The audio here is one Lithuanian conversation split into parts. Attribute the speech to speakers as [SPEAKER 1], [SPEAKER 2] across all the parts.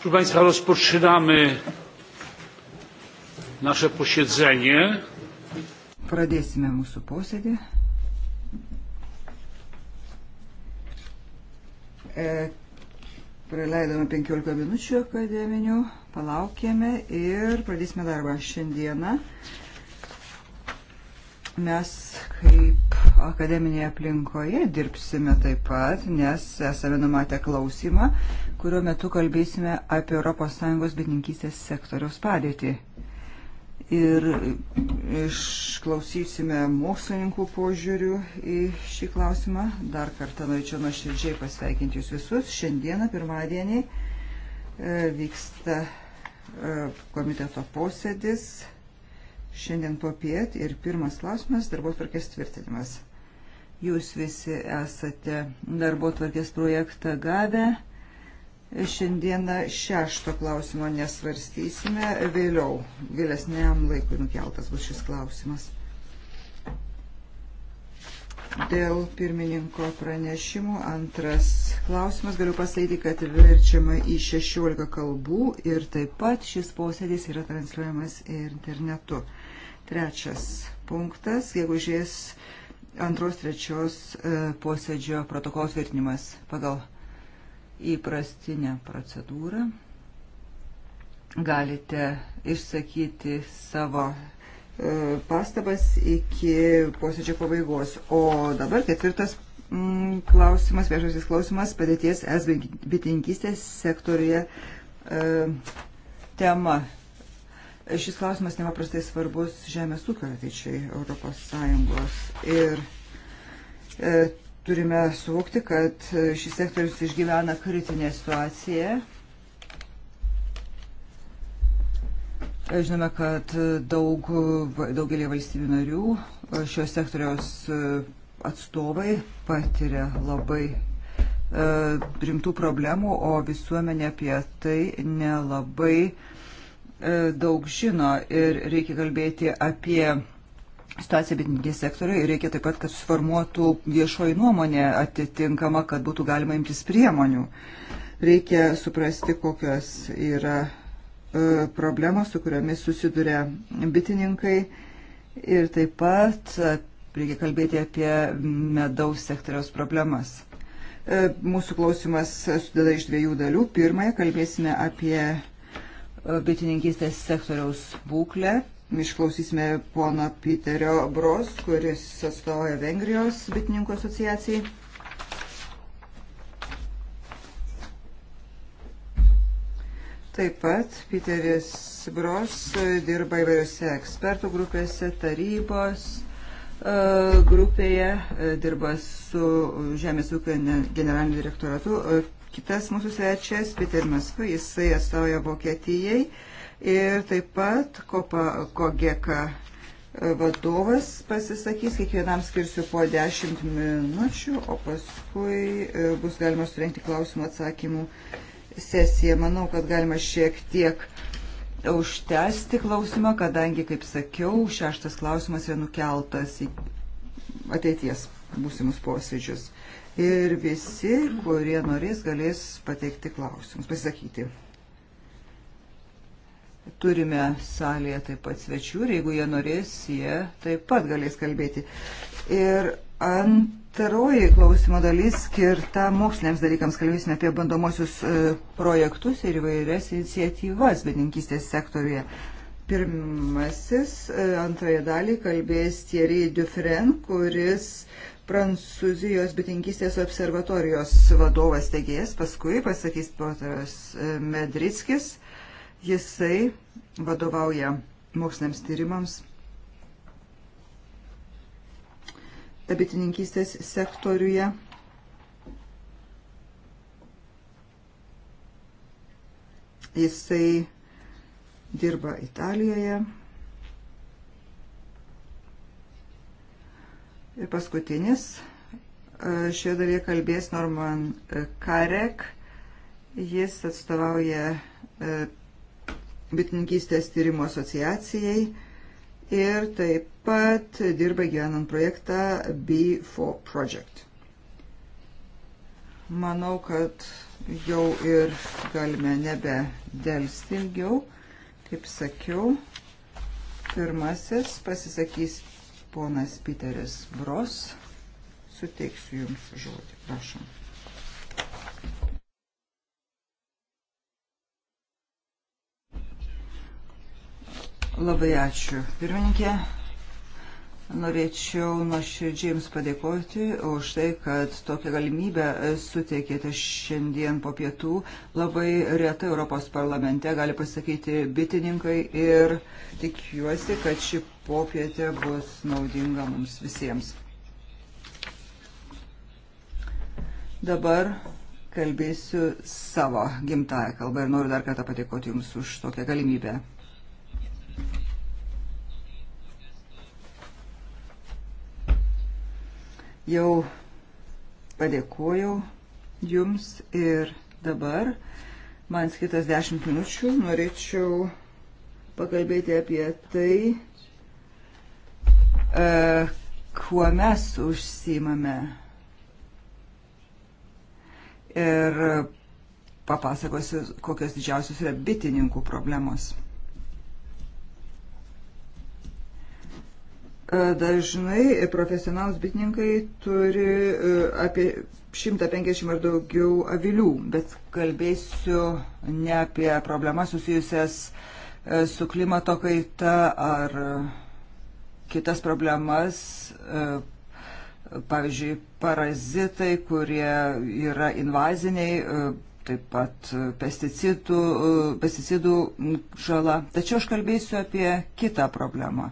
[SPEAKER 1] Proszę Państwa, rozpoczynamy nasze posiedzenie.
[SPEAKER 2] Pradėsime mūsų posėdį.
[SPEAKER 1] E, praleidome
[SPEAKER 2] 15 minučių akademinių, palaukėme ir pradėsime darbą šiandieną. Mes kaip akademinėje aplinkoje dirbsime taip pat, nes esame numatę klausimą, kuriuo metu kalbėsime apie ES bitininkystės sektoriaus padėtį. Ir išklausysime mokslininkų požiūrių į šį klausimą. Dar kartą norėčiau nuoširdžiai pasveikinti jūs visus. Šiandieną, pirmadienį, e, vyksta e, komiteto posėdis šiandien po piet ir pirmas klausimas - darbo tvarkės tvirtinimas. Jūs visi esate darbo tvarkės projektą gavę. Šiandieną šešto klausimo nesvarstysime, vėliau, vėlesniam laikui nukeltas bus šis klausimas. Dėl pirmininko pranešimų antras klausimas galiu pasakyti, kad verčiama į 16 kalbų ir taip pat šis posėdis yra transliuojamas internetu. Trečias punktas, jeigu žies Antros trečios e, posėdžio protokolos tvirtinimas pagal įprastinę procedūrą. Galite išsakyti savo e, pastabas iki posėdžio pabaigos. O dabar ketvirtas mm, klausimas, viešasis klausimas padėties es bitininkystės sektorija e, tema. Šis klausimas nepaprastai svarbus žemės ūkio ateičiai Europos Sąjungos ir e, turime suvokti, kad e, šis sektorius išgyvena kritinę situaciją. E, žinome, kad e, daug, daugelį valstybių narių šio sektoriaus atstovai patiria labai rimtų problemų, o visuomenė apie tai nelabai uh, E, daug žino ir reikia kalbėti apie situaciją bitininkės sektoriuje ir reikia taip pat, kad suformuotų viešoji nuomonė atitinkama, kad būtų galima imtis priemonių. Reikia suprasti, kokios yra e, problemos, su kuriomis susiduria bitininkai ir taip pat e, reikia kalbėti apie medaus sektoriaus problemas. Mūsų klausimas sudeda iš dviejų dalių. Pirmąją kalbėsime apie bitininkystės sektoriaus būklę. Išklausysime pono Piterio Bros, kuris atstovauja Vengrijos bitininkų asociacijai. Taip pat Piteris Bros dirba įvairiose ekspertų grupėse, tarybos e, grupėje, e, dirba su Žemės ūkio generaliniu direktoratu, e, Kitas mūsų svečias, Peter Masku, jisai atstovauja Vokietijai ir taip pat Kopa Kogeka e, vadovas pasisakys, kiekvienam skirsiu po 10 minučių, o paskui e, bus galima surenkti klausimų atsakymų sesiją. Manau, kad galima šiek tiek užtęsti klausimą, kadangi, kaip sakiau, šeštas klausimas yra nukeltas į ateities būsimus posėdžius ir visi, kurie norės, galės pateikti klausimus, pasakyti. Turime salėje taip pat svečių ir jeigu jie norės, jie taip pat galės kalbėti. Ir antroji klausimo dalis skirta moksliniams dalykams. Kalbėsime apie bandomosius e, projektus ir įvairias iniciatyvas bedininkystės sektoriuje. Pirmasis e, antrąją dalį kalbės Thierry Dufren, kuris Prancūzijos bitinkystės observatorijos vadovas teigėjas, paskui pasakys Piotras e, Medrickis, jisai vadovauja moksliniams tyrimams bitininkystės sektoriuje. Jisai dirba Italijoje, Ir paskutinis e, šioje dalyje kalbės Norman Karek. Jis atstovauja e, bitininkystės tyrimo asociacijai ir taip pat dirba gyvenant projektą B4 Project. Manau, kad jau ir galime nebe dėlsti ilgiau. Kaip sakiau, pirmasis pasisakys ponas Piteris Bros. Suteiksiu Jums žodį. Prašom. Labai ačiū. Pirmininkė, Norėčiau nuoširdžiai Jums padėkoti už tai, kad tokią galimybę suteikėte šiandien po pietų. Labai retai Europos parlamente gali pasakyti bitininkai ir tikiuosi, kad ši popietė bus naudinga mums visiems. Dabar kalbėsiu savo gimtają kalbą ir noriu dar kartą padėkoti Jums už tokią galimybę. Jau padėkojau Jums ir dabar man skirtas 10 minučių. Norėčiau pakalbėti apie tai, e, kuo mes užsimame. Ir papasakosiu, kokios didžiausios yra bitininkų problemos. E, dažnai profesionalus bitininkai turi e, apie 150 ar daugiau avilių, bet kalbėsiu ne apie problemas susijusias e, su klimato kaita ar kitas problemas, pavyzdžiui, parazitai, kurie yra invaziniai, taip pat pesticidų, pesticidų žala. Tačiau aš kalbėsiu apie kitą problemą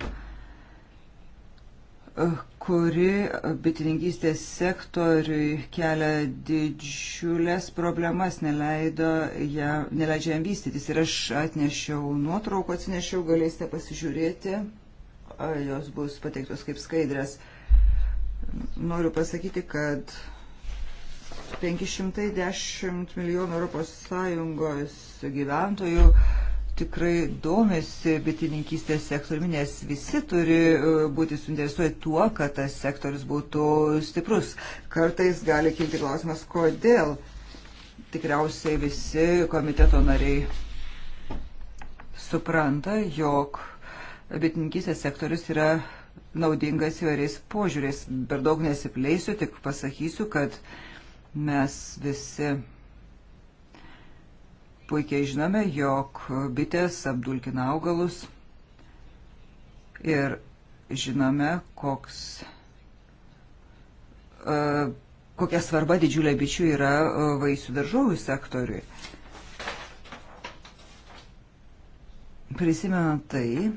[SPEAKER 2] kuri bitininkystės sektoriui kelia didžiulės problemas, neleido ją, neleidžia jam vystytis. Ir aš atnešiau nuotrauką, atsinešiau, galėsite pasižiūrėti, jos bus pateiktos kaip skaidrės. Noriu pasakyti, kad 510 milijonų Europos Sąjungos gyventojų tikrai domisi bitininkystės sektoriumi, nes visi turi e, būti suinteresuoti tuo, kad tas sektorius būtų stiprus. Kartais gali kilti klausimas, kodėl tikriausiai visi komiteto nariai supranta, jog bitininkystės sektorius yra naudingas įvairiais požiūrės. Per daug nesipleisiu, tik pasakysiu, kad mes visi puikiai žinome, jog bitės apdulkina augalus ir žinome, koks, e, kokia svarba didžiulė bičių yra e, vaisių daržovių sektoriui. Prisimenant tai,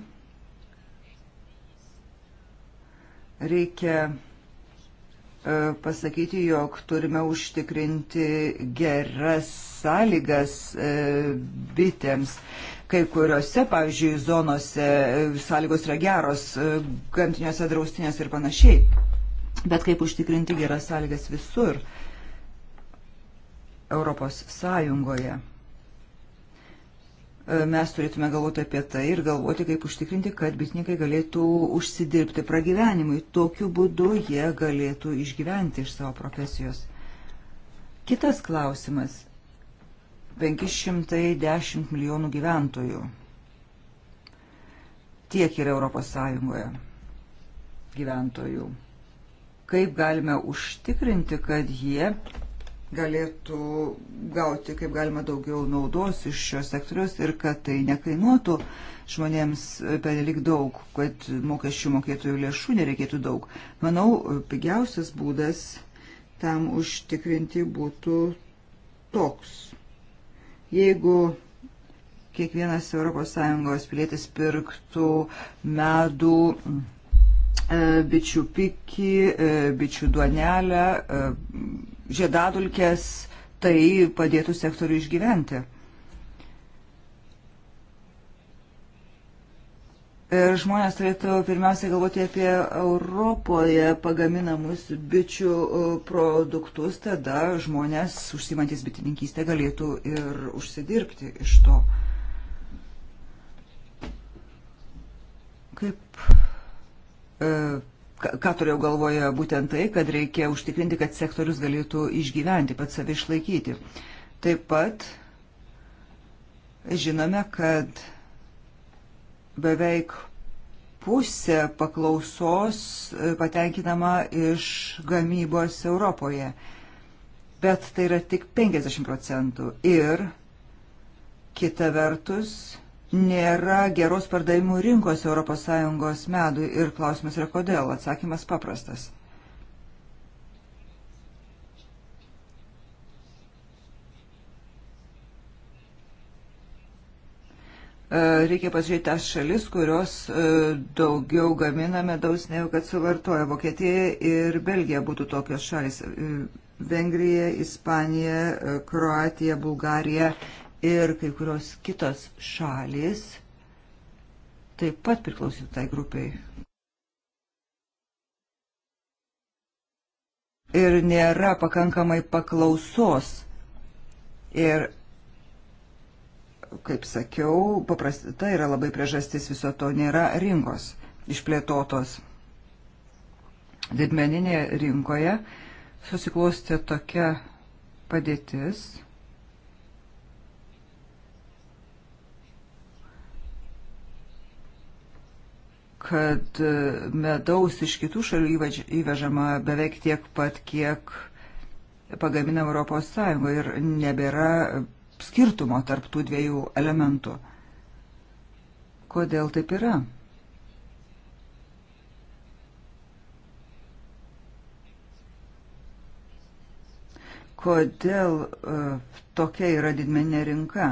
[SPEAKER 2] reikia E, pasakyti, jog turime užtikrinti geras sąlygas e, bitėms. Kai kuriuose, pavyzdžiui, zonose e, sąlygos yra geros, gamtiniuose draustinės ir panašiai. Bet kaip užtikrinti geras sąlygas visur Europos Sąjungoje? mes turėtume galvoti apie tai ir galvoti, kaip užtikrinti, kad bitininkai galėtų užsidirbti pragyvenimui. Tokiu būdu jie galėtų išgyventi iš savo profesijos. Kitas klausimas. 510 milijonų gyventojų. Tiek yra Europos Sąjungoje gyventojų. Kaip galime užtikrinti, kad jie galėtų gauti kaip galima daugiau naudos iš šios sektoriaus ir kad tai nekainuotų žmonėms penelik daug, kad mokesčių mokėtojų lėšų nereikėtų daug. Manau, pigiausias būdas tam užtikrinti būtų toks. Jeigu kiekvienas ES pilietis pirktų medų, e, bičių pikį, e, bičių duonelę, e, žiedadulkės, tai padėtų sektoriui išgyventi. Ir žmonės turėtų pirmiausiai galvoti apie Europoje pagaminamus bičių e, produktus, tada žmonės užsimantis bitininkystę galėtų ir užsidirbti iš to. Kaip e, ką turėjau galvoje būtent tai, kad reikia užtikrinti, kad sektorius galėtų išgyventi, pats save išlaikyti. Taip pat žinome, kad beveik pusė paklausos e, patenkinama iš gamybos Europoje, bet tai yra tik 50 procentų. Ir kita vertus, nėra geros pardavimų rinkos ES medui ir klausimas yra kodėl. Atsakymas paprastas. E, reikia pasižiūrėti tas šalis, kurios e, daugiau gamina medaus negu kad suvartoja. Vokietija ir Belgija būtų tokios šalis. E, Vengrija, Ispanija, Kroatija, Bulgarija ir kai kurios kitos šalis taip pat priklausytų tai grupiai. Ir nėra pakankamai paklausos. Ir, kaip sakiau, paprasta yra labai priežastis viso to nėra rinkos išplėtotos. Didmeninėje rinkoje susiklostė tokia padėtis, kad e, medaus iš kitų šalių įvežama beveik tiek pat, kiek pagamina Europos Sąjunga ir nebėra skirtumo tarp tų dviejų elementų. Kodėl taip yra? Kodėl uh, tokia yra didmenė rinka?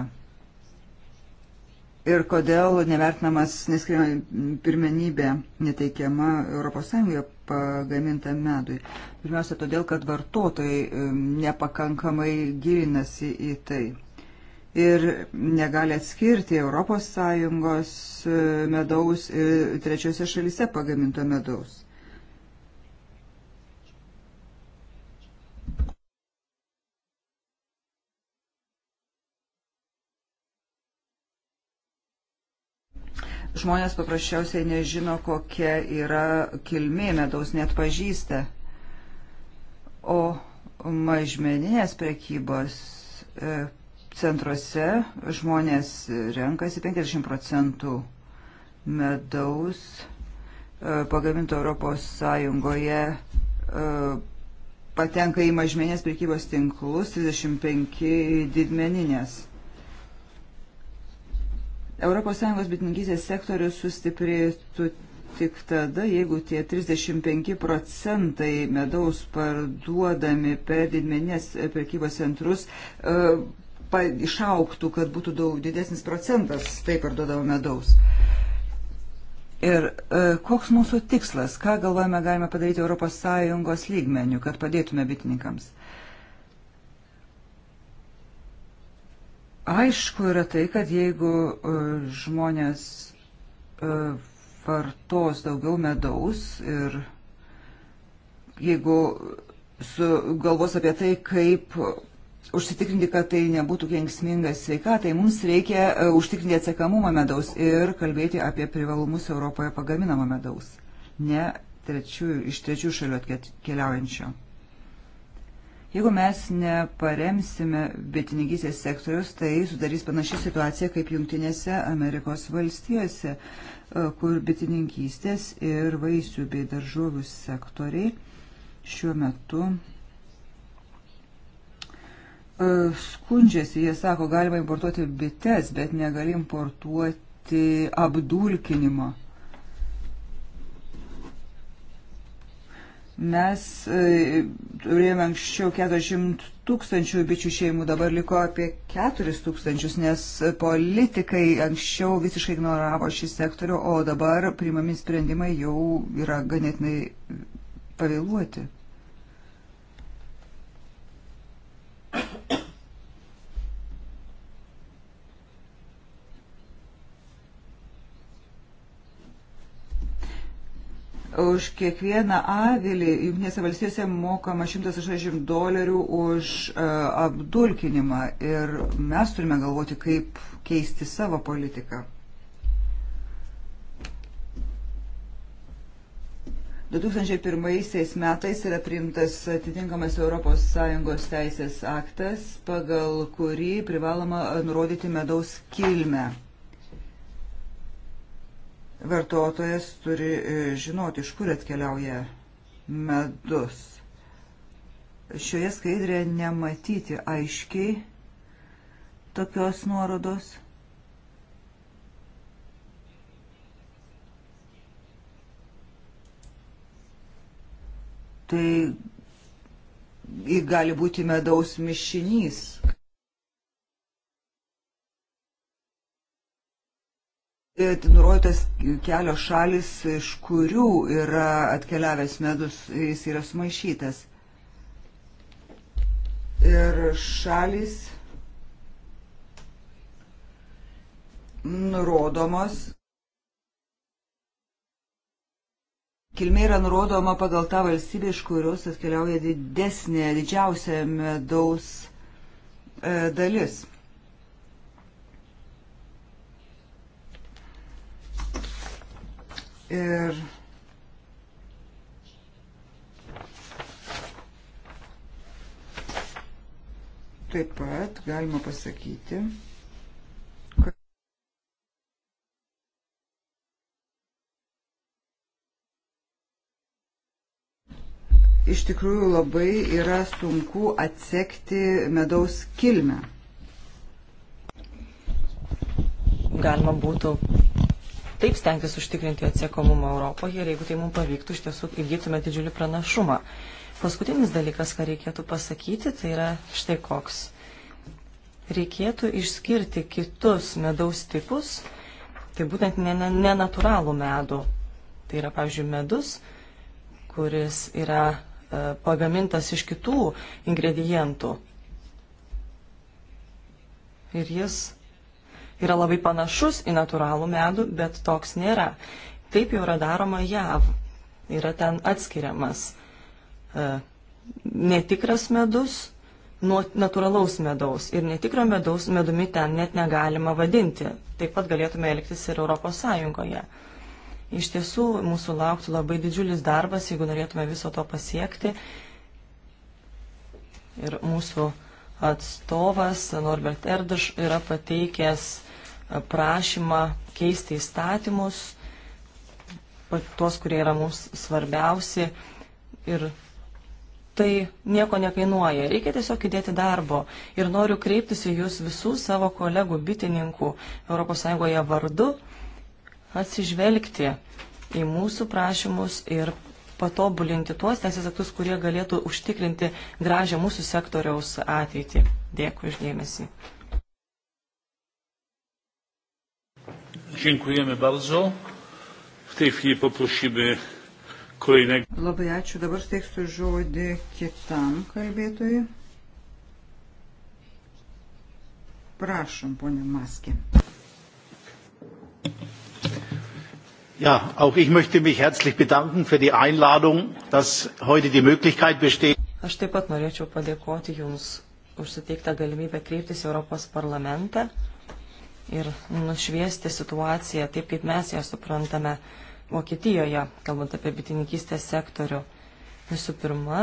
[SPEAKER 2] ir kodėl nevertinamas neskiriama pirmenybė neteikiama ES pagamintam medui. Pirmiausia, todėl, kad vartotojai nepakankamai gilinasi į tai. Ir negali atskirti ES medaus ir trečiose šalyse pagaminto medaus. žmonės paprasčiausiai nežino, kokia yra kilmė medaus, net pažįsta. O mažmeninės prekybos e, centruose žmonės renkasi 50 procentų medaus e, pagaminto Europos Sąjungoje e, patenka į mažmenės prekybos tinklus, 35 didmeninės. ES bitininkysės sektorius sustiprėtų tik tada, jeigu tie 35 procentai medaus parduodami per didmenės prekybos centrus e, pa, išauktų, kad būtų daug didesnis procentas taip parduodavo medaus. Ir e, koks mūsų tikslas, ką galvojame galime padaryti ES lygmenių, kad padėtume bitininkams? E, Aišku yra tai, kad jeigu e, žmonės e, vartos daugiau medaus ir jeigu galvos apie tai, kaip užsitikrinti, kad tai nebūtų kengsminga sveikatai, mums reikia e, užtikrinti atsekamumą medaus ir kalbėti apie privalumus Europoje pagaminamo medaus, ne trečių, iš trečių šalių atkeliaujančio. Jeigu mes neparemsime bitininkysės sektorius, tai sudarys panaši situacija kaip Junktinėse Amerikos valstijose, e, kur bitininkystės ir vaisių bei daržovių sektoriai šiuo metu e, skundžiasi, jie sako, galima importuoti bites, bet negali importuoti apdulkinimo Mes e, turėjome anksčiau 40 tūkstančių bičių šeimų, dabar liko apie 4 tūkstančius, nes politikai anksčiau visiškai ignoravo šį sektorių, o dabar priimami sprendimai jau yra ganėtinai pavėluoti. Už kiekvieną avilį Junktinėse valstijose mokama 160 dolerių už uh, apdulkinimą ir mes turime galvoti, kaip keisti savo politiką. 2001 metais yra priimtas atitinkamas ES teisės aktas, pagal kurį privaloma nurodyti medaus kilmę vartotojas turi e, žinoti, iš kur atkeliauja medus. Šioje skaidrėje nematyti aiškiai tokios nuorodos. Tai gali būti medaus mišinys. E, tai nurodytas kelios šalis, iš kurių yra atkeliavęs medus, jis yra sumaišytas. Ir šalis nurodomos. Kilmė yra nurodoma pagal tą valstybę, iš kurios atkeliauja didesnė, didžiausia medaus e, dalis. Ir taip pat galima pasakyti, kad iš tikrųjų labai yra sunku atsekti medaus kilmę.
[SPEAKER 3] Galima būtų taip stengtis užtikrinti atsiekomumą Europoje ir jeigu tai mums pavyktų, iš tiesų įgytume didžiulį pranašumą. Paskutinis dalykas, ką reikėtų pasakyti, tai yra štai koks. Reikėtų išskirti kitus medaus tipus, tai būtent nenaturalų medų. Tai yra, pavyzdžiui, medus, kuris yra e, pagamintas iš kitų ingredientų. Ir jis yra labai panašus į natūralų medų, bet toks nėra. Taip jau yra daroma JAV. Yra ten atskiriamas e, netikras medus nuo natūralaus medaus. Ir netikro medaus medumi ten net negalima vadinti. Taip pat galėtume elgtis ir Europos Sąjungoje. Iš tiesų, mūsų lauktų labai didžiulis darbas, jeigu norėtume viso to pasiekti. Ir mūsų atstovas Norbert Erduš yra pateikęs prašymą keisti įstatymus, tuos, kurie yra mums svarbiausi. Ir tai nieko nekainuoja. Reikia tiesiog įdėti darbo. Ir noriu kreiptis į jūs visų savo kolegų bitininkų ES vardu atsižvelgti į mūsų prašymus ir patobulinti tuos teisės aktus, kurie galėtų užtikrinti gražią mūsų sektoriaus ateitį. Dėkui uždėmesi.
[SPEAKER 1] Dziękujemy bardzo. W tej chwili poprosimy kolejnego. Labai
[SPEAKER 2] ačiū. Dabar steiksiu žodį kitam kalbėtojui. Prašom,
[SPEAKER 1] ponė Maskė. Ja, auch ich möchte mich herzlich bedanken für die Einladung, dass heute die Möglichkeit besteht. Aš
[SPEAKER 3] taip pat norėčiau padėkoti Jums už suteiktą galimybę kreiptis į Europos parlamentą ir nušviesti situaciją taip, kaip mes ją suprantame Vokietijoje, kalbant apie bitininkystės sektorių. Visų pirma,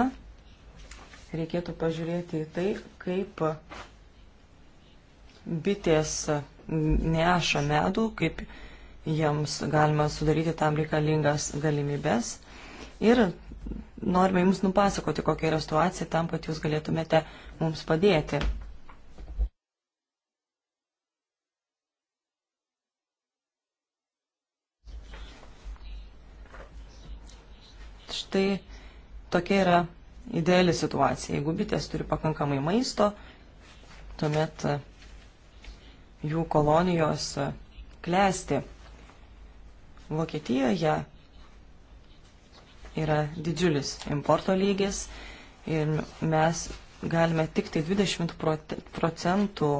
[SPEAKER 3] reikėtų pažiūrėti į tai, kaip bitės neša medų, kaip jiems galima sudaryti tam reikalingas galimybės. Ir norime jums nupasakoti, kokia yra situacija tam, kad jūs galėtumėte mums padėti. Štai tokia yra ideali situacija. Jeigu bitės turi pakankamai maisto, tuomet e, jų kolonijos e, klesti. Vokietijoje yra didžiulis importo lygis ir mes galime tik tai 20 procentų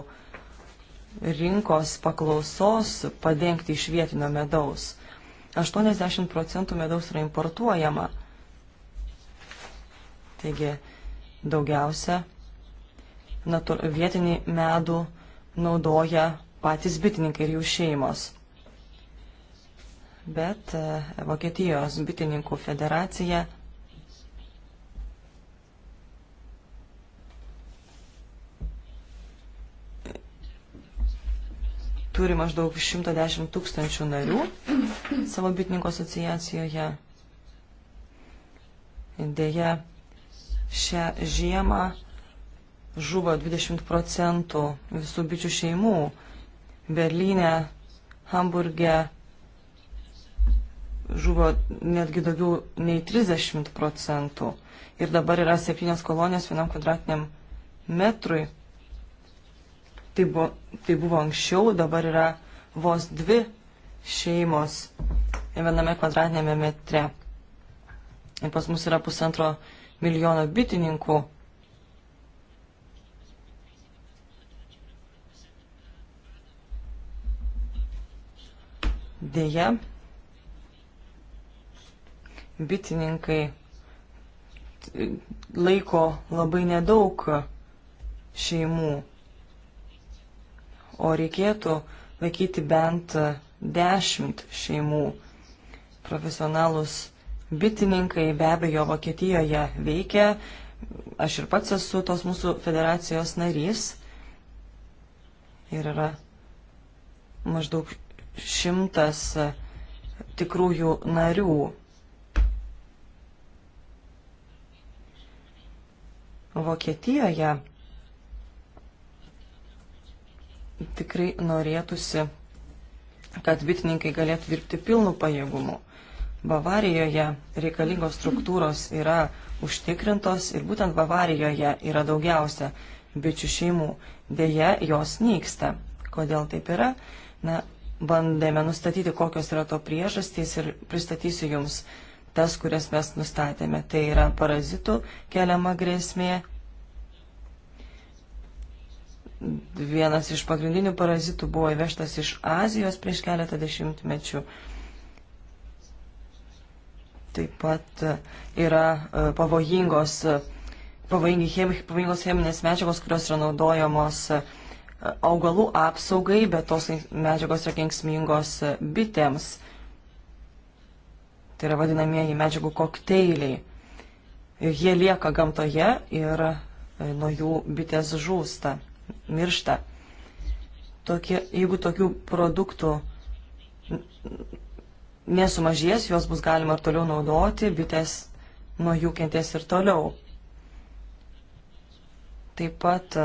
[SPEAKER 3] rinkos paklausos padengti iš vietinio medaus. 80 procentų medaus yra importuojama. Taigi daugiausia natu, vietinį medų naudoja patys bitininkai ir jų šeimos. Bet e, Vokietijos bitininkų federacija turi maždaug 110 tūkstančių narių savo bitininkų asociacijoje. Deja, Šią žiemą žuvo 20 procentų visų bičių šeimų. Berlyne, Hamburge žuvo netgi daugiau nei 30 procentų. Ir dabar yra septynios kolonijos vienam kvadratiniam metrui. Tai buvo, tai buvo anksčiau, dabar yra vos dvi šeimos viename kvadratinėme metre. Ir pas mus yra pusantro milijono bitininkų. Deja, bitininkai laiko labai nedaug šeimų, o reikėtų laikyti bent dešimt šeimų. Profesionalus Bitininkai be abejo Vokietijoje veikia, aš ir pats esu tos mūsų federacijos narys ir yra maždaug šimtas e, tikrųjų narių. Vokietijoje tikrai norėtųsi, kad bitininkai galėtų dirbti pilnu pajėgumu. Bavarijoje reikalingos struktūros yra užtikrintos ir būtent Bavarijoje yra daugiausia bičių šeimų. Deja, jos nyksta. Kodėl taip yra? Na, bandėme nustatyti, kokios yra to priežastys ir pristatysiu Jums tas, kurias mes nustatėme. Tai yra parazitų keliama grėsmė. Vienas iš pagrindinių parazitų buvo įvežtas iš Azijos prieš keletą dešimtmečių. mečių taip pat e, yra e, pavojingos, e, pavojingi chemi, pavojingos cheminės medžiagos, kurios yra naudojamos augalų apsaugai, bet tos medžiagos yra kenksmingos bitėms. Tai yra vadinamieji medžiagų kokteiliai. Jie lieka gamtoje ir nuo jų bitės žūsta, miršta. Tokie, jeigu tokių produktų nesumažės, juos bus galima ir toliau naudoti, bitės nuo jų kenties ir toliau. Taip pat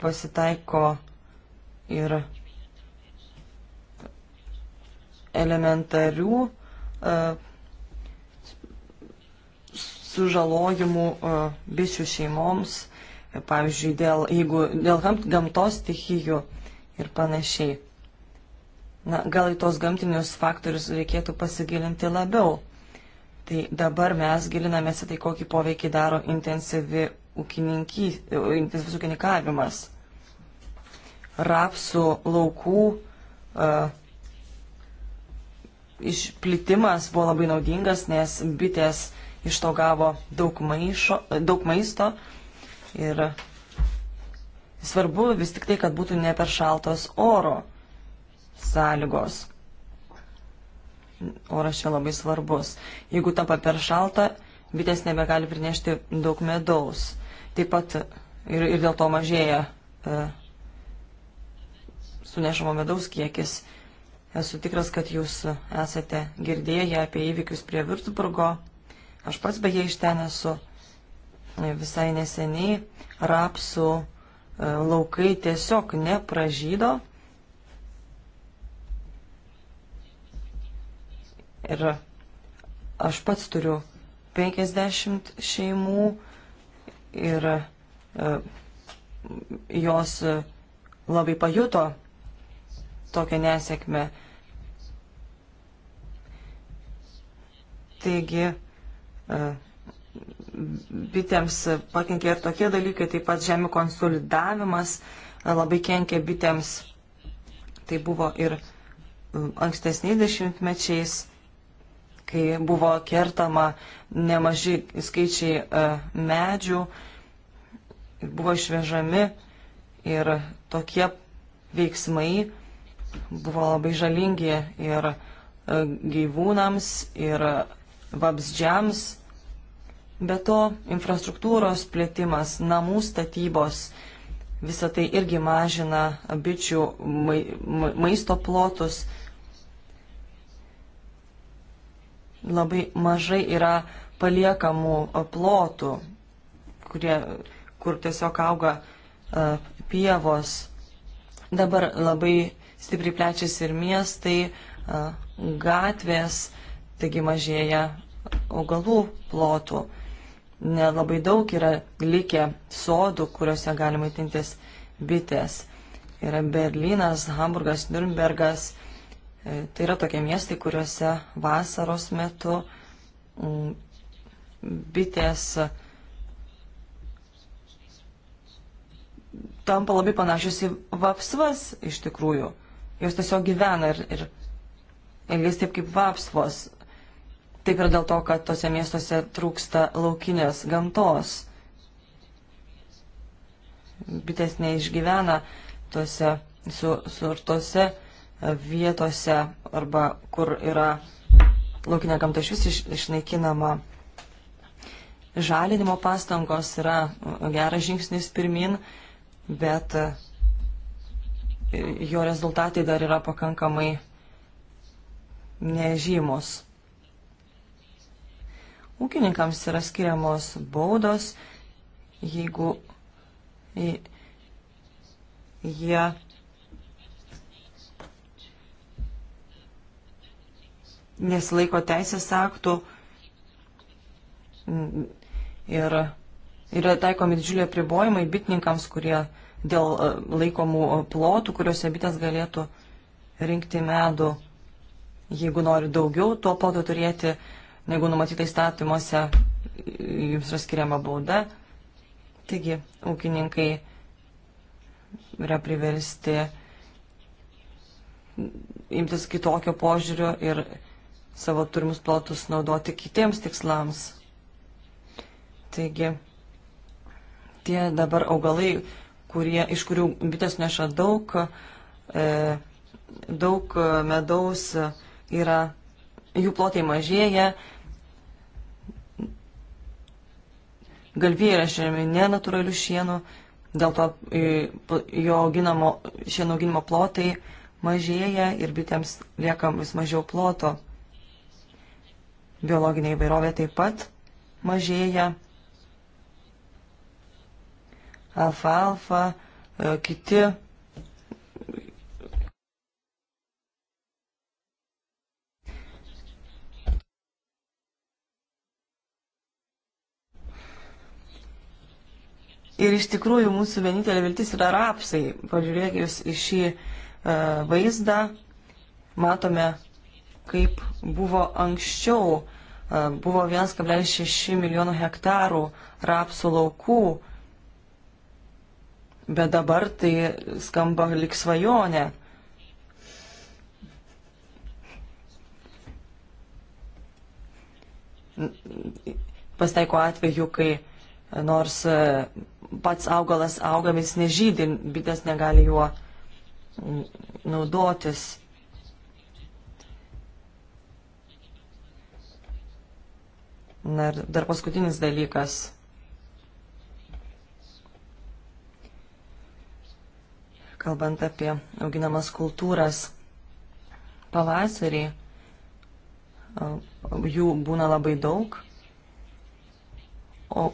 [SPEAKER 3] pasitaiko ir elementarių e, sužalojimų e, bičių šeimoms pavyzdžiui, dėl, jeigu, dėl gamtos stichijų ir panašiai. Na, gal į tos gamtinius faktorius reikėtų pasigilinti labiau. Tai dabar mes gilinamės į tai, kokį poveikį daro intensyvi intensyvus ūkininkavimas. Rapsų laukų uh, išplitimas buvo labai naudingas, nes bitės iš to gavo daug, maišo, daug maisto Ir svarbu vis tik tai, kad būtų ne per šaltos oro sąlygos. Oras čia labai svarbus. Jeigu tampa per šalta, bitės nebegali prinešti daug medaus. Taip pat ir, ir dėl to mažėja e, sunešamo medaus kiekis. Esu tikras, kad jūs esate girdėję apie įvykius prie Virtsburgo. Aš pats beje iš ten esu visai neseniai rapsų e, laukai tiesiog nepražydo. Ir aš pats turiu 50 šeimų ir e, jos labai pajuto tokią nesėkmę. Taigi, e, bitėms pakenkia ir tokie dalykai, taip pat žemė konsolidavimas e, labai kenkia bitėms. Tai buvo ir e, ankstesniais dešimtmečiais, kai buvo kertama nemaži skaičiai e, medžių, buvo išvežami ir tokie veiksmai buvo labai žalingi ir gyvūnams, ir vabzdžiams Be to, infrastruktūros plėtimas, namų statybos, visa tai irgi mažina bičių maisto plotus. Labai mažai yra paliekamų plotų, kurie, kur tiesiog auga e, pievos. Dabar labai stipriai plečiasi ir miestai, e, gatvės, taigi mažėja augalų plotų nelabai daug yra likę sodų, kuriuose galima įtintis bitės. Yra Berlynas, Hamburgas, Nürnbergas. E, tai yra tokie miestai, kuriuose vasaros metu mm, bitės e, tampa labai panašios į vapsvas iš tikrųjų. Jos tiesiog gyvena ir, ir elgesi taip kaip vapsvos. Taip ir dėl to, kad tose miestuose trūksta laukinės gamtos. Bitės neišgyvena tose su, surtose vietose arba kur yra laukinė gamta iš vis iš, išnaikinama. Žalinimo pastangos yra geras žingsnis pirmin, bet e, jo rezultatai dar yra pakankamai nežymus ūkininkams yra skiriamos baudos, jeigu jie nesilaiko teisės aktų ir yra taikomi didžiuliai pribojimai bitininkams, kurie dėl e, laikomų plotų, kuriuose bitės galėtų rinkti medų, jeigu nori daugiau to ploto turėti, negu numatyta įstatymuose, jums yra skiriama bauda. Taigi, ūkininkai yra priversti imtis kitokio požiūrio ir savo turimus plotus naudoti kitiems tikslams. Taigi, tie dabar augalai, kurie, iš kurių bitės neša daug, e, daug medaus, yra, jų plotai mažėja, galvijai yra šeriami nenatūraliu šienu, dėl to e, jo auginamo, šieno auginimo plotai mažėja ir bitėms lieka vis mažiau ploto. Biologinė įvairovė taip pat mažėja. Alfalfa, e, kiti Ir iš tikrųjų mūsų vienintelė viltis yra rapsai. Pažiūrėjus į šį e, vaizdą, matome, kaip buvo anksčiau. E, buvo 1,6 milijono hektarų rapsų laukų, bet dabar tai skamba lik svajonė. Pastaiko atveju, kai nors e, pats augalas augamis nežydi, bitės negali juo naudotis. Na ir dar paskutinis dalykas. Kalbant apie auginamas kultūras, pavasarį e, jų būna labai daug, o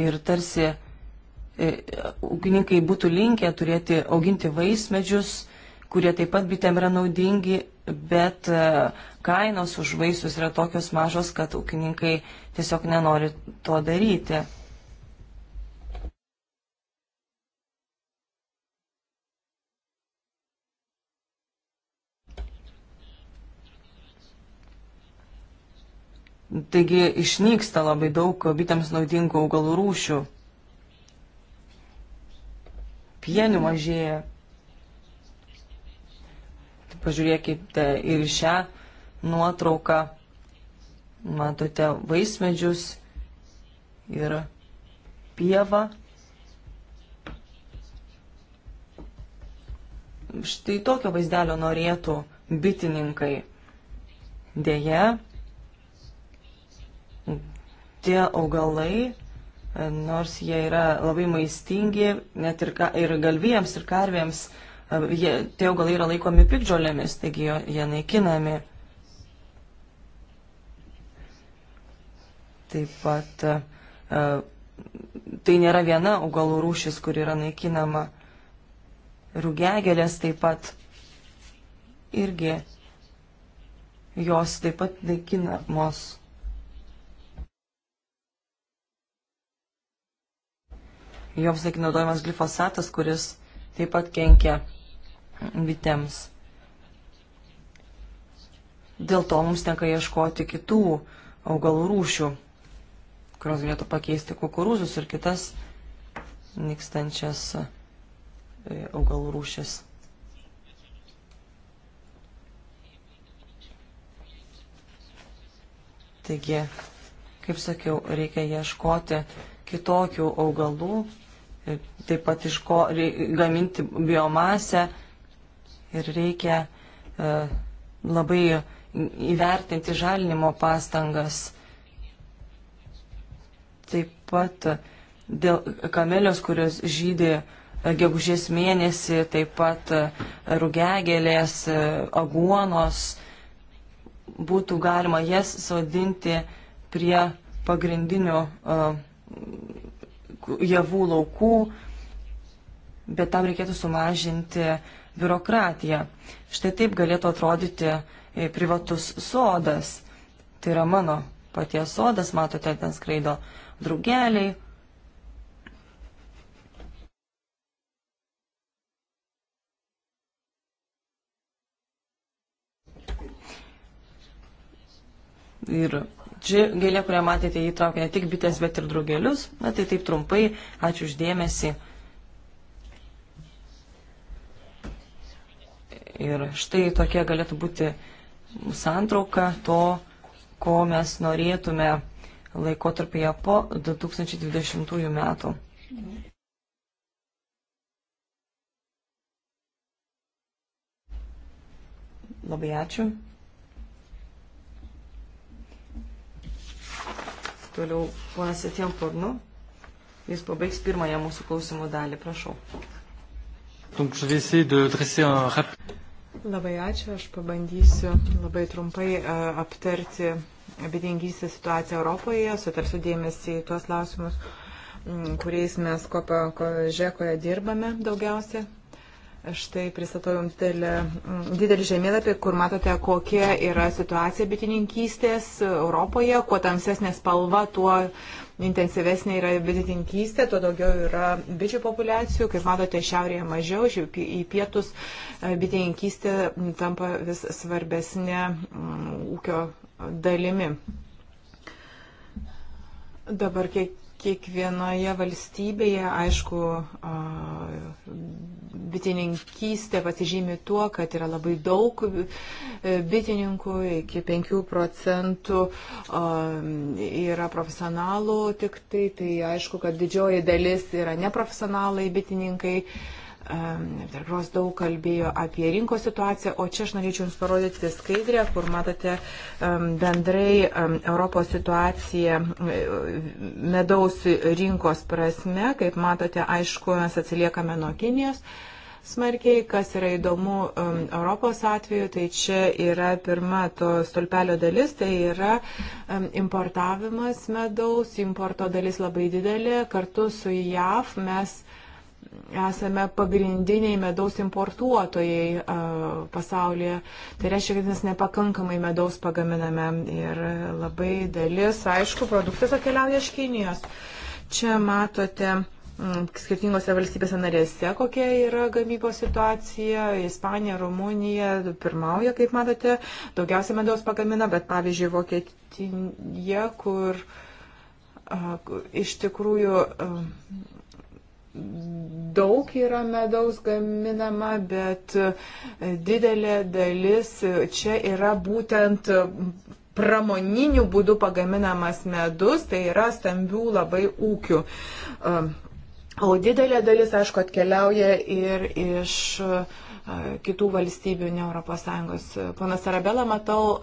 [SPEAKER 3] ir tarsi e, ūkininkai būtų linkę turėti auginti vaismedžius, kurie taip pat bitėm yra naudingi, bet e, kainos už vaisius yra tokios mažos, kad ūkininkai tiesiog nenori to daryti. Taigi išnyksta labai daug bitėms naudingų augalų rūšių. Pienių mažėja. Pažiūrėkite ir šią nuotrauką. Matote vaismedžius ir pievą. Štai tokio vaizdelio norėtų bitininkai. Deja, tie augalai, e, nors jie yra labai maistingi, net ir, ka, ir galvijams, ir karvėms, e, jie, tie augalai yra laikomi pikdžiolėmis, taigi jie naikinami. Taip pat e, tai nėra viena augalų rūšis, kur yra naikinama. Rūgegelės taip pat irgi jos taip pat naikinamos. joms laikinai naudojamas glifosatas, kuris taip pat kenkia bitėms. Dėl to mums tenka ieškoti kitų augalų rūšių, kurios galėtų pakeisti kukurūzus ir kitas nykstančias e, augalų rūšis. Taigi, kaip sakiau, reikia ieškoti kitokių augalų, e, taip pat iš ko gaminti biomasę ir reikia e, labai įvertinti žalinimo pastangas. Taip pat e, dėl kamelios, kurios žydė gegužės mėnesį, taip pat rugegelės, aguonos, būtų galima jas sodinti prie pagrindinių uh, javų laukų, bet tam reikėtų sumažinti biurokratiją. Štai taip galėtų atrodyti e, privatus sodas. Tai yra mano paties sodas, matote, ten skraido draugeliai. Ir Ši gėlė, kurią matėte, įtraukia ne tik bitės, bet ir draugelius. Na tai taip trumpai, ačiū uždėmesi. Ir štai tokia galėtų būti santrauka to, ko mes norėtume laikotarpėje po 2020 metų. Labai ačiū. Toliau ponas Etien Pornu. Jis pabaigs pirmąją mūsų klausimų dalį. Prašau.
[SPEAKER 4] Labai ačiū. Aš pabandysiu labai trumpai e, aptarti abidingystės situaciją Europoje, sutarsiu dėmesį į tuos klausimus, kuriais mes kopa, ko, žekoje dirbame daugiausia. Štai pristatau jums mm, didelį žemėlapį, kur matote, kokia yra situacija bitininkystės Europoje. Kuo tamsesnė spalva, tuo intensyvesnė yra bitininkystė, tuo daugiau yra bičių populiacijų. Kaip matote, šiaurėje mažiau, į pietus e, bitininkystė tampa vis svarbesnė mm, ūkio dalimi. Dabar kiek kiekvienoje valstybėje, aišku, bitininkystė pasižymi tuo, kad yra labai daug e, bitininkų, iki 5 procentų yra profesionalų tik tai, tai aišku, kad didžioji dalis yra neprofesionalai bitininkai. Dargros daug kalbėjo apie rinkos situaciją, o čia aš norėčiau Jums parodyti skaidrę, kur matote bendrai Europos situaciją medaus rinkos prasme. Kaip matote, aišku, mes atsiliekame nuo Kinijos smarkiai. Kas yra įdomu um, Europos atveju, tai čia yra pirma to stulpelio dalis, tai yra um, importavimas medaus, importo dalis labai didelė. Kartu su JAV mes uh, esame pagrindiniai medaus importuotojai pasaulyje. Tai reiškia, kad mes nepakankamai medaus pagaminame ir labai dalis, aišku, produktas atkeliauja iš Kinijos. Čia matote skirtingose valstybėse narėse, kokia yra gamybos situacija. Ispanija, Rumunija pirmauja, kaip matote, daugiausia medaus pagamina, bet pavyzdžiui, Vokietija, kur a, iš tikrųjų a, daug yra medaus gaminama, bet e, didelė dalis e, čia yra būtent e, pramoninių būdų pagaminamas medus, tai yra stambių labai ūkių. O didelė dalis, aišku, atkeliauja ir iš uh, kitų valstybių, ne ES. Ponas Arabela, matau,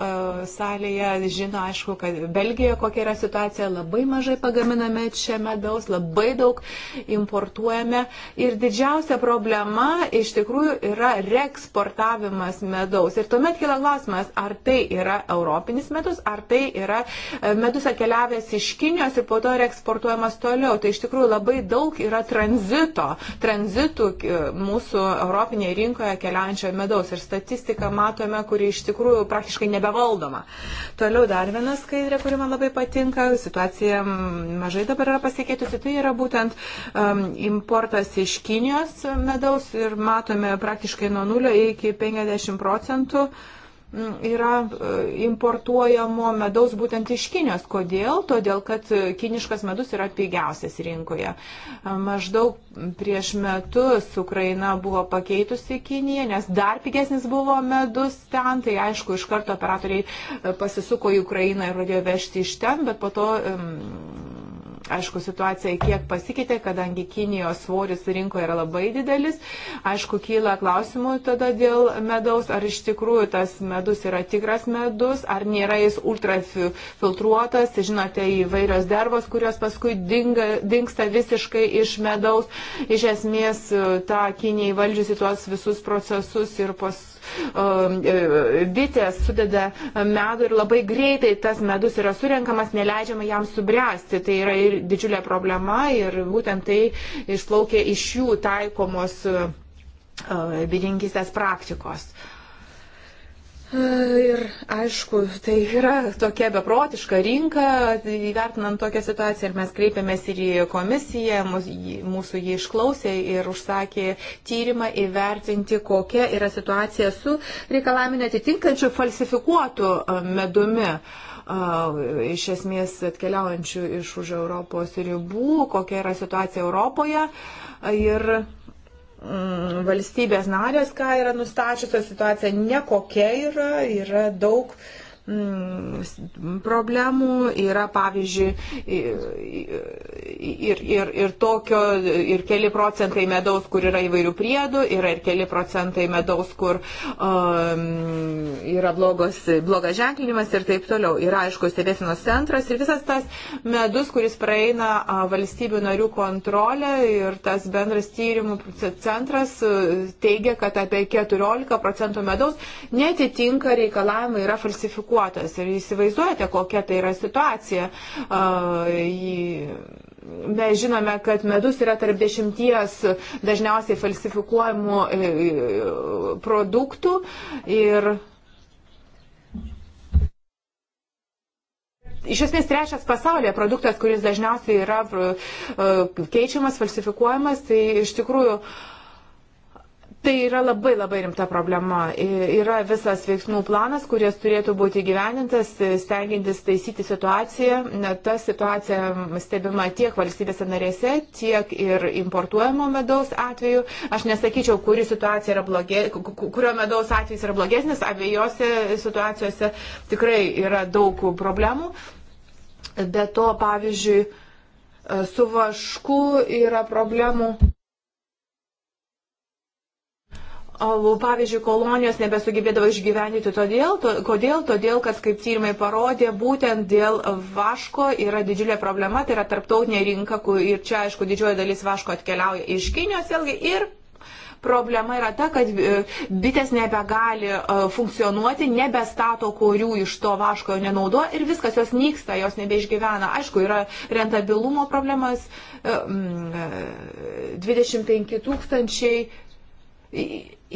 [SPEAKER 4] salėje žino, aišku, kad Belgija kokia yra situacija, labai mažai pagaminame čia medaus, labai daug importuojame. Ir didžiausia problema iš tikrųjų yra reeksportavimas medaus. Ir tuomet kila klausimas, ar tai yra europinis medus, ar tai yra e, medus atkeliavęs iš Kinijos ir po to reeksportuojamas toliau. Tai iš tikrųjų labai daug yra tranzito, tranzitų e, mūsų europinėje rinkoje rinkoje keliaujančio medaus. Ir statistiką matome, kuri iš tikrųjų praktiškai nebevaldoma. Toliau dar viena skaidrė, kuri man labai patinka. Situacija mažai dabar yra pasikeitusi. Tai yra būtent um, importas iš Kinijos medaus ir matome praktiškai nuo nulio iki 50 procentų. Uh, yra e, importuojamo medaus būtent iš Kinijos. Kodėl? Todėl, kad kiniškas medus yra pigiausias rinkoje. Maždaug prieš metus Ukraina buvo pakeitusi Kiniją, nes dar pigesnis buvo medus ten, tai aišku, iš karto operatoriai e, pasisuko į Ukrainą ir pradėjo vežti iš ten, bet po to Aišku, situacija kiek pasikeitė, kadangi Kinijos svoris rinkoje yra labai didelis. Aišku, kyla klausimų tada dėl medaus, ar iš tikrųjų tas medus yra tikras medus, ar nėra jis ultrafiltruotas. Žinote, įvairios dervos, kurios paskui dinga, dinksta visiškai iš medaus. Iš esmės, ta Kinija įvaldžiusi tuos visus procesus ir pas, E, bitės sudeda medų ir labai greitai tas medus yra surenkamas, neleidžiama jam subręsti. Tai yra ir didžiulė problema ir būtent tai išplaukia iš jų taikomos e, bitininkistės praktikos. Ir aišku, tai yra tokia beprotiška rinka, tai įvertinant tokią situaciją ir mes kreipėmės ir į komisiją, mūsų jį išklausė ir užsakė tyrimą įvertinti, kokia yra situacija su reikalavimu netitinkančiu falsifikuotu medumi iš esmės atkeliaujančių iš už Europos ribų, kokia yra situacija Europoje. Ir Mm, valstybės narės, ką yra nustačiusios, situacija nekokia yra, yra daug uh, Mm, problemų, yra pavyzdžiui ir, ir, ir tokio, ir keli procentai medaus, kur yra įvairių priedų, yra ir keli procentai medaus, kur um, yra blogos, blogas ženklinimas ir taip toliau. Yra, aišku, stebėsinos centras ir visas tas medus, kuris praeina valstybių narių kontrolę ir tas bendras tyrimų centras e, teigia, kad apie 14 procentų medaus netitinka reikalavimai yra falsifikuoti izoliuotas. Ir įsivaizduojate, kokia tai yra situacija. Mes žinome, kad medus yra tarp dešimties dažniausiai falsifikuojamų e, e, produktų ir iš esmės trečias pasaulyje produktas, kuris dažniausiai yra e, keičiamas, falsifikuojamas, tai iš tikrųjų uh, Tai yra labai labai rimta problema. Yra visas veiksmų planas, kuris turėtų būti gyvenintas, stengiantis taisyti situaciją. Ta situacija stebima tiek valstybėse narėse, tiek ir importuojamo medaus atveju. Aš nesakyčiau, kuri situacija yra blogė, kurio medaus atvejis yra blogesnis. Abiejose situacijose tikrai yra daug problemų. Be to, pavyzdžiui, su vašku yra problemų. Pavyzdžiui, kolonijos nebesugebėdavo išgyventi todėl, to, kodėl? Todėl, kad, kaip tyrimai parodė, būtent dėl vaško yra didžiulė problema, tai yra tarptautinė rinka, kur ir čia, aišku, didžioji dalis vaško atkeliauja iš Kinijos ilgai ir problema yra ta, kad e, bitės nebegali e, funkcionuoti, nebestato korių iš to vaško nenaudoja ir viskas, jos nyksta, jos nebeišgyvena. Aišku, yra rentabilumo problemas, 25 e, tūkstančiai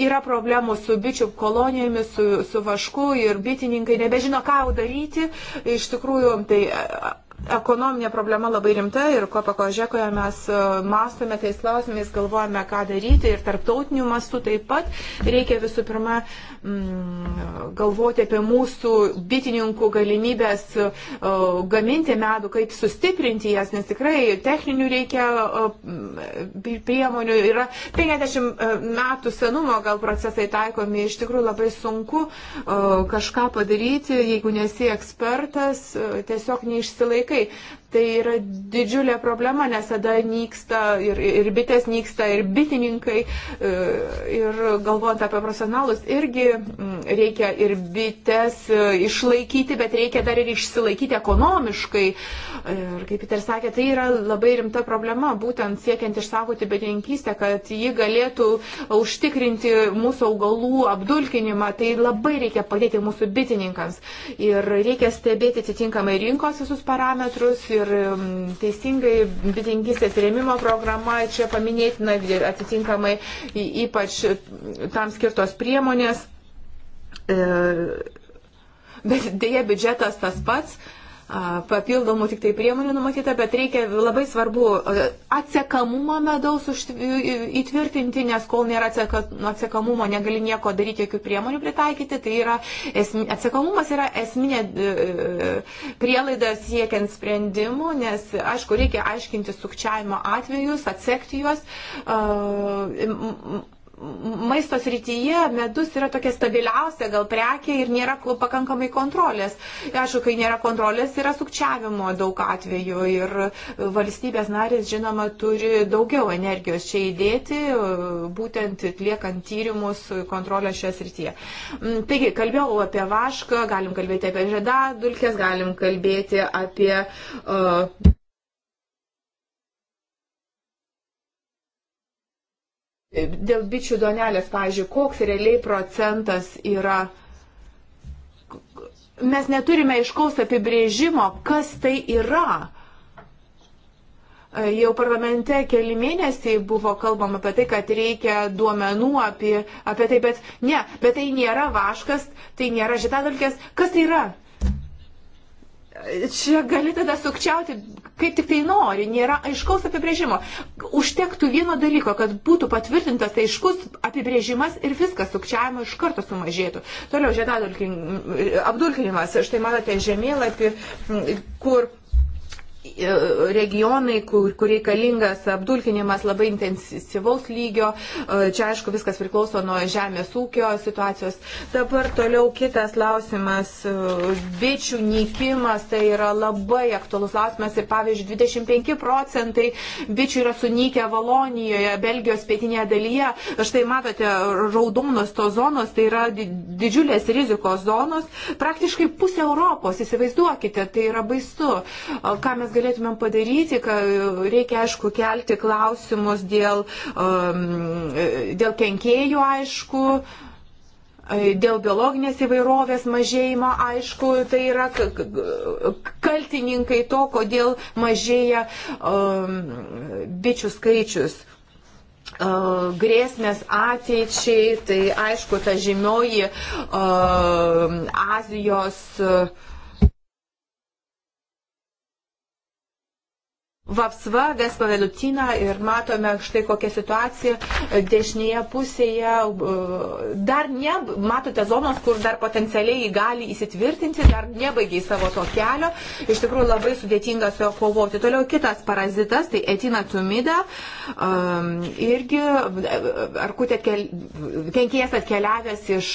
[SPEAKER 4] Yra problemų su bičių kolonijomis, su, su vašku ir bitininkai nebežino, ką daryti. Iš tikrųjų, tai ekonominė problema labai rimta ir Kopako žekoje mes e, mastome tais klausimais, galvojame, ką daryti ir tarptautiniu mastu taip pat reikia visų pirma mm, galvoti apie mūsų bitininkų galimybės e, gaminti medų, kaip sustiprinti jas, nes tikrai techninių reikia e, priemonių. Yra 50 metų senumo gal procesai taikomi, iš tikrųjų labai sunku kažką padaryti, jeigu nesi ekspertas, tiesiog neišsilaikai vaikai. Tai yra didžiulė problema, nes tada nyksta ir, ir bitės nyksta, ir bitininkai, e, ir galvojant apie profesionalus, irgi mm, reikia ir bitės e, išlaikyti, bet reikia dar ir išsilaikyti ekonomiškai. E, ir kaip Peter sakė, tai yra labai rimta problema, būtent siekiant išsaugoti bitininkystę, kad ji galėtų užtikrinti mūsų augalų apdulkinimą, tai labai reikia padėti mūsų bitininkams. Ir reikia stebėti atitinkamai rinkos visus parametrus. Ir ir um, teisingai bitininkistės rėmimo programa čia paminėtina atitinkamai ypač tam skirtos priemonės. E, bet dėja biudžetas tas pats. E, papildomų tik tai priemonių numatyta, bet reikia labai svarbu atsekamumą medaus įtvirtinti, nes kol nėra atsekamumo, negali nieko daryti, jokių priemonių pritaikyti. Tai yra esmi, atsekamumas yra esminė e, e, prielaida siekiant sprendimų, nes, aišku, reikia aiškinti sukčiavimo atvejus, atsekti juos maisto srityje medus yra tokia stabiliausia gal prekė ir nėra pakankamai kontrolės. Aišku, kai nėra kontrolės, yra sukčiavimo daug atveju ir valstybės narės, žinoma, turi daugiau energijos čia įdėti, būtent atliekant tyrimus kontrolę šioje srityje. Mm, taigi, kalbėjau apie vašką, galim kalbėti apie žedadulkės, galim kalbėti apie. Uh, Dėl bičių donelės, pavyzdžiui, koks realiai procentas yra. Mes neturime iškaus apibrėžimo, kas tai yra. Jau parlamente keli mėnesiai buvo kalbama apie tai, kad reikia duomenų apie, apie tai, bet ne, bet tai nėra vaškas, tai nėra žitadulkės. Kas tai yra? čia gali tada sukčiauti, kaip tik tai nori, nėra aiškaus apibrėžimo. Užtektų vieno dalyko, kad būtų patvirtintas aiškus apibrėžimas ir viskas sukčiavimo iš karto sumažėtų. Toliau žiedadulkinimas, štai matote žemėlapį, kur regionai, kur, kur reikalingas apdulkinimas labai intensyvaus lygio. E, čia aišku viskas priklauso nuo žemės ūkio situacijos. Dabar toliau kitas klausimas. E, bičių nykimas tai yra labai aktualus klausimas ir pavyzdžiui 25 procentai bičių yra sunykę Valonijoje, Belgijos pietinėje dalyje. Štai matote raudonos to zonos, tai yra didžiulės rizikos zonos. Praktiškai pusė Europos, įsivaizduokite, tai yra baisu. E, ką mes galėtumėm padaryti, kad reikia, aišku, kelti klausimus dėl, um, dėl kenkėjų, aišku, dėl biologinės įvairovės mažėjimo, aišku, tai yra kaltininkai to, kodėl mažėja um, bičių skaičius uh, grėsmės ateičiai, tai aišku, ta žymioji uh, Azijos uh, Vapsva, Vesko Velutina ir matome štai kokią situaciją e, dešinėje pusėje. E, dar ne, matote zonos, kur dar potencialiai gali įsitvirtinti, dar nebaigiai savo to kelio. Iš tikrųjų labai sudėtinga su jo kovoti. Toliau kitas parazitas, tai etina tumida, um, irgi arkutė kel, kenkėjas atkeliavęs iš,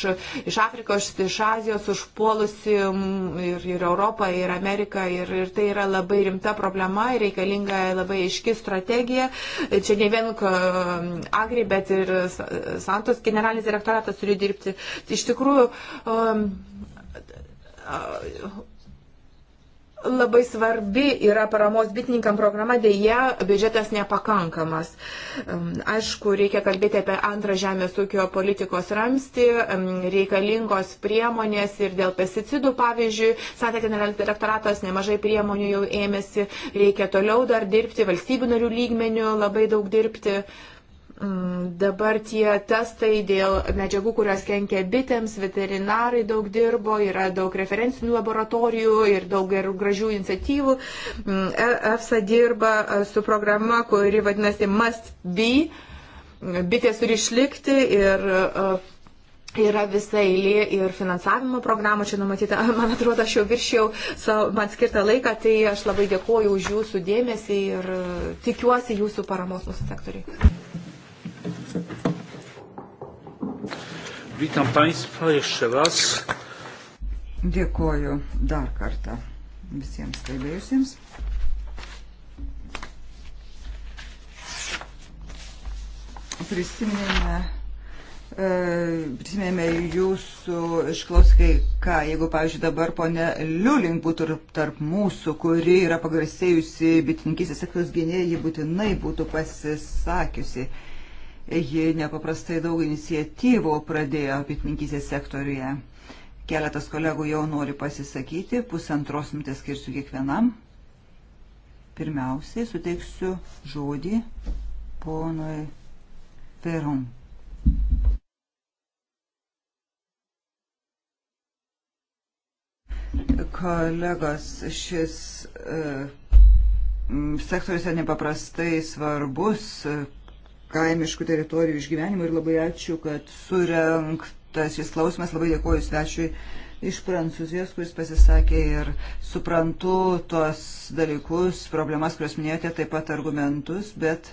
[SPEAKER 4] iš Afrikos, iš Azijos, užpuolusi ir, ir Europą, ir Ameriką. Ir, ir tai yra labai rimta problema ir reikalinga reikalinga labai aiški strategija. Čia ne vien Agri, bet ir Santos generalinis direktoratas turi dirbti. Iš tikrųjų, um, Labai svarbi yra paramos bitininkam programa, dėja biudžetas nepakankamas. Aišku, reikia kalbėti apie antrą žemės ūkio politikos ramstį, reikalingos priemonės ir dėl pesticidų, pavyzdžiui, Santė generalinis direktoratas nemažai priemonių jau ėmėsi, reikia toliau dar dirbti, valstybių narių lygmenių labai daug dirbti. Uh, Mm, dabar tie testai dėl medžiagų, kurios kenkia bitėms, veterinarai daug dirbo, yra daug referencinių laboratorijų ir daug gerų gražių iniciatyvų. Mm, e, EFSA dirba e, su programa, kuri vadinasi Must Be. Mm, bitės turi išlikti ir e, yra visa eilė ir finansavimo programų čia numatyta. Man atrodo, aš jau viršiau man skirtą laiką, tai aš labai dėkuoju už jūsų dėmesį ir tikiuosi jūsų paramos mūsų sektoriai.
[SPEAKER 1] Witam Państwa jeszcze raz.
[SPEAKER 2] Dėkoju dar kartą visiems kalbėjusiems. Prisiminėme e, prisimėme jūsų išklauskai, ką, jeigu, pavyzdžiui, dabar ponė Liulink būtų tarp mūsų, kuri yra pagarsėjusi bitininkysės sektoriaus gynėjai, būtinai būtų pasisakiusi. Ji nepaprastai daug iniciatyvų pradėjo bitininkysės sektoriuje. Keletas kolegų jau nori pasisakyti, pusantros minutės skirsiu kiekvienam. Pirmiausiai suteiksiu žodį ponui Perum. Kolegos, šis e, sektorius yra nepaprastai svarbus kaimiškų teritorijų išgyvenimų ir labai ačiū, kad surinktas šis klausimas. Labai dėkoju svečiui iš Prancūzijos, kuris pasisakė ir suprantu tuos dalykus, problemas, kurias minėjote, taip pat argumentus, bet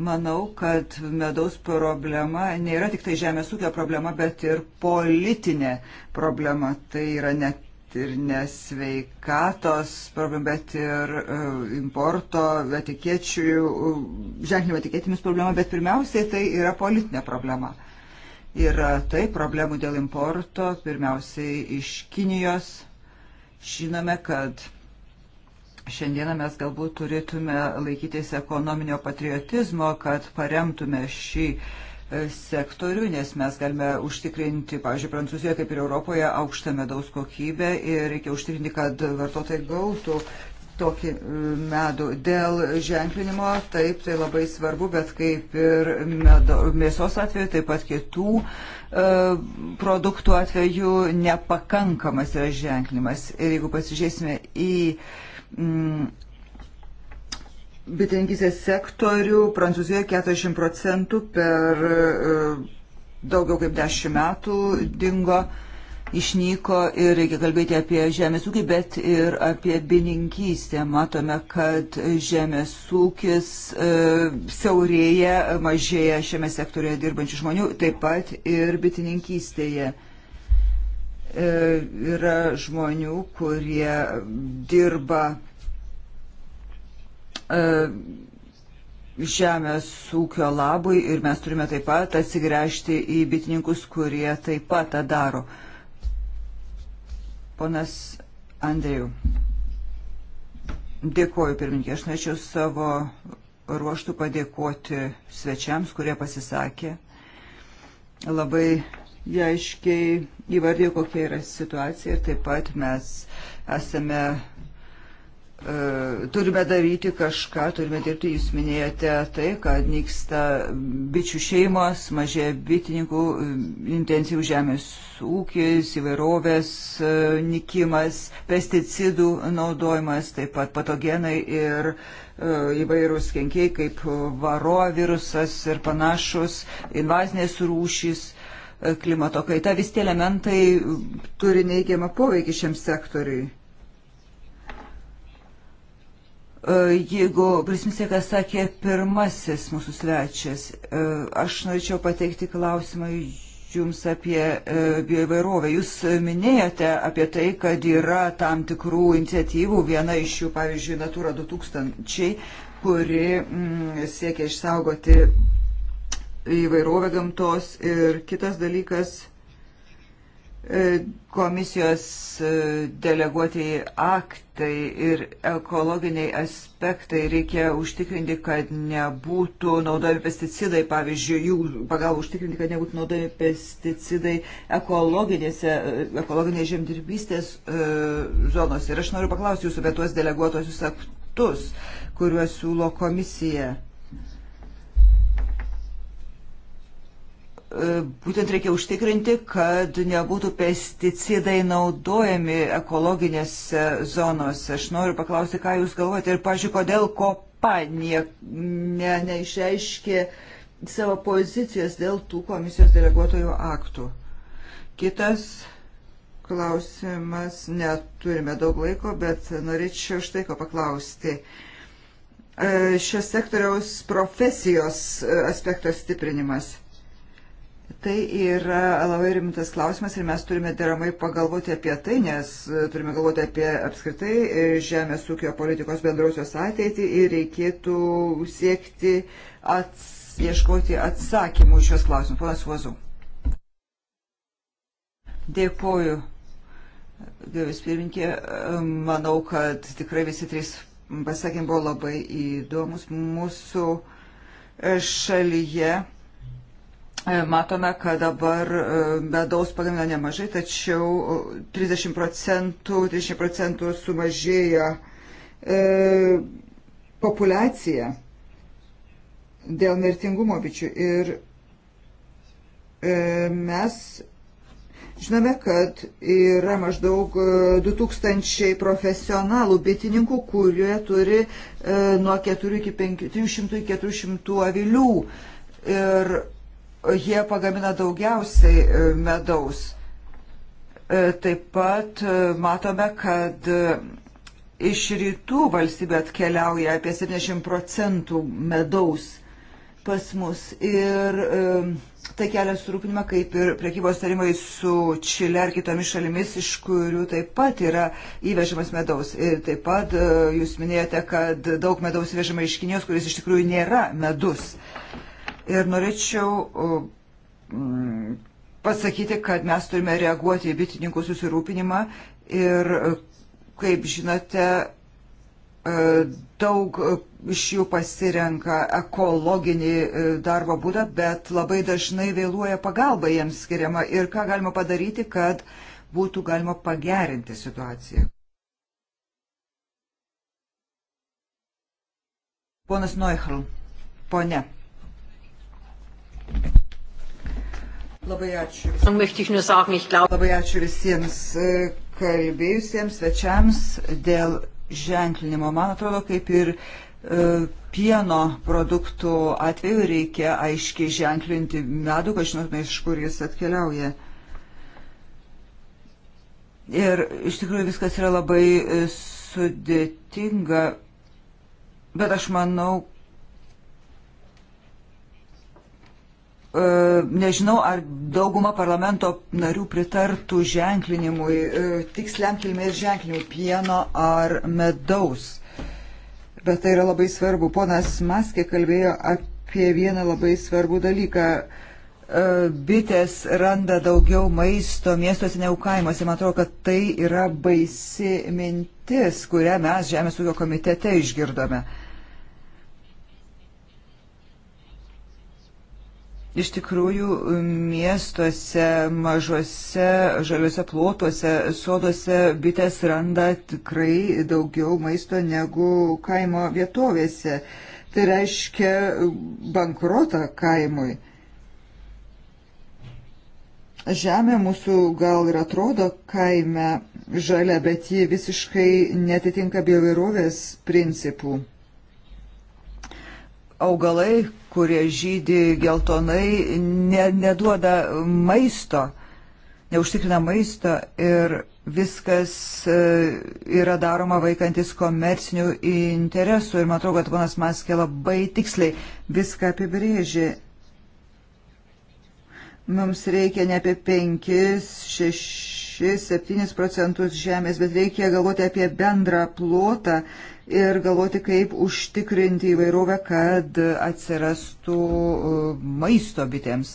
[SPEAKER 2] manau, kad medaus problema nėra tik tai žemės ūkio problema, bet ir politinė problema. Tai yra ne ir nesveikatos problemų, bet ir e, importo etikėčių, e, ženklinimo etiketėmis problema, bet pirmiausiai tai yra politinė problema. Yra tai problemų dėl importo, pirmiausiai iš Kinijos. Žinome, kad šiandieną mes galbūt turėtume laikytis ekonominio patriotizmo, kad paremtume šį uh, sektorių, nes mes galime užtikrinti, pavyzdžiui, Prancūzijoje kaip ir Europoje aukštą medaus kokybę ir reikia užtikrinti, kad vartotojai gautų tokį mm, medų. Dėl ženklinimo taip, tai labai svarbu, bet kaip ir medo, mėsos atveju, taip pat kitų e, produktų atveju nepakankamas yra ženklinimas. Ir jeigu pasižiūrėsime į mm, bitininkysės sektorių Prancūzijoje 40 procentų per e, daugiau kaip 10 metų dingo, išnyko ir reikia kalbėti apie žemės ūkį, bet ir apie bininkystę. Matome, kad žemės ūkis e, siaurėja, mažėja šiame sektorėje dirbančių žmonių, taip pat ir bitininkystėje e, yra žmonių, kurie dirba E, žemės ūkio labui ir mes turime taip pat atsigręžti į bitininkus, kurie taip pat tą daro. Ponas Andrėjų, dėkoju pirmininkė, aš norėčiau savo ruoštų padėkoti svečiams, kurie pasisakė. Labai aiškiai įvardėjo, kokia yra situacija ir taip pat mes esame E, turime daryti kažką, turime dirbti. Jūs minėjote tai, kad nyksta bičių šeimos, mažėja bitininkų, e, intensyvų žemės ūkis, įvairovės e, nikimas, pesticidų naudojimas, taip pat patogenai ir įvairūs kenkiai kaip varo virusas ir panašus, invazinės rūšys klimato kaita, visi tie elementai turi neigiamą poveikį šiam sektoriui E, jeigu prisiminsite, tai, ką sakė pirmasis mūsų svečias, e, aš norėčiau pateikti klausimą jums apie e, bioįvairovę. Jūs minėjote apie tai, kad yra tam tikrų iniciatyvų, viena iš jų, pavyzdžiui, Natura 2000, kuri mm, siekia išsaugoti įvairovę gamtos ir kitas dalykas – E, komisijos e, deleguotieji aktai ir ekologiniai aspektai reikia užtikrinti, kad nebūtų naudojami pesticidai, pavyzdžiui, jų pagal užtikrinti, kad nebūtų naudojami pesticidai ekologinėse, ekologinės žemdirbystės e, zonose. Ir aš noriu paklausti jūsų apie tuos deleguotosius aktus, kuriuos siūlo komisija E, būtent reikia užtikrinti, kad nebūtų pesticidai naudojami ekologinėse zonose. Aš noriu paklausti, ką Jūs galvojate ir, pažiūrėjau, kodėl kopa ne, ne, neišreiškė savo pozicijas dėl tų komisijos deleguotojų aktų. Kitas klausimas, neturime daug laiko, bet norėčiau štai ko paklausti. E, šios sektoriaus profesijos e, aspektos stiprinimas – Tai yra labai rimtas klausimas ir mes turime deramai pagalvoti apie tai, nes turime galvoti apie apskritai e, žemės ūkio politikos bendrausios ateitį ir reikėtų siekti ats, ieškoti atsakymų šios klausimus. Ponas Vozu. Dėkoju. Dėvis pirminkė, manau, kad tikrai visi trys pasakymai buvo labai įdomus mūsų šalyje E, matome, kad dabar e, medaus pagamina nemažai, tačiau 30 procentų, 30 procentų sumažėja e, populiacija dėl mirtingumo bičių. Ir e, mes žinome, kad yra maždaug 2000 e, profesionalų bitininkų, kurie turi e, nuo 4 iki 5, 300 iki 400 avilių. Ir jie pagamina daugiausiai e, medaus. E, taip pat e, matome, kad iš rytų valstybė atkeliauja apie 70 procentų medaus pas mus. Ir tai kelia surūpinimą, kaip ir priekybos tarimai su Čile ar kitomis šalimis, iš kurių taip pat yra įvežamas medaus. Ir taip pat jūs minėjote, kad daug medaus įvežama iš Kinijos, kuris iš tikrųjų nėra medus. Uh, Ir norėčiau pasakyti, kad mes turime reaguoti į bitininkų susirūpinimą ir, kaip žinote, e, daug e, iš jų pasirenka ekologinį e, darbo būdą, bet labai dažnai vėluoja pagalba jiems skiriama ir ką galima padaryti, kad būtų galima pagerinti situaciją. Ponas Neuchl, ponė. Labai ačiū. Labai ačiū visiems e, kalbėjusiems svečiams dėl ženklinimo. Man atrodo, kaip ir e, pieno produktų atveju reikia aiškiai ženklinti medų, kad žinotume, iš kur jis atkeliauja. Ir iš tikrųjų viskas yra labai e, sudėtinga, bet aš manau, E, nežinau, ar dauguma parlamento narių pritartų ženklinimui, e, tiksliam kilmės ženklinimui pieno ar medaus. Bet tai yra labai svarbu. Ponas Maskė kalbėjo apie vieną labai svarbų dalyką. E, bitės randa daugiau maisto miestuose negu kaimuose. Man atrodo, kad tai yra baisi mintis, kurią mes Žemės ūkio komitete išgirdome. Uh, Iš tikrųjų, miestuose, mažuose, žaliuose plotuose, soduose bitės randa tikrai daugiau maisto negu kaimo vietovėse. Tai reiškia bankrotą kaimui. Žemė mūsų gal ir atrodo kaime žalia, bet ji visiškai netitinka biovirovės principų. Augalai kurie žydi geltonai, ne, neduoda maisto, neužtikrina maisto ir viskas e, yra daroma vaikantis komercinių interesų. Ir man atrodo, kad ponas Maskė labai tiksliai viską apibrėžė. Mums reikia ne apie 5, 6, 7 procentus žemės, bet reikia galvoti apie bendrą plotą ir galvoti, kaip užtikrinti įvairovę, kad atsirastų e, maisto bitėms.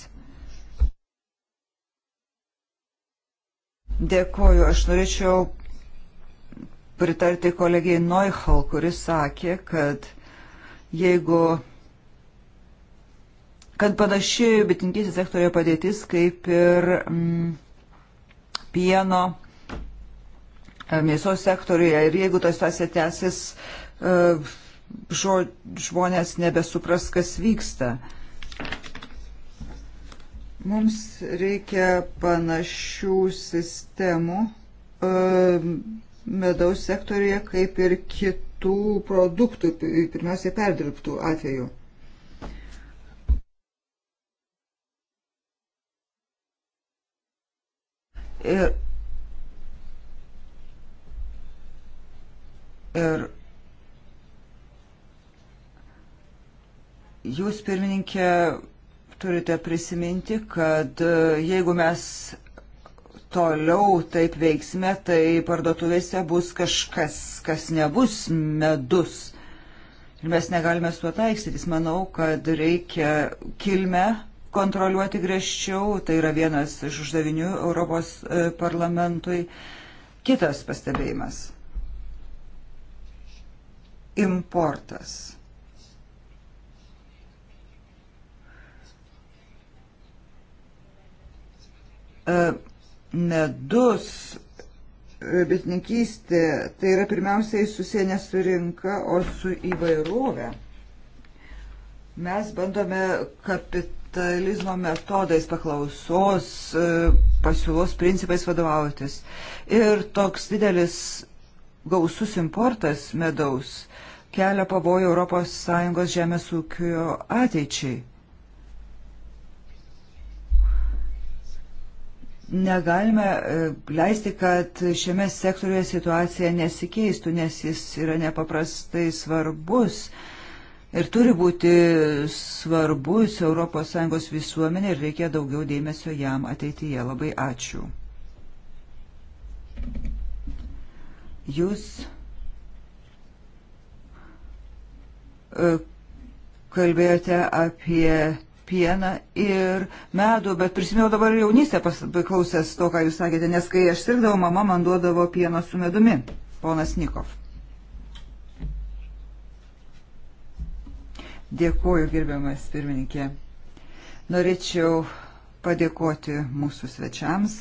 [SPEAKER 2] Dėkoju, aš norėčiau pritarti kolegijai Neuchal, kuris sakė, kad jeigu kad panaši bitininkystės sektorio padėtis kaip ir mm, pieno E, mėsos sektoriuje ir jeigu tas situacija tęsis, e, žmonės nebesupras, kas vyksta. Mums reikia panašių sistemų e, medaus sektoriuje kaip ir kitų produktų, pirmiausiai perdirbtų atveju. Ir Ir jūs, pirmininkė, turite prisiminti, kad e, jeigu mes toliau taip veiksime, tai parduotuvėse bus kažkas, kas nebus medus. Ir mes negalime su to taikstytis. Manau, kad reikia kilmę kontroliuoti greščiau. Tai yra vienas iš uždavinių Europos e, parlamentui. Kitas pastebėjimas importas. E, medus, e, bitininkystė, tai yra pirmiausiai susiję ne su rinka, o su įvairovė. Mes bandome kapitalizmo metodais paklausos, e, pasiūlos principais vadovautis. Ir toks didelis gausus importas medaus kelia pavojų ES žemės ūkio ateičiai. Negalime e, leisti, kad šiame sektoriuje situacija nesikeistų, nes jis yra nepaprastai svarbus ir turi būti svarbus ES visuomenė ir reikia daugiau dėmesio jam ateityje. Labai ačiū. Jūs E, kalbėjote apie pieną ir medų, bet prisimenu dabar jaunystę klausęs to, ką jūs sakėte, nes kai aš sirgdavau, mama man duodavo pieno su medumi, ponas Nikov. Dėkuoju, gerbiamas pirmininkė. Norėčiau padėkoti mūsų svečiams,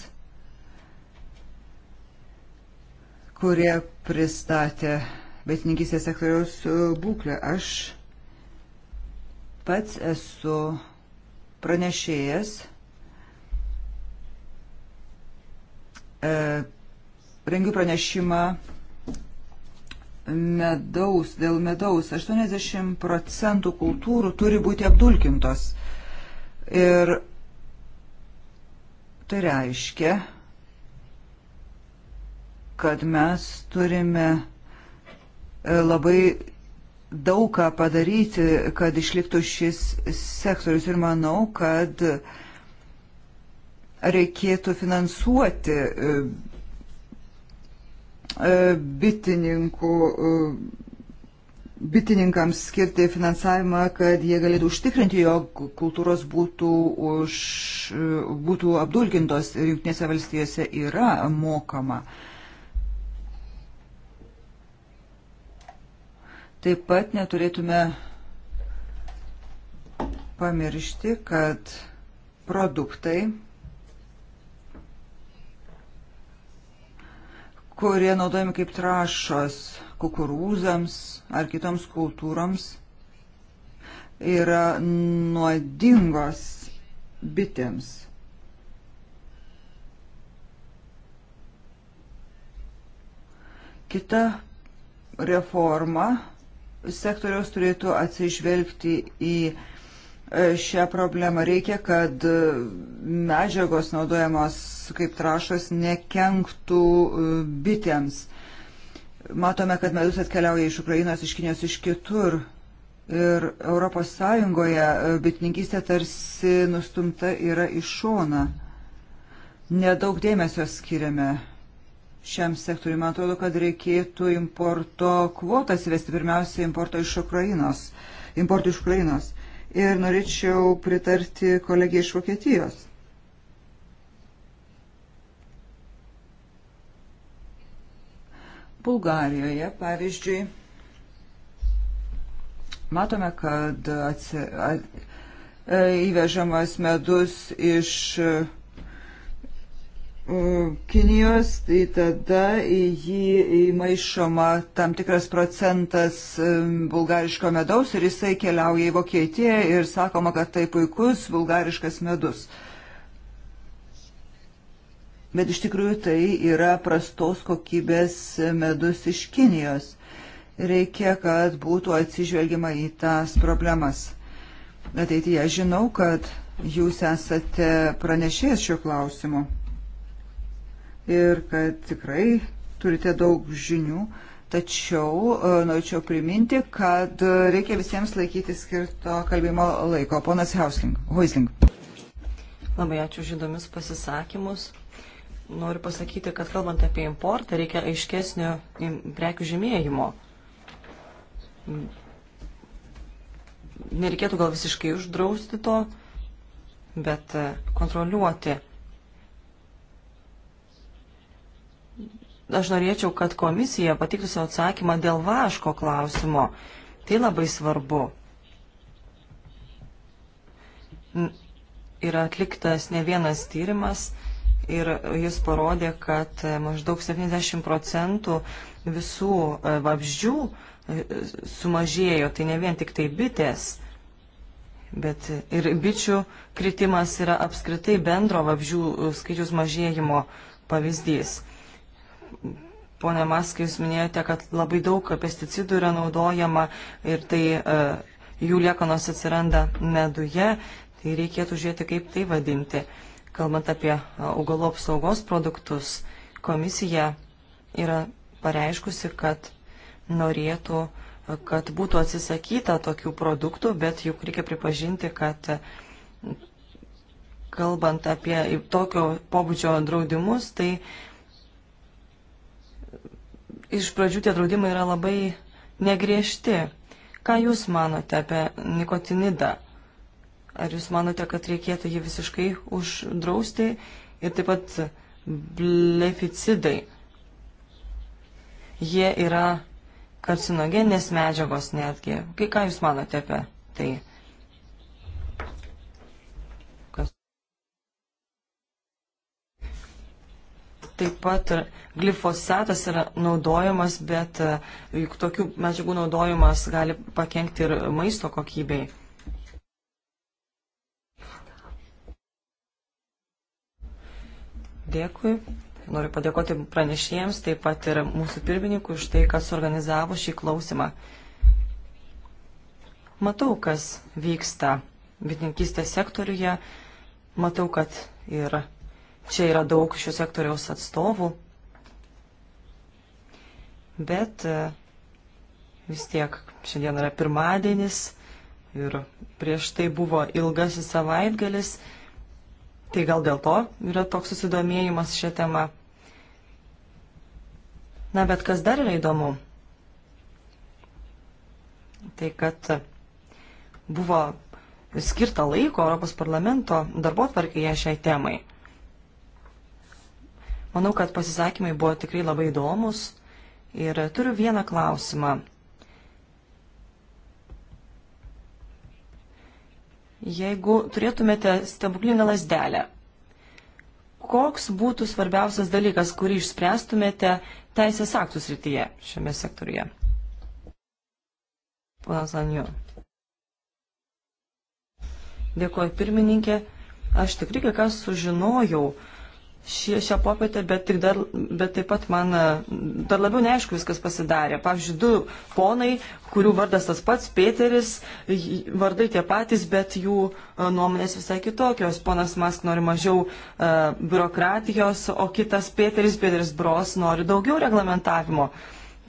[SPEAKER 2] kurie pristatė vaisininkysės sektoriaus e, būklę. Aš pats esu pranešėjas e, rengiu pranešimą medaus, dėl medaus. 80 procentų kultūrų turi būti apdulkintos. Ir tai reiškia, kad mes turime E, labai daug ką padaryti, kad išliktų šis sektorius ir manau, kad reikėtų finansuoti e, e, bitininkų, bitininkams skirti finansavimą, kad jie galėtų užtikrinti, jog kultūros būtų, už, būtų apdulkintos ir jungtinėse valstijose yra mokama uh, Taip pat neturėtume pamiršti, kad produktai, kurie naudojami kaip trašos kukurūzams ar kitoms kultūroms, yra nuodingos bitėms. Kita reforma sektoriaus turėtų atsižvelgti į e, šią problemą. Reikia, kad e, medžiagos naudojamos kaip trašos nekenktų e, bitėms. Matome, kad medus atkeliauja iš Ukrainos, iš Kinijos, iš kitur. Ir Europos Sąjungoje bitininkystė tarsi nustumta yra iš šona. Nedaug dėmesio skiriame šiam sektoriui. Man atrodo, kad reikėtų importo kvotas įvesti pirmiausia importo iš Ukrainos. Importo iš Ukrainos. Ir norėčiau pritarti kolegijai iš Vokietijos. Bulgarijoje, pavyzdžiui, matome, kad atsi, at, įvežamas medus iš uh, Kinijos, tai tada į jį įmaišoma tam tikras procentas bulgariško medaus ir jisai keliauja į Vokietiją ir sakoma, kad tai puikus bulgariškas medus. Bet iš tikrųjų tai yra prastos kokybės medus iš Kinijos. Reikia, kad būtų atsižvelgiama į tas problemas. Ateityje žinau, kad jūs esate pranešėjęs šiuo klausimu ir kad tikrai turite daug žinių. Tačiau e, norėčiau priminti, kad e, reikia visiems laikyti skirto kalbėjimo laiko. Ponas Hausling, Hoisling.
[SPEAKER 3] Labai ačiū už įdomius pasisakymus. Noriu pasakyti, kad kalbant apie importą, reikia aiškesnio prekių žymėjimo. Nereikėtų gal visiškai uždrausti to, bet e, kontroliuoti Aš norėčiau, kad komisija patiktų savo atsakymą dėl vaško klausimo. Tai labai svarbu. Yra atliktas ne vienas tyrimas ir jis parodė, kad e, maždaug 70 procentų visų e, vabzdžių e, sumažėjo, tai ne vien tik tai bitės, bet ir bičių kritimas yra apskritai bendro vabzdžių skaičius mažėjimo pavyzdys. Pone Maskai, jūs minėjote, kad labai daug pesticidų yra naudojama ir tai e, jų liekanos atsiranda meduje, tai reikėtų žiūrėti, kaip tai vadinti. Kalbant apie e, augalų apsaugos produktus, komisija yra pareiškusi, kad norėtų, e, kad būtų atsisakyta tokių produktų, bet juk reikia pripažinti, kad kalbant apie tokio pobūdžio draudimus, tai iš pradžių tie draudimai yra labai negriežti. Ką Jūs manote apie nikotinidą? Ar Jūs manote, kad reikėtų jį visiškai uždrausti ir taip pat bleficidai? Jie yra karcinogenės medžiagos netgi. Kai ką Jūs manote apie tai? taip pat glifosatas yra naudojamas, bet e, juk tokių medžiagų naudojimas gali pakengti ir maisto kokybei. Dėkui. Noriu padėkoti pranešėjams, taip pat ir mūsų pirmininkui už tai, kad suorganizavo šį klausimą. Matau, kas vyksta bitininkystės sektoriuje, matau, kad ir Čia yra daug šio sektoriaus atstovų, bet e, vis tiek šiandien yra pirmadienis ir prieš tai buvo ilgasis savaitgalis, tai gal dėl to yra toks susidomėjimas šią temą. Na, bet kas dar yra įdomu, tai kad buvo skirta laiko Europos parlamento darbo tvarkėje šiai temai. Manau, kad pasisakymai buvo tikrai labai įdomus ir turiu vieną klausimą. Jeigu turėtumėte stebuklingą lasdelę, koks būtų svarbiausias dalykas, kurį išspręstumėte teisės aktų srityje šiame sektoriuje? Ponas Anju. Dėkuoju pirmininkė. Aš tikrai kai kas sužinojau šį, šią popietę, bet, dar, bet taip pat man e, dar labiau neaišku viskas pasidarė. Pavyzdžiui, du ponai, kurių vardas tas pats, Peteris, vardai tie patys, bet jų e, nuomonės visai kitokios. Ponas Mask nori mažiau uh, biurokratijos, o kitas Peteris, Peteris Bros nori daugiau reglamentavimo.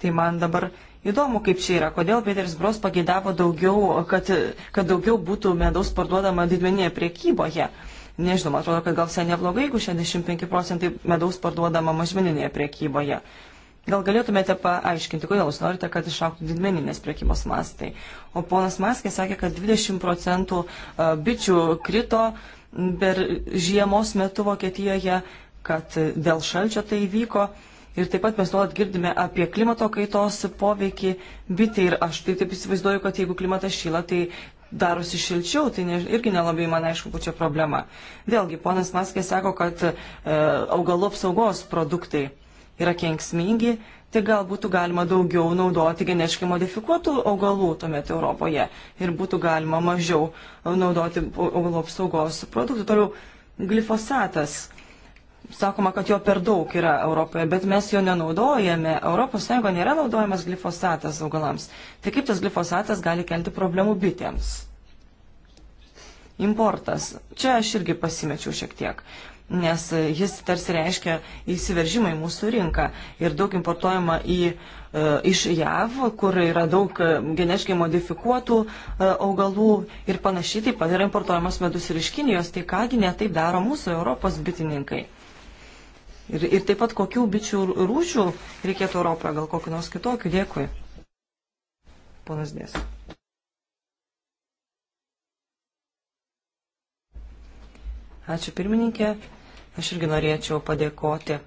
[SPEAKER 3] Tai man dabar Įdomu, kaip čia yra, kodėl Peteris Bros pagėdavo daugiau, kad, kad daugiau būtų medaus parduodama didmeninėje priekyboje. Uh, Nežinau, man atrodo, kad gal visai neblogai, jeigu 65 procentai medaus parduodama mažmeninėje priekyboje. Gal galėtumėte paaiškinti, kodėl jūs norite, kad išauktų didmeninės priekybos mastai. O ponas Maskė sakė, kad 20 procentų e, bičių krito per žiemos metu Vokietijoje, kad dėl šalčio tai vyko. Ir taip pat mes nuolat girdime apie klimato kaitos poveikį bitai ir aš tai taip įsivaizduoju, kad jeigu klimatas šyla, tai darosi šilčiau, tai ne, irgi nelabai man aišku, kur čia problema. Vėlgi, ponas Maskė sako, kad e, augalų apsaugos produktai yra kenksmingi, tai gal būtų galima daugiau naudoti genetiškai modifikuotų augalų tuomet Europoje ir būtų galima mažiau naudoti augalų apsaugos produktų. Toliau glifosatas sakoma, kad jo per daug yra Europoje, bet mes jo nenaudojame. ES nėra naudojamas glifosatas augalams. Tai kaip tas glifosatas gali kelti problemų bitėms? Importas. Čia aš irgi pasimečiau šiek tiek, nes jis tarsi reiškia įsiveržimą į mūsų rinką ir daug importuojama į, e, iš JAV, kur yra daug e, geneškai modifikuotų e, augalų ir panašiai, taip pat yra importuojamas medus ir iš Kinijos, tai kągi netaip daro mūsų Europos bitininkai. Ir, ir taip pat kokių bičių rūšių reikėtų Europoje, gal kokiu nors kitokiu. Dėkui. Ponas Dės. Ačiū pirmininkė. Aš irgi norėčiau padėkoti e,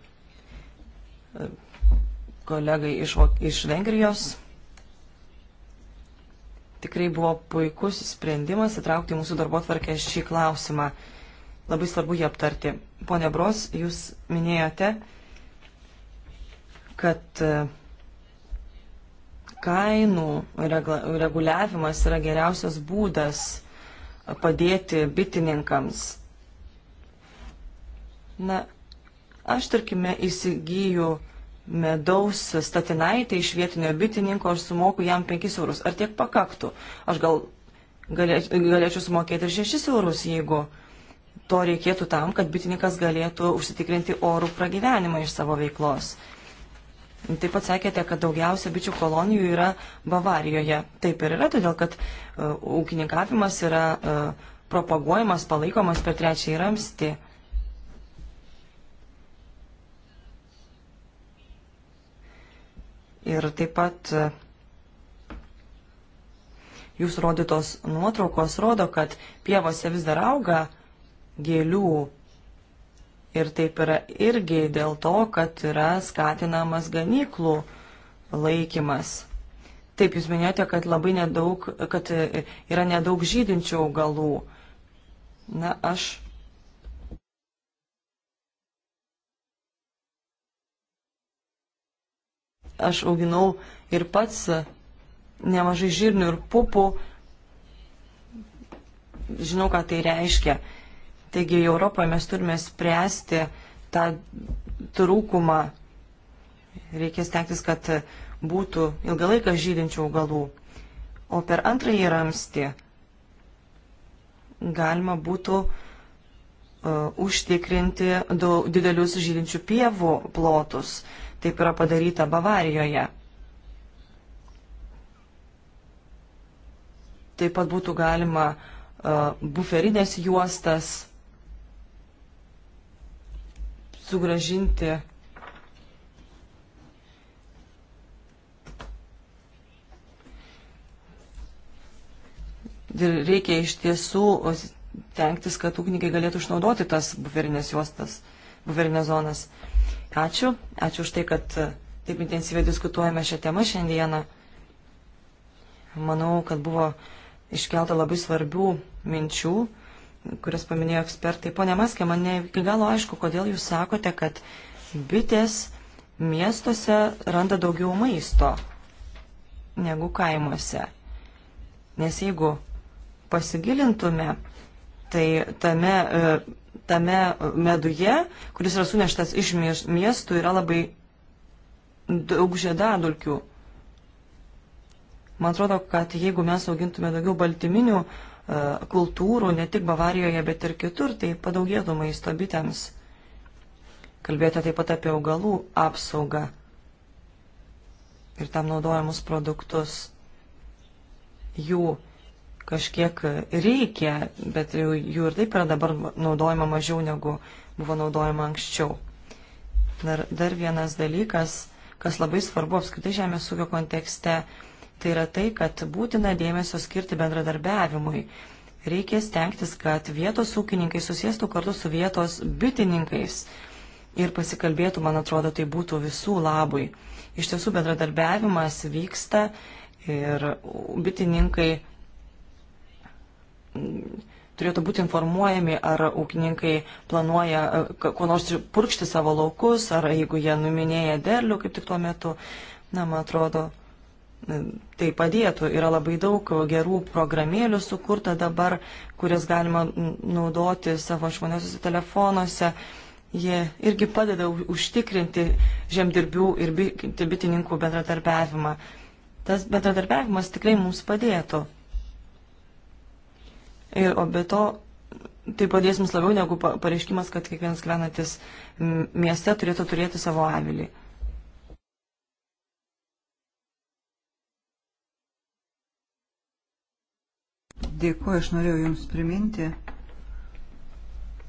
[SPEAKER 3] kolegai iš, iš Vengrijos. Tikrai buvo puikus sprendimas įtraukti mūsų darbo tvarkę šį klausimą. Labai svarbu jį aptarti. Pone Bros, jūs minėjote, kad e, kainų reguliavimas yra geriausias būdas padėti bitininkams. Na, aš tarkime įsigyju medaus statinaitę iš vietinio bitininko, aš sumoku jam 5 eurus. Ar tiek pakaktų? Aš gal galėčiau sumokėti ir 6 eurus, jeigu uh, to reikėtų tam, kad bitininkas galėtų užsitikrinti orų pragyvenimą iš savo veiklos. Taip pat sakėte, kad daugiausia bičių kolonijų yra Bavarijoje. Taip ir yra, todėl kad uh, ūkininkavimas yra uh, propaguojamas, palaikomas per trečiąjį ramstį. Ir taip pat uh, e, jūs rodytos nuotraukos rodo, kad pievose vis dar auga uh, gėlių. Ir taip yra irgi dėl to, kad yra skatinamas ganyklų laikymas. Taip, jūs minėjote, kad labai nedaug, kad yra nedaug žydinčių augalų. Na, aš aš auginau ir pats nemažai žirnių ir pupų. Žinau, ką tai reiškia. Taigi Europoje mes turime spręsti tą trūkumą. Reikia stengtis, kad būtų ilgalaiką žydinčių augalų. O per antrąjį ramstį galima būtų uh, užtikrinti daug, didelius žydinčių pievų plotus. Taip yra padaryta Bavarijoje. Taip pat būtų galima uh, buferinės juostas sugražinti ir reikia iš tiesų tenktis, kad ūkininkai galėtų išnaudoti tas buferinės juostas, buferinės zonas. Ačiū, ačiū už tai, kad e, taip intensyviai diskutuojame šią temą šiandieną. Manau, kad buvo iškelta labai svarbių minčių kurias paminėjo ekspertai. Pone Maskė, man ne iki galo aišku, kodėl jūs sakote, kad bitės miestuose randa daugiau maisto negu kaimuose. Nes jeigu pasigilintume, tai tame, e, tame meduje, kuris yra suneštas iš miestų, yra labai daug žiedadulkių. Man atrodo, kad jeigu mes augintume daugiau baltyminių kultūrų ne tik Bavarijoje, bet ir kitur, tai padaugėtų maisto bitėms. Kalbėjote taip pat apie augalų apsaugą ir tam naudojamus produktus. Jų kažkiek reikia, bet jų, jų ir taip yra dabar naudojama mažiau negu buvo naudojama anksčiau. Dar, dar vienas dalykas, kas labai svarbu apskritai žemės ūkio kontekste, uh, tai yra tai, kad būtina dėmesio skirti bendradarbiavimui. Reikia stengtis, kad vietos ūkininkai susėstų kartu su vietos bitininkais ir pasikalbėtų, man atrodo, tai būtų visų labui. Iš tiesų bendradarbiavimas vyksta ir bitininkai mm, turėtų būti informuojami, ar ūkininkai planuoja e, kuo nors purkšti savo laukus, ar jeigu jie numinėja derlių kaip tik tuo metu. Na, man atrodo, tai padėtų. Yra labai daug gerų programėlių sukurta dabar, kurias galima naudoti savo išmaniosiuose telefonuose. Jie irgi padeda užtikrinti žemdirbių ir bitininkų bendradarbiavimą. Tas bendradarbiavimas tikrai mums padėtų. Ir, o be to, tai padės mums labiau negu pareiškimas, kad kiekvienas gyvenantis mieste turėtų turėti savo avilį. Dėkuoju, aš norėjau Jums
[SPEAKER 2] priminti,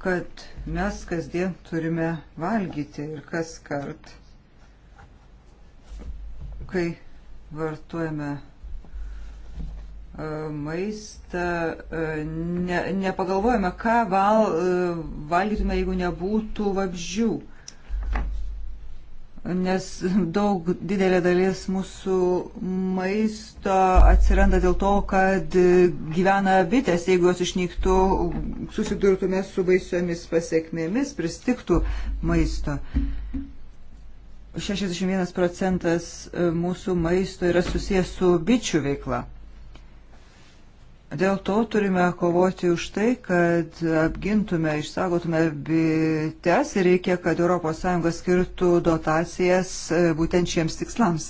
[SPEAKER 2] kad mes kasdien turime valgyti ir kas kart, kai vartojame e, maistą, e, ne, nepagalvojame, ką val, e, valgytume, jeigu nebūtų vabzdžių nes daug didelė dalis mūsų maisto atsiranda dėl to, kad gyvena bitės, jeigu jos išnyktų, susidurtume su baisiomis pasiekmėmis, pristiktų maisto. 61 procentas mūsų maisto yra susijęs su bičių veikla. Dėl to turime kovoti už tai, kad apgintume, išsaugotume bites ir reikia, kad ES skirtų dotacijas e, būtent šiems tikslams.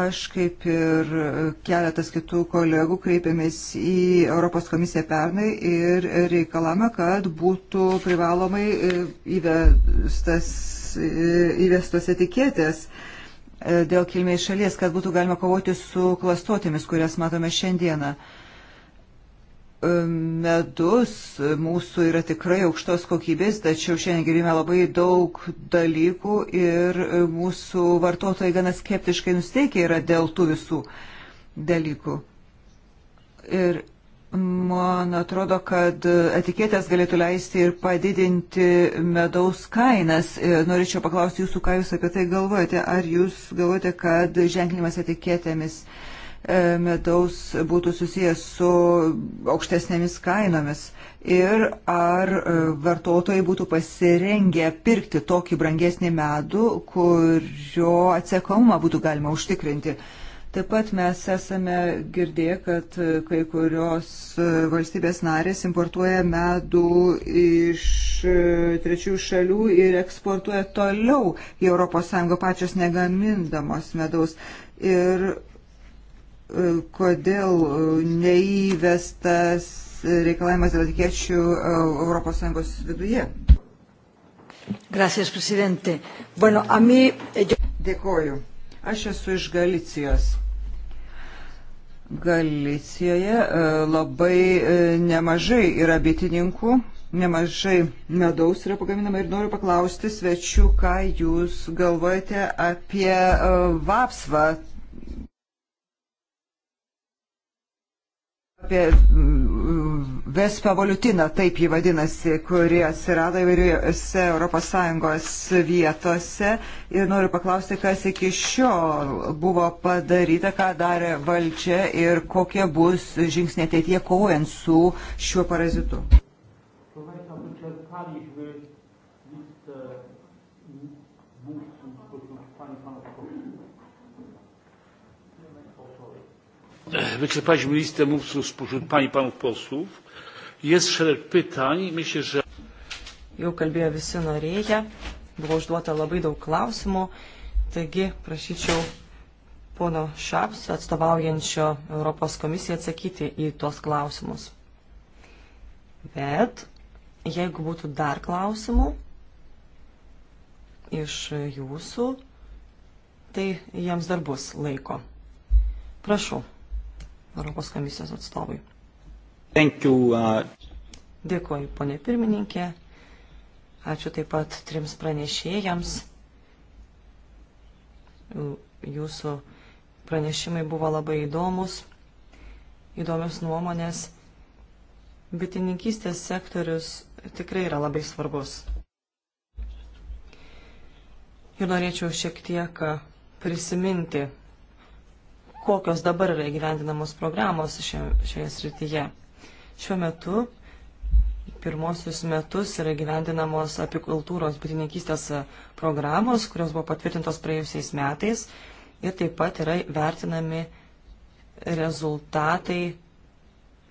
[SPEAKER 2] Aš kaip ir keletas kitų kolegų kreipėmės į Europos komisiją pernai ir reikalame, kad būtų privalomai e, įvestas, e, įvestos etiketės E, dėl kilmės šalies, kad būtų galima kovoti su klastotėmis, kurias matome šiandieną. E, medus e, mūsų yra tikrai aukštos kokybės, tačiau šiandien girdime labai daug dalykų ir mūsų vartotojai gana skeptiškai nusteikia yra dėl tų visų dalykų. Ir Man atrodo, kad etiketės galėtų leisti ir padidinti medaus kainas. E, norėčiau paklausti jūsų, ką jūs apie tai galvojate. Ar jūs galvojate, kad ženklinimas etiketėmis e, medaus būtų susijęs su aukštesnėmis kainomis? Ir ar e, vartotojai būtų pasirengę pirkti tokį brangesnį medų, kurio atsekomumą būtų galima užtikrinti? Uh, Taip pat mes esame girdėję, kad kai kurios valstybės narės importuoja medų iš trečių šalių ir eksportuoja toliau į ES pačios negamindamos medaus. Ir e, kodėl neįvestas reikalavimas dėl etikėčių ES viduje. Gracias, presidente. Bueno, a mí... Eh, yo... Dėkoju. Aš esu iš Galicijos. Galicijoje e, labai e, nemažai yra bitininkų, nemažai medaus yra pagaminama ir noriu paklausti svečių, ką jūs galvojate apie e, vapsvą, apie mm, vespavolutiną, taip jį vadinasi, kuri atsirado įvairiuose ES vietose. Ir noriu paklausti, kas iki šiol buvo padaryta, ką darė valdžia ir kokie bus žingsniai ateityje kovojant su šiuo parazitu.
[SPEAKER 1] Profesor, wyczerpaliśmy listę mówców spośród pań i panów posłów. Jest szereg pytań. Myślę, że.
[SPEAKER 3] Jau kalbėjo visi norėję, buvo užduota labai daug klausimų, taigi prašyčiau pono Šaps, atstovaujančio Europos komisiją, atsakyti į tuos klausimus. Bet jeigu būtų dar klausimų iš jūsų, tai jiems dar bus laiko. Prašau. Europos komisijos atstovui.
[SPEAKER 1] Thank you, uh...
[SPEAKER 3] Dėkuoju, ponė pirmininkė. Ačiū taip pat trims pranešėjams. Jūsų pranešimai buvo labai įdomus, įdomios nuomonės. Bitininkystės sektorius tikrai yra labai svarbus. Ir norėčiau šiek tiek prisiminti kokios dabar yra įgyvendinamos programos šioje srityje. Šiuo metu pirmosius metus yra gyvendinamos apikultūros bitininkystės programos, kurios buvo patvirtintos praėjusiais metais ir taip pat yra vertinami rezultatai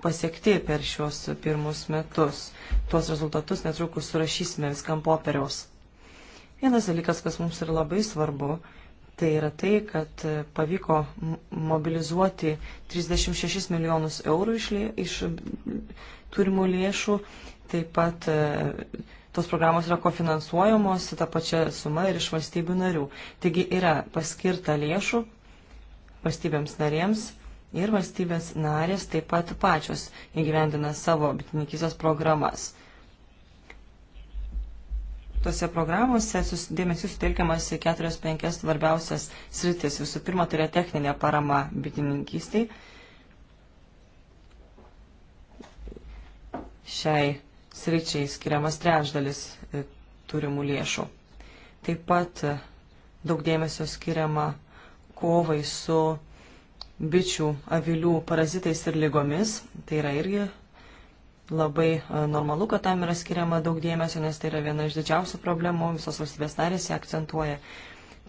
[SPEAKER 3] pasiekti per šiuos pirmus metus. Tuos rezultatus netrukus surašysime viskam popieriaus. Vienas dalykas, kas mums yra labai svarbu, tai yra tai, kad pavyko mobilizuoti 36 milijonus eurų iš, lė, iš turimų lėšų, taip pat e, tos programos yra kofinansuojamos tą pačią sumą ir iš valstybių narių. Taigi yra paskirta lėšų valstybėms narėms ir valstybės narės taip pat pačios įgyvendina savo bitininkysės programas tose programuose dėmesys sutelkiamas į keturias penkias svarbiausias sritis. Visų pirma, tai yra techninė parama bitininkystiai. Šiai sričiai skiriamas trečdalis e, turimų lėšų. Taip pat e, daug dėmesio skiriama kovai su bičių avilių parazitais ir lygomis. Tai yra irgi labai normalu, kad tam yra skiriama daug dėmesio, nes tai yra viena iš didžiausių problemų, visos valstybės narės ją akcentuoja.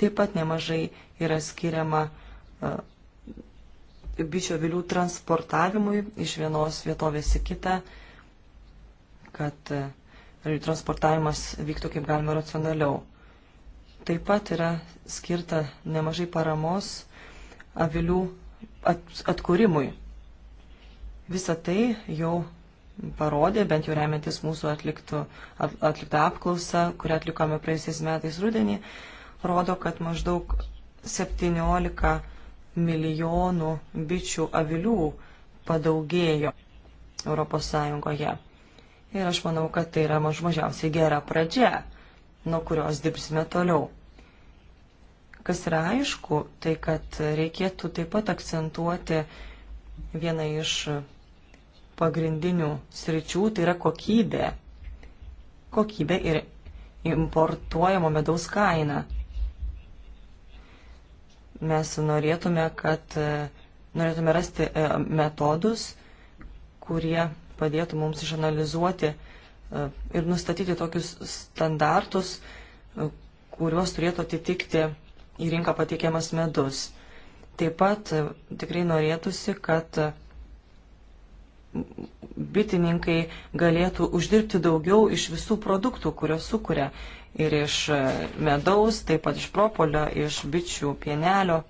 [SPEAKER 3] Taip pat nemažai yra skiriama bičio vilių transportavimui iš vienos vietovės į kitą, kad transportavimas vyktų kaip galima racionaliau. Taip pat yra skirta nemažai paramos avilių atkūrimui. Visą tai jau parodė, bent jau remiantis mūsų atliktų, at, atliktą apklausą, kurią atlikome praėjusiais metais rudenį, rodo, kad maždaug 17 milijonų bičių avilių padaugėjo Europos Sąjungoje. Ir aš manau, kad tai yra maž mažiausiai gera pradžia, nuo kurios dirbsime toliau. Kas yra aišku, tai kad reikėtų taip pat akcentuoti vieną iš pagrindinių sričių, tai yra kokybė. Kokybė ir importuojamo medaus kaina. Mes norėtume, kad e, norėtume rasti e, metodus, kurie padėtų mums išanalizuoti e, ir nustatyti tokius standartus, kuriuos turėtų atitikti į rinką pateikiamas medus. Taip pat tikrai norėtųsi, kad bitininkai galėtų uždirbti daugiau iš visų produktų, kuriuos sukuria. Ir iš e, medaus, taip pat iš propolio, iš bičių pienelio.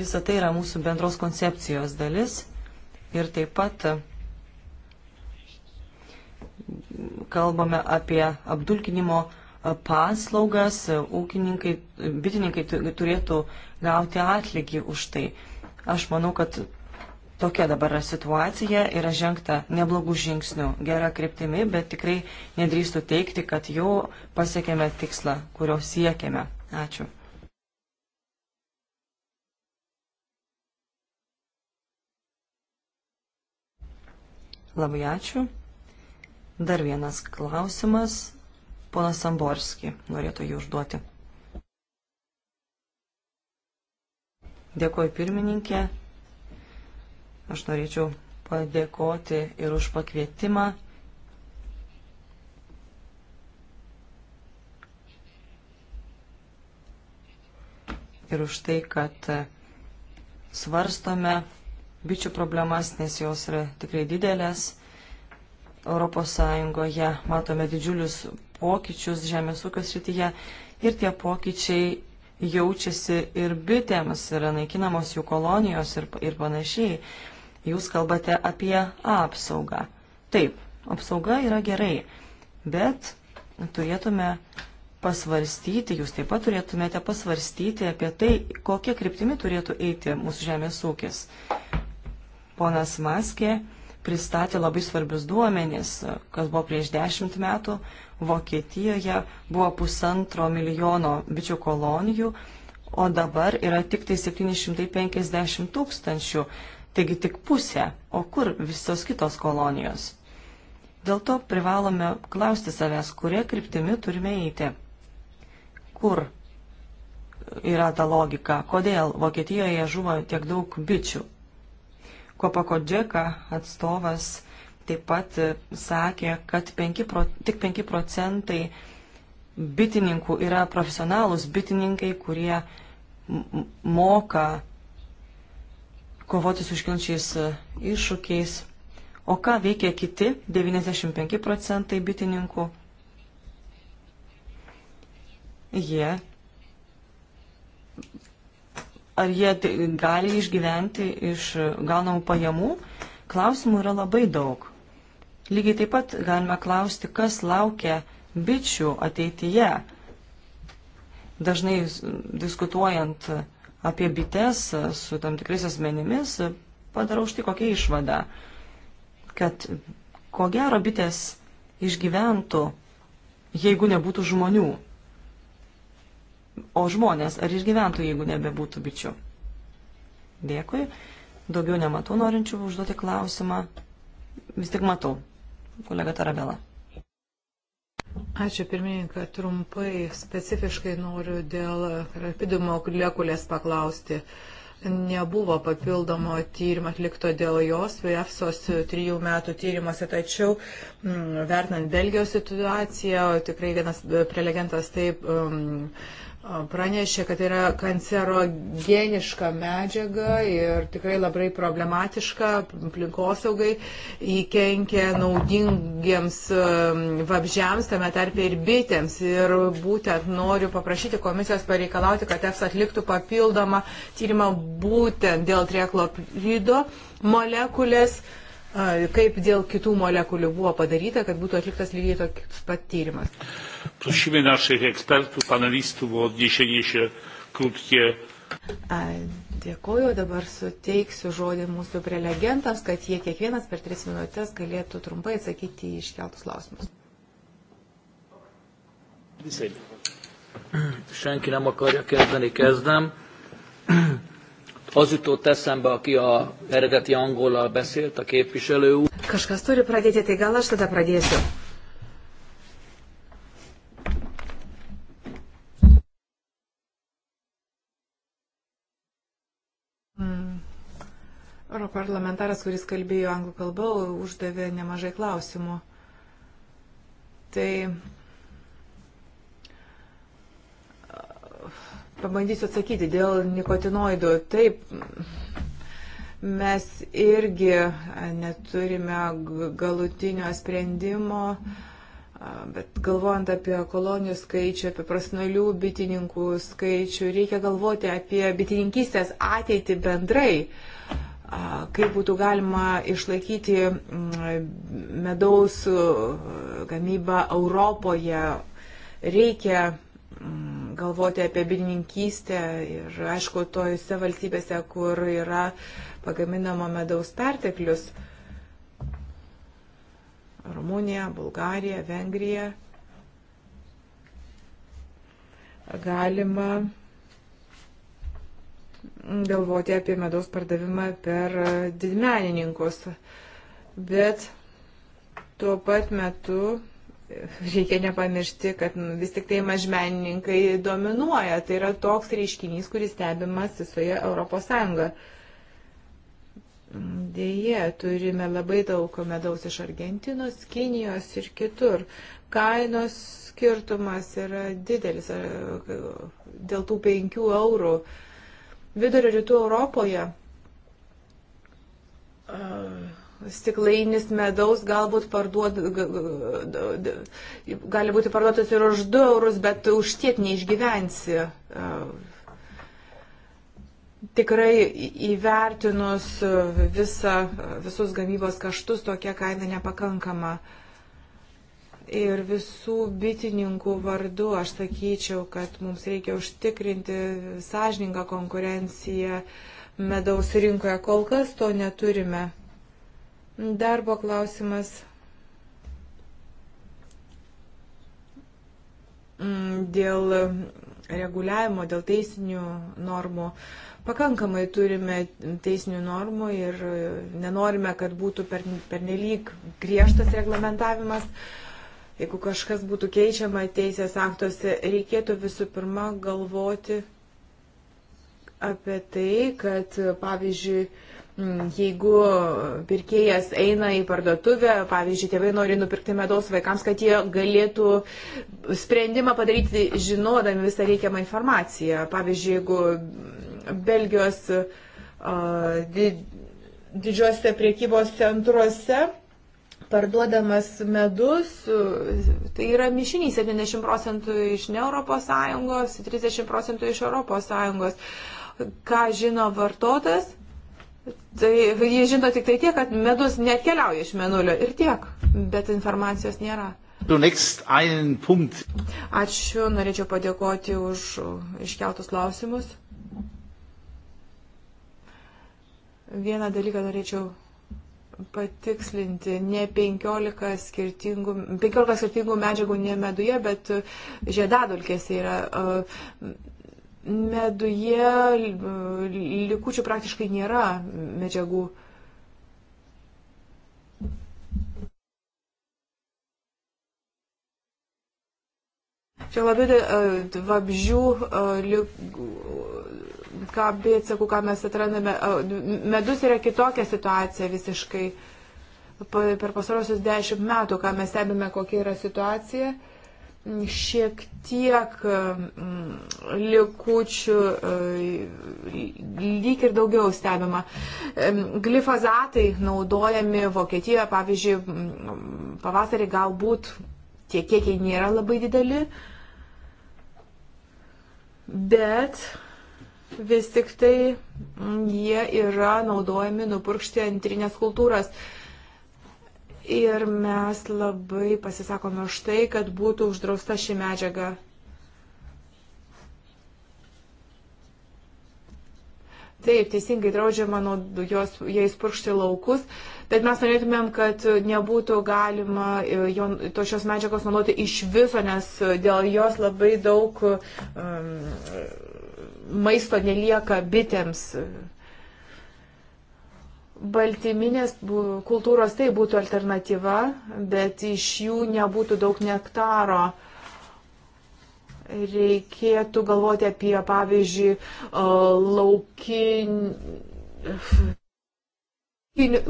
[SPEAKER 3] Visa tai yra mūsų bendros koncepcijos dalis. Ir taip pat e, kalbame apie apdulkinimo e, paslaugas. Ūkininkai, bitininkai turėtų gauti atlygį už tai. Aš manau, kad Tokia dabar yra situacija, yra žengta neblogų žingsnių, gera kryptimi, bet tikrai nedrįstu teikti, kad jau pasiekėme tikslą, kurio siekėme. Ačiū. Labai ačiū. Dar vienas klausimas. Ponas Samborski norėtų jį užduoti. Dėkuoju pirmininkė. Aš norėčiau padėkoti ir už pakvietimą. Ir už tai, kad svarstome bičių problemas, nes jos yra tikrai didelės. Europos Sąjungoje matome didžiulius pokyčius žemės ūkio srityje ir tie pokyčiai jaučiasi ir bitėms, yra naikinamos jų kolonijos ir, ir panašiai. Jūs kalbate apie apsaugą. Taip, apsauga yra gerai, bet turėtume pasvarstyti, jūs taip pat turėtumėte pasvarstyti apie tai, kokie kryptimi turėtų eiti mūsų žemės ūkis. Ponas Maskė pristatė labai svarbius duomenis, kas buvo prieš dešimt metų. Vokietijoje buvo pusantro milijono bičių kolonijų, o dabar yra tik tai 750 tūkstančių. Taigi tik pusė, o kur visos kitos kolonijos? Dėl to privalome klausti savęs, kurie kryptimi turime eiti. Kur yra ta logika, kodėl Vokietijoje žuvo tiek daug bičių. Kopako Džeka atstovas taip pat sakė, kad 5 pro, tik 5 procentai bitininkų yra profesionalūs bitininkai, kurie moka kovoti su iškilančiais e, iššūkiais. O ką veikia kiti 95 procentai bitininkų? Jie. Ar jie gali išgyventi iš gaunamų pajamų? Klausimų yra labai daug. Lygiai taip pat galime klausti, kas laukia bičių ateityje. Dažnai diskutuojant apie bites su tam tikrais asmenimis, padarau štai kokią išvadą, kad ko gero bitės išgyventų, jeigu nebūtų žmonių. O žmonės ar išgyventų, jeigu nebebūtų bičių? Dėkui. Daugiau nematau norinčių užduoti klausimą. Vis tik matau. Kolega Tarabela. Ačiū pirmininką, trumpai, specifiškai
[SPEAKER 4] noriu dėl rapidumo liekulės paklausti. Nebuvo papildomo tyrimo atlikto dėl jos, EFSOS trijų metų tyrimuose, tačiau m, mm, vertinant Belgijos situaciją, tikrai vienas prelegentas taip. M, mm, pranešė, kad yra kancerogeniška medžiaga ir tikrai labai problematiška aplinkosaugai, įkenkia naudingiems um, vabžiams, tame tarpe ir bitėms. Ir būtent noriu paprašyti komisijos pareikalauti, kad EFS atliktų papildomą tyrimą būtent dėl triekloprido molekulės uh, kaip dėl kitų molekulių buvo padaryta, kad būtų atliktas lygiai toks pat tyrimas.
[SPEAKER 1] Prosimy naszych ekspertów, panelistów o odniesienie się krótkie.
[SPEAKER 4] Dėkuoju, dabar suteiksiu žodį mūsų prelegentams, kad jie kiekvienas per tris minutės galėtų trumpai atsakyti
[SPEAKER 1] į iškeltus klausimus. Senki nem akarja kezdeni, kezdem. Az jutott eszembe, aki a eredeti angolal beszélt, a képviselő úr.
[SPEAKER 4] Kažkas turi pradėti, tai gal aš
[SPEAKER 3] tada pradėsiu.
[SPEAKER 4] Europarlamentaras, kuris kalbėjo anglų kalbą, uždavė nemažai klausimų. Tai pabandysiu atsakyti dėl nikotinoidų. Taip, mes irgi neturime galutinio sprendimo. Bet galvojant apie kolonijų skaičių, apie prasnalių bitininkų skaičių, reikia galvoti apie bitininkystės ateitį bendrai kaip būtų galima išlaikyti mm, medaus gamybą Europoje. Reikia mm, galvoti apie bidininkystę ir, aišku, tojose valstybėse, kur yra pagaminama medaus perteklius. Rumunija, Bulgarija, Vengrija. Galima galvoti apie medaus pardavimą per didmenininkus. Bet tuo pat metu reikia nepamiršti, kad vis tik tai mažmenininkai dominuoja. Tai yra toks reiškinys, kuris stebimas visoje Europos Sąjungoje. Deja, turime labai daug medaus iš Argentinos, Kinijos ir kitur. Kainos skirtumas yra didelis dėl tų penkių eurų. Uh, Vidurio rytų Europoje stiklainis medaus galbūt parduod, gali būti parduotas ir už 2 eurus, bet už tiek neišgyvensi. Tikrai įvertinus visa, visus gamybos kaštus tokia kaina nepakankama. Uh, ir visų bitininkų vardu aš sakyčiau, kad mums reikia užtikrinti sąžiningą konkurenciją medaus rinkoje. Kol kas to neturime. Darbo klausimas. Mm, dėl reguliavimo, dėl teisinių normų. Pakankamai turime teisinių normų ir nenorime, kad būtų pernelyg per griežtas reglamentavimas. Uh, Jeigu kažkas būtų keičiama teisės aktuose, reikėtų visų pirma galvoti apie tai, kad pavyzdžiui, jeigu pirkėjas eina į parduotuvę, pavyzdžiui, tėvai nori nupirkti medaus vaikams, kad jie galėtų sprendimą padaryti žinodami visą reikiamą informaciją. Pavyzdžiui, jeigu Belgijos uh, di, didžiuose priekybos centruose parduodamas medus, tai yra mišiniai 70 procentų iš ne Europos Sąjungos, 30 procentų iš Europos Sąjungos. Ką žino vartotas? Tai jie žino tik tai tiek, kad medus netkeliauja iš menulio ir tiek, bet informacijos nėra.
[SPEAKER 1] Ačiū,
[SPEAKER 4] norėčiau padėkoti už iškeltus klausimus. Vieną dalyką norėčiau patikslinti, ne 15 skirtingų, 15 skirtingų medžiagų ne meduje, bet e, žiedadulkėse yra. E, meduje e, likučių praktiškai nėra medžiagų. Čia labai e, vabžių e, ką pėdsakų, ką mes atrandame. E, medus yra kitokia situacija visiškai per pasarosius dešimt metų, ką mes stebime, kokia yra situacija. Šiek tiek mm, likučių, lyg ir daugiau stebima. Glifazatai naudojami Vokietijoje, pavyzdžiui, pavasarį galbūt tie kiekiai nėra labai dideli, mhm bet vis tik tai jie yra naudojami nupurkšti antrinės kultūras. Ir mes labai pasisakome už tai, kad būtų uždrausta ši medžiaga. Taip, teisingai draudžiama jos, jais purkšti laukus, bet mes norėtumėm, kad nebūtų galima e, jo, to šios medžiagos naudoti iš viso, nes dėl jos labai daug um, maisto nelieka bitėms. Baltyminės kultūros tai būtų alternatyva, bet iš jų nebūtų daug nektaro reikėtų galvoti apie, pavyzdžiui, e, laukin,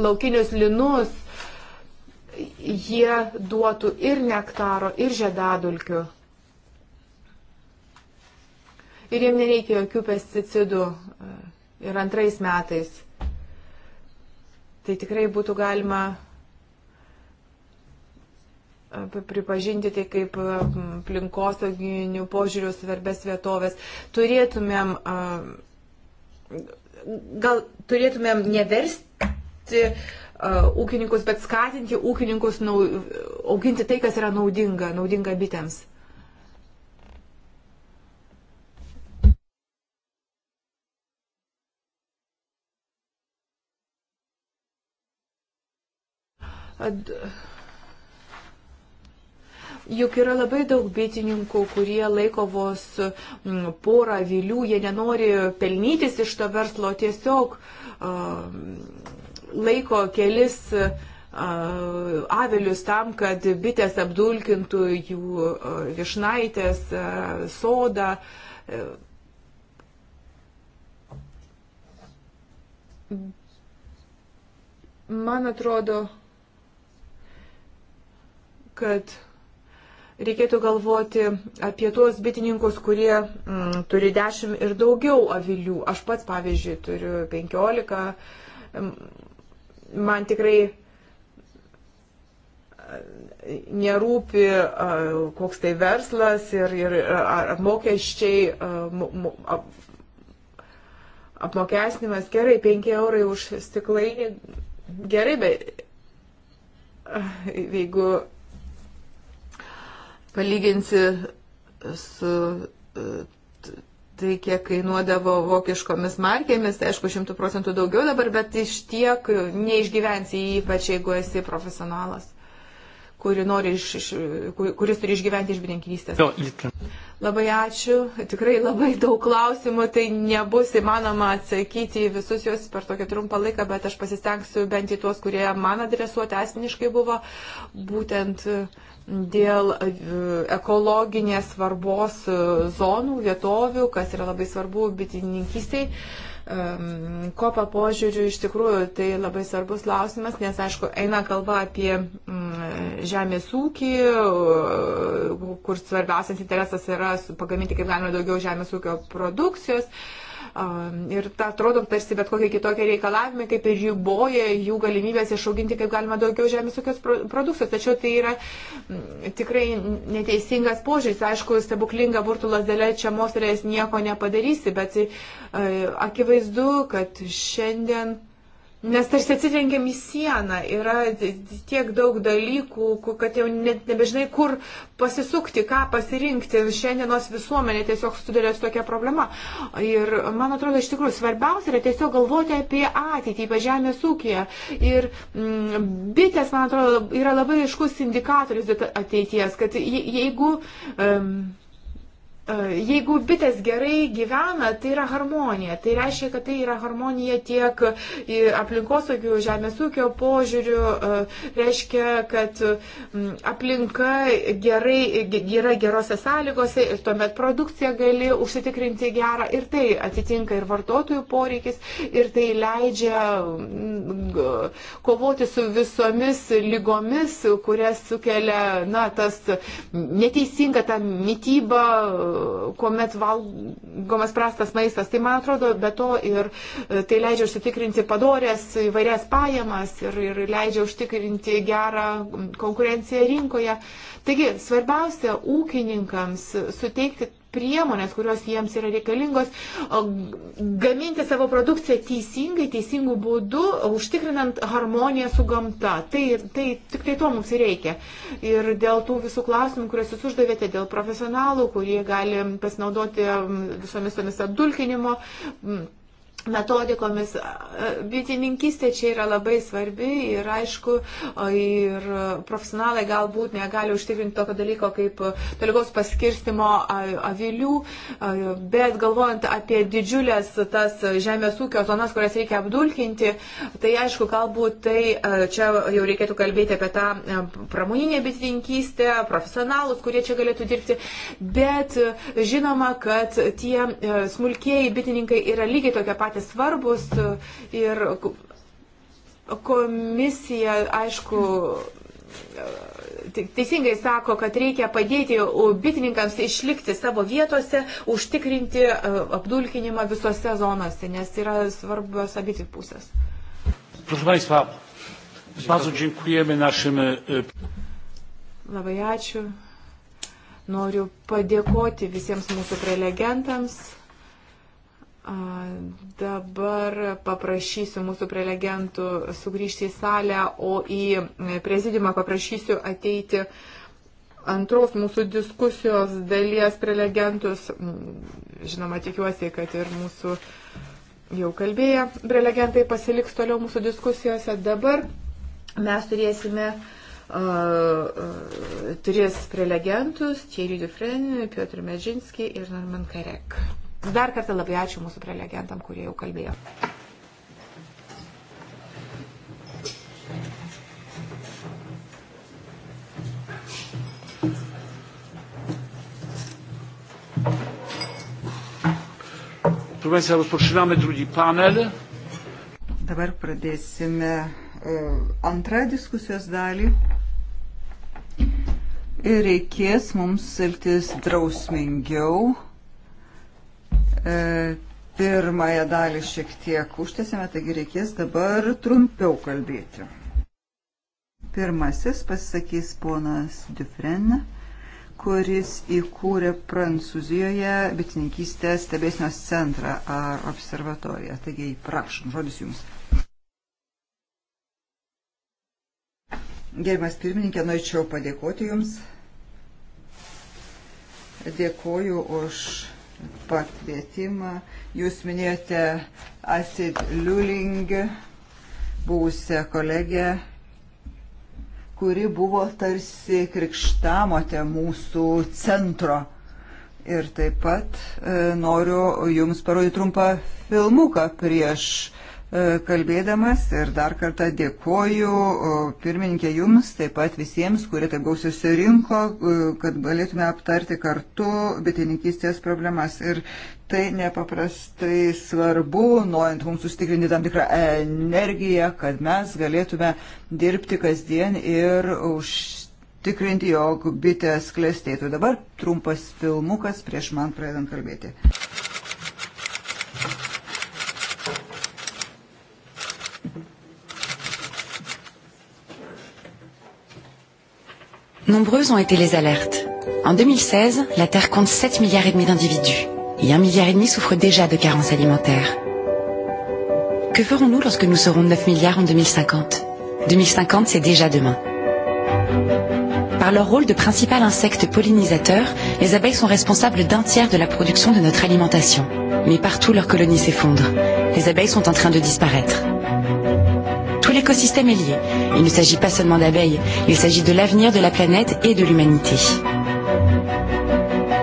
[SPEAKER 4] laukinius linus, jie duotų ir nektaro, ir žiedadulkių. Ir jiem nereikia jokių pesticidų e, ir antrais metais. Tai tikrai būtų galima e, pripažinti tai kaip e, aplinkosauginių požiūrių svarbės vietovės. Turėtumėm, gal turėtumėm neversti versti uh, ūkininkus, bet skatinti ūkininkus nau, auginti tai, kas yra naudinga, naudinga bitėms. Ad... Juk yra labai daug bitininkų, kurie laiko vos mm, porą vilių, jie nenori pelnytis iš to verslo, tiesiog uh, laiko kelis avilius tam, kad bitės apdulkintų jų višnaitės, sodą. Man atrodo, kad reikėtų galvoti apie tuos bitininkus, kurie mm, turi 10 ir daugiau avilių. Aš pats, pavyzdžiui, turiu 15. Mm, man tikrai e, nerūpi e, koks tai verslas ir, ir e, ar mokesčiai, apmokesnimas gerai, 5 eurai už stiklainį gerai, bet jeigu palyginsi su tai kiek kainuodavo vokiškomis markėmis, tai aišku, šimtų procentų daugiau dabar, bet iš tiek neišgyvensi, ypač jeigu esi profesionalas, kuri nori iš, iš, kuris turi išgyventi iš bininkystės. Labai ačiū, tikrai labai daug klausimų, tai nebus įmanoma atsakyti į visus juos per tokį trumpą laiką, bet aš pasistengsiu bent į tuos, kurie man adresuoti asmeniškai buvo, būtent dėl e, ekologinės svarbos e, zonų, vietovių, kas yra labai svarbu bitininkystiai. Kopa požiūriu iš tikrųjų tai labai svarbus klausimas, nes aišku, eina kalba apie mm, žemės ūkį, e, kur svarbiausias interesas yra pagaminti kaip galima daugiau žemės ūkio produkcijos Ir ta, atrodo, tarsi bet kokie kitokie reikalavimai, kaip ir riboja jų galimybės išauginti kaip galima daugiau žemės ūkios produkcijos. Tačiau tai yra tikrai neteisingas požiūris. Aišku, stebuklinga burtulas dėlė čia mosterės nieko nepadarysi, bet e, akivaizdu, kad šiandien Nes tarsi atsitrenkiam į sieną, yra tiek daug dalykų, kad jau net nebežinai, kur pasisukti, ką pasirinkti. Šiandienos visuomenė tiesiog sudarė su tokia problema. Ir man atrodo, iš tikrųjų, svarbiausia yra tiesiog galvoti apie ateitį, ypač žemės ūkiją. Ir m, mm, bitės, man atrodo, yra labai iškus indikatorius ateities, kad je, jeigu. Um, E, jeigu bitės gerai gyvena, tai yra harmonija. Tai reiškia, kad tai yra harmonija tiek aplinkosaugio, žemės ūkio požiūrių. E, reiškia, kad aplinka gerai, yra gerose sąlygose ir tuomet produkcija gali užsitikrinti gerą. Ir tai atitinka ir vartotojų poreikis, ir tai leidžia kovoti su visomis lygomis, kurias sukelia na, tas neteisinga ta mytyba kuomet valgomas prastas maistas. Tai man atrodo, be to ir e, tai leidžia užsitikrinti padorės įvairias pajamas ir, ir leidžia užtikrinti gerą konkurenciją rinkoje. Taigi, svarbiausia ūkininkams suteikti priemonės, kurios jiems yra reikalingos, gaminti savo produkciją teisingai, teisingų būdų, užtikrinant harmoniją su gamta. Tai, tai tik tai to mums reikia. Ir dėl tų visų klausimų, kuriuos jūs uždavėte, dėl profesionalų, kurie gali pasinaudoti mm, visomis tomis apdulkinimo mm, metodikomis. Bitininkistė čia yra labai svarbi ir aišku, ir profesionalai galbūt negali užtikrinti tokio dalyko kaip tolygaus paskirstimo avilių, bet galvojant apie didžiulės tas žemės ūkio zonas, kurias reikia apdulkinti, tai aišku, galbūt tai čia jau reikėtų kalbėti apie tą pramoninę bitininkystę, profesionalus, kurie čia galėtų dirbti, bet žinoma, kad tie smulkieji bitininkai yra lygiai tokie patys labai svarbus ir komisija, aišku, teisingai sako, kad reikia padėti bitininkams išlikti savo vietose, užtikrinti e, apdulkinimą visose zonose, nes yra svarbios abi pusės.
[SPEAKER 1] Proszę Państwa, bardzo dziękujemy naszym. E,
[SPEAKER 4] labai ačiū. Noriu padėkoti visiems mūsų prelegentams. Dabar paprašysiu mūsų prelegentų sugrįžti į salę, o į prezidiumą paprašysiu ateiti antros mūsų diskusijos dalies prelegentus. Žinoma, tikiuosi, kad ir mūsų jau kalbėję prelegentai pasiliks toliau mūsų diskusijose. Dabar mes turėsime uh, tris prelegentus - Thierry Dufresne, Piotr Medžinski ir Norman Karek. Dar kartą labai ačiū mūsų prelegentam, kurie jau kalbėjo.
[SPEAKER 1] Proszę Państwa, rozpoczynamy drugi panel.
[SPEAKER 2] Dabar pradėsime e, antrą diskusijos dalį. Ir reikės mums elgtis drausmingiau, E, pirmąją dalį šiek tiek užtėsėme, taigi reikės dabar trumpiau kalbėti. Pirmasis pasisakys ponas Dufren, kuris įkūrė Prancūzijoje bitininkystės stebėsnios centrą ar observatoriją. Taigi, prašom, žodis jums. Gerimas pirmininkė, norėčiau padėkoti jums. Dėkoju už pakvietimą. Jūs minėjote Asid Liuling, buvusią kolegę, kuri buvo tarsi krikštamote mūsų centro. Ir taip pat e, noriu Jums parodyti trumpą filmuką prieš e, E, kalbėdamas ir dar kartą dėkoju pirmininkė jums, taip pat visiems, kurie taip gausiai surinko, e, kad galėtume aptarti kartu bitininkystės problemas. Ir tai nepaprastai svarbu, norint mums sustikrinti tam tikrą energiją, kad mes galėtume dirbti kasdien ir užtikrinti, jog bitės klestėtų. Dabar trumpas filmukas prieš man pradedant kalbėti.
[SPEAKER 5] Nombreuses ont été les alertes. En 2016, la Terre compte 7 milliards et demi d'individus et 1 milliard et demi souffre déjà de carences alimentaires. Que ferons-nous lorsque nous serons 9 milliards en 2050 2050, c'est déjà demain. Par leur rôle de principal insecte pollinisateur, les abeilles sont responsables d'un tiers de la production de notre alimentation. Mais partout, leurs colonies s'effondrent. Les abeilles sont en train de disparaître. Tout l'écosystème est lié. Il ne s'agit pas seulement d'abeilles, il s'agit de l'avenir de la planète et de l'humanité.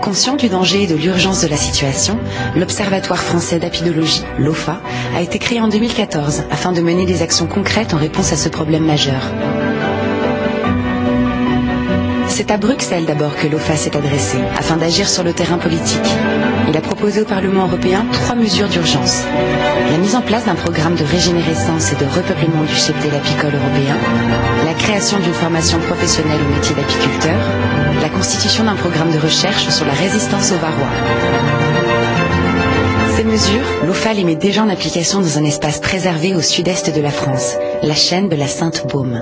[SPEAKER 5] Conscient du danger et de l'urgence de la situation, l'Observatoire français d'apidologie, l'OFA, a été créé en 2014 afin de mener des actions concrètes en réponse à ce problème majeur. C'est à Bruxelles d'abord que l'OFA s'est adressée, afin d'agir sur le terrain politique. Il a proposé au Parlement européen trois mesures d'urgence. La mise en place d'un programme de régénérescence et de repeuplement du cheptel apicole européen, la création d'une formation professionnelle au métier d'apiculteur, la constitution d'un programme de recherche sur la résistance aux varrois. Ces mesures, l'OFA les met déjà en application dans un espace préservé au sud-est de la France, la chaîne de la Sainte-Baume.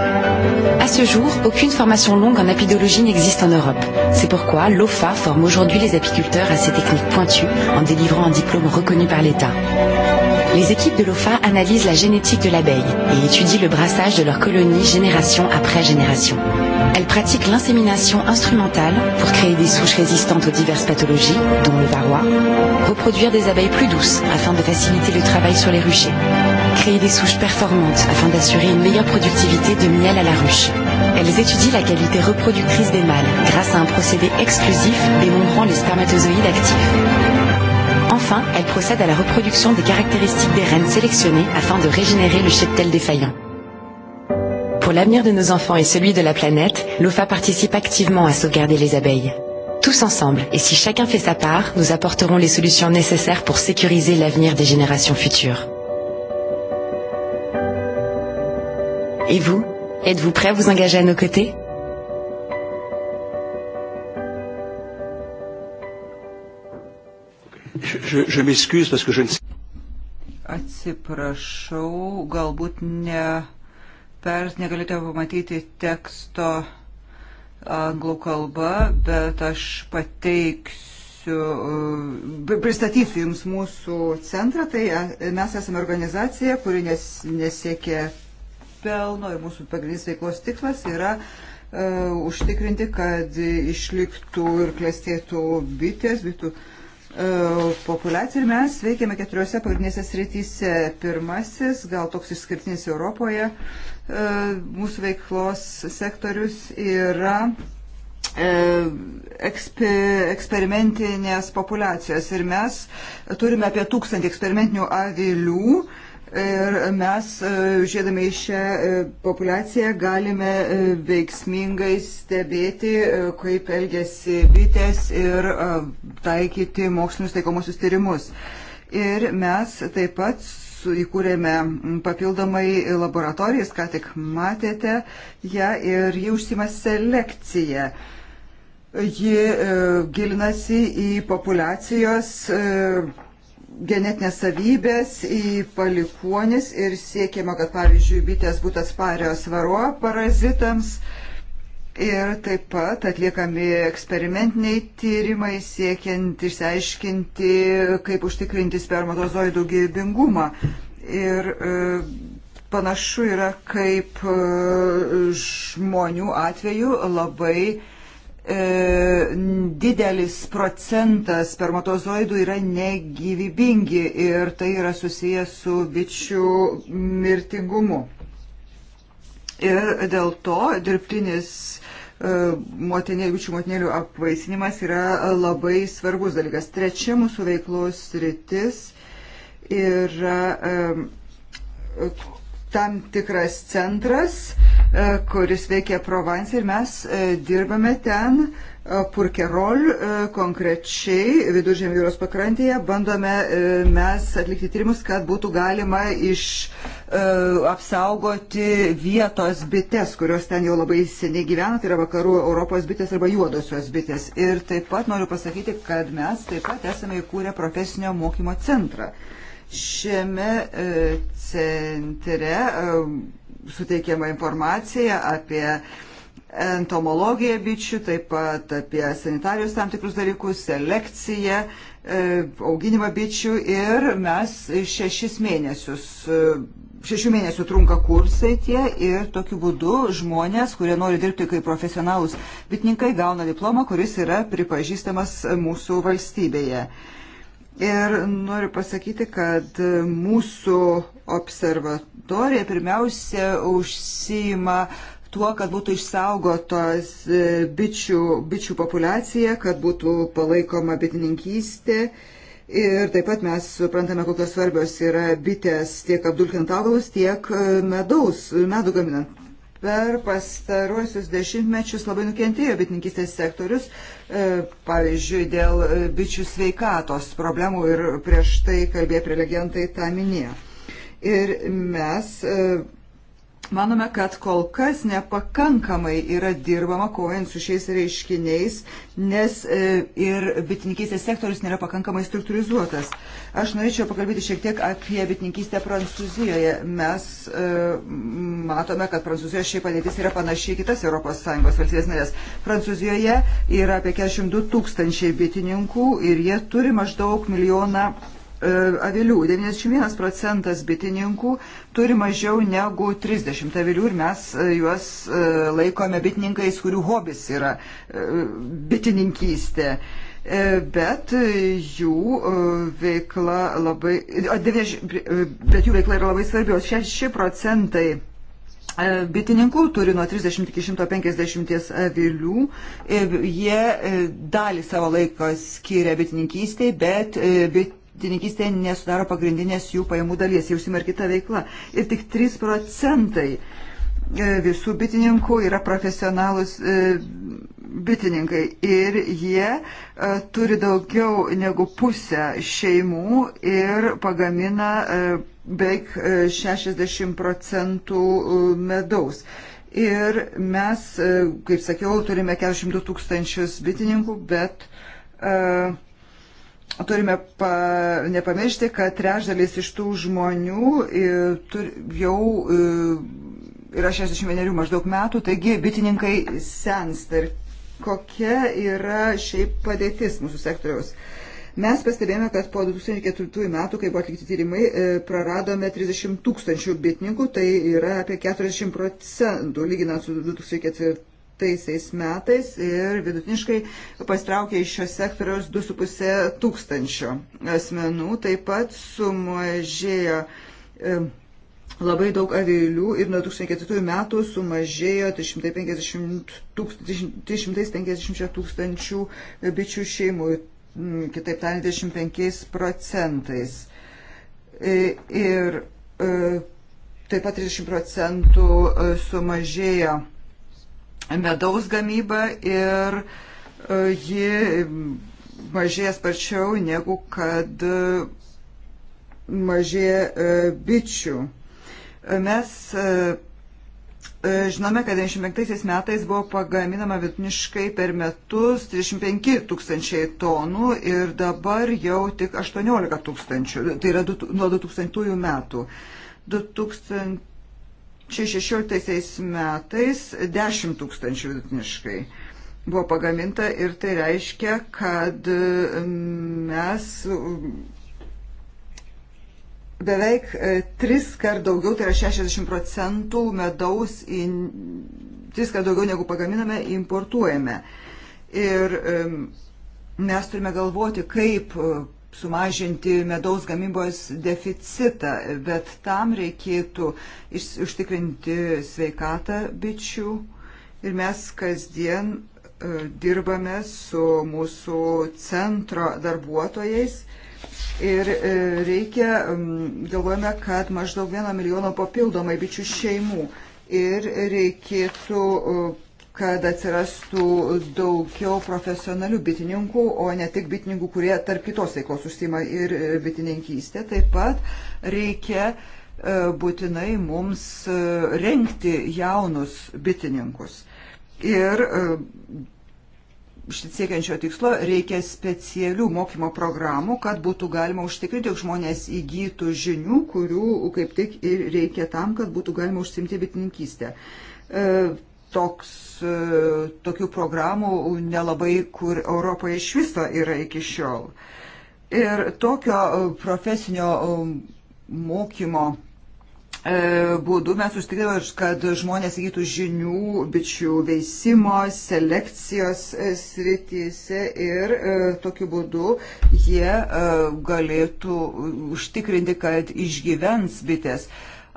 [SPEAKER 5] À ce jour, aucune formation longue en apidologie n'existe en Europe. C'est pourquoi l'OFA forme aujourd'hui les apiculteurs à ces techniques pointues en délivrant un diplôme reconnu par l'État. Les équipes de l'OFA analysent la génétique de l'abeille et étudient le brassage de leurs colonies génération après génération. Elles pratiquent l'insémination instrumentale pour créer des souches résistantes aux diverses pathologies, dont le varroa, reproduire des abeilles plus douces afin de faciliter le travail sur les ruchers, créer des souches performantes afin d'assurer une meilleure productivité de miel à la ruche. Elles étudient la qualité reproductrice des mâles grâce à un procédé exclusif démontrant les spermatozoïdes actifs. Enfin, elles procèdent à la reproduction des caractéristiques des reines sélectionnées afin de régénérer le cheptel défaillant. Pour l'avenir de nos enfants et celui de la planète, l'OFA participe activement à sauvegarder les abeilles. Tous ensemble, et si chacun fait sa part, nous apporterons les solutions nécessaires pour sécuriser l'avenir des générations futures. Et vous, êtes-vous prêt à vous engager à nos côtés
[SPEAKER 1] Je, je m'excuse parce que je ne sais.
[SPEAKER 2] Atsiprašau, galbūt ne, per, negalite pamatyti teksto anglų kalba, bet aš pateiksiu, pristatysiu Jums mūsų centrą. Tai mes esame organizacija, kuri nes, nesiekia pelno ir mūsų pagrindinis veiklos tikslas yra uh, užtikrinti, kad išliktų ir klestėtų bitės, bitų uh, populiacija. Ir mes veikiame keturiose pagrindinėse srityse. Pirmasis, gal toks išskirtinis Europoje, uh, mūsų veiklos sektorius yra eksper, eksperimentinės populacijos ir mes turime apie tūkstantį eksperimentinių avilių Ir mes, e, žiūrėdami į šią e, populaciją, galime e, veiksmingai stebėti, kaip elgesi bitės ir taikyti mokslinius taikomosius tyrimus. Ir mes taip pat įkūrėme papildomai laboratorijas, ką tik matėte ją, ir ji užsima selekciją. Ji gilinasi į populacijos genetinės savybės į palikuonis ir siekiama, kad pavyzdžiui bitės būtų atsparios varo parazitams. Ir taip pat atliekami eksperimentiniai tyrimai siekiant išsiaiškinti, kaip užtikrinti spermatozoidų gyvybingumą. Ir e, panašu yra, kaip e, žmonių atveju labai e, E, didelis procentas spermatozoidų yra negyvybingi ir tai yra susijęs su bičių mirtingumu. Ir dėl to dirbtinis e, motinėlių, bičių motinėlių apvaisinimas yra labai svarbus dalykas. Trečia mūsų veiklos rytis yra e, tam tikras centras, e, kuris veikia Provence ir mes e, dirbame ten e, Purkerol konkrečiai viduržėmio jūros pakrantėje. Bandome mes atlikti tyrimus, kad būtų galima iš apsaugoti vietos bites, kurios ten jau labai seniai gyvena, tai yra vakarų Europos bitės arba juodosios bitės. Ir taip pat noriu pasakyti, kad mes taip pat esame įkūrę profesinio mokymo centrą. Šiame e, centre e, suteikiama informacija apie entomologiją bičių, taip pat apie sanitarius tam tikrus dalykus, selekciją, e, auginimą bičių ir mes šešis mėnesius, šešių mėnesių trunka kursai tie ir tokiu būdu žmonės, kurie nori dirbti kaip profesionalūs bitininkai, gauna diplomą, kuris yra pripažįstamas mūsų valstybėje. Ir noriu pasakyti, kad mūsų observatorija pirmiausia užsijima tuo, kad būtų išsaugotos e, bičių, bičių populiacija, kad būtų palaikoma bitininkystė. Ir taip pat mes suprantame, kokios svarbios yra bitės tiek apdulkinant augalus, tiek e, medaus, medų gaminant per pastaruosius dešimtmečius labai nukentėjo bitininkistės sektorius, e, pavyzdžiui, dėl e, bičių sveikatos problemų ir prieš tai kalbėjo prelegentai tą minėjo. Ir mes e, Manome, kad kol kas nepakankamai yra dirbama kovojant su šiais reiškiniais, nes e, ir bitininkystės sektorius nėra pakankamai struktūrizuotas. Aš norėčiau pakalbėti šiek tiek apie bitininkystę Prancūzijoje. Mes e, matome, kad Prancūzijoje šiai padėtis yra panašiai kitas ES valstybės narės. Prancūzijoje yra apie 42 tūkstančiai bitininkų ir jie turi maždaug milijoną E, avilių. 91 procentas bitininkų turi mažiau negu 30 avilių ir mes e, juos e, laikome bitininkais, kurių hobis yra bitininkystė. Bet jų veikla labai, bet jų veikla yra labai svarbios. 6 procentai Bitininkų turi nuo 30 iki 150 avilių. Jie dalį savo laiko skiria bitininkystėje, bet bit bitininkystė nesudaro pagrindinės jų pajamų dalies, jie užsima ir kitą veiklą. Ir tik 3 procentai e, visų bitininkų yra profesionalus e, bitininkai ir jie e, turi daugiau negu pusę šeimų ir pagamina beveik 60 procentų medaus. Ir mes, kaip sakiau, turime 402 tūkstančius bitininkų, bet uh, turime pa, nepamiršti, kad trečdalis iš tų žmonių tur, jau yra 61 maždaug metų, taigi bitininkai sensta. Ir kokia yra šiaip padėtis mūsų sektoriaus? Mes pastebėjome, kad po 2004 metų, kai buvo atlikti tyrimai, e, praradome 30 tūkstančių bitininkų, tai yra apie 40 procentų lyginant su 2004 2015 metais ir vidutiniškai pastraukė iš šios sektoriaus 2,5 tūkstančio asmenų. Taip pat sumažėjo e, labai daug avilių ir nuo 2004 metų sumažėjo 350 tūkstančių, tūkstančių bičių šeimų, kitaip tariant, 25 procentais. E, ir e, taip pat 30 procentų sumažėjo medaus gamyba ir e, ji mažėja sparčiau negu kad e, mažėja e, bičių. Mes žinome, kad 95 metais buvo pagaminama vidutiniškai per metus 35 tūkstančiai tonų ir dabar jau tik 18 tūkstančių, tai yra nuo 2000 metų. 2000 2016 metais 10 tūkstančių vidutiniškai buvo pagaminta ir tai reiškia, kad e, mes e, beveik e, tris kart daugiau, tai yra 60 procentų medaus, in, tris kart daugiau negu pagaminame, importuojame. Ir mes turime galvoti, kaip sumažinti medaus gamybos deficitą, bet tam reikėtų užtikrinti sveikatą bičių. Ir mes kasdien e, dirbame su mūsų centro darbuotojais ir e, reikia, galvojame, kad maždaug vieno milijono papildomai bičių šeimų ir reikėtų e, kad atsirastų daugiau profesionalių bitininkų, o ne tik bitininkų, kurie tarp kitos veiklos užsima ir e, bitininkystė. Taip pat reikia e, būtinai mums e, renkti jaunus bitininkus. Ir siekiančio tikslo reikia specialių mokymo programų, kad būtų galima užtikrinti, jog žmonės įgytų žinių, kurių kaip tik ir reikia tam, kad būtų galima užsimti bitininkystę toks, e, tokių programų nelabai kur Europoje iš viso yra iki šiol. Ir tokio e, profesinio e, mokymo būdu mes užtikriname, kad žmonės įgytų žinių bičių veisimo, selekcijos srityse ir tokiu būdu jie galėtų užtikrinti, kad išgyvens bitės.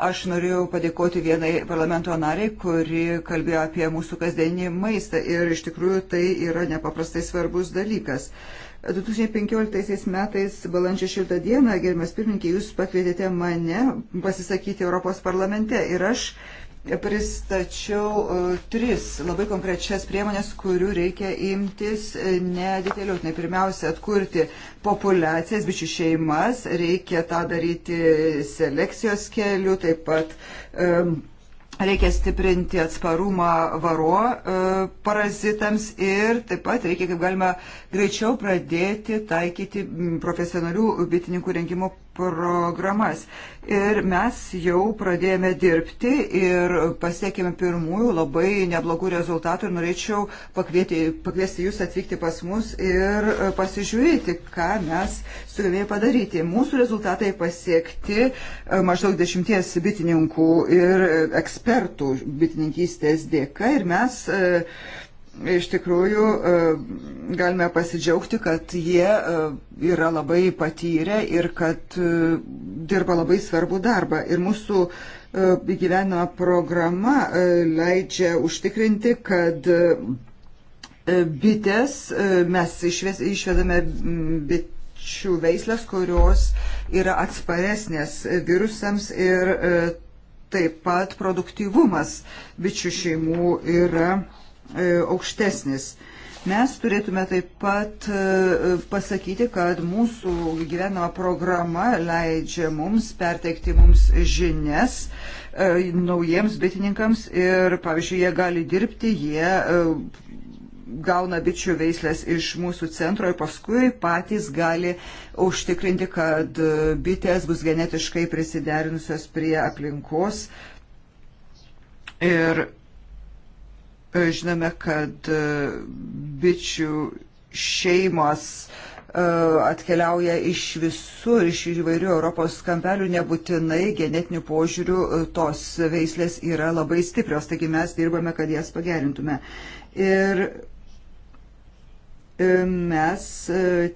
[SPEAKER 2] Aš norėjau padėkoti vienai parlamento nariai, kuri kalbėjo apie mūsų kasdienį maistą ir iš tikrųjų tai yra nepaprastai svarbus dalykas. 2015 metais balandžio 6 dieną, gerbiamas pirmininkė, jūs pakvietėte mane pasisakyti Europos parlamente ir aš uh, pristačiau e, tris labai konkrečias priemonės, kurių reikia imtis e, nedideliuotinai. Pirmiausia, atkurti populiacijas, bičių šeimas, reikia tą daryti selekcijos keliu, taip pat um, reikia stiprinti atsparumą varo uh, parazitams ir taip pat reikia kaip galima greičiau pradėti taikyti profesionalių bitininkų rengimo programas. Ir mes jau pradėjome dirbti ir pasiekėme pirmųjų labai neblogų rezultatų ir norėčiau pakvieti, pakviesti jūs atvykti pas mus ir pasižiūrėti, ką mes sugebėjome padaryti. Mūsų rezultatai pasiekti e, maždaug dešimties bitininkų ir ekspertų bitininkystės dėka ir mes uh, iš tikrųjų e, galime pasidžiaugti, kad jie e, yra labai patyrę ir kad e, dirba labai svarbų darbą. Ir mūsų įgyvenama programa leidžia užtikrinti, kad bitės, mes išvedame bitės bičių veislės, kurios yra atsparesnės virusams ir taip pat produktyvumas bičių šeimų yra E, aukštesnis. Mes turėtume taip pat e, pasakyti, kad mūsų gyvenama programa leidžia mums perteikti mums žinias e, naujiems bitininkams ir, pavyzdžiui, jie gali dirbti, jie gauna bičių veislės iš mūsų centro ir paskui patys gali užtikrinti, kad bitės bus genetiškai prisiderinusios prie aplinkos. Ir E, žinome, kad e, bičių šeimos e, atkeliauja iš visur, iš įvairių Europos kampelių, nebūtinai genetinių požiūrių tos veislės yra labai stiprios, taigi mes dirbame, kad jas pagerintume. Ir mes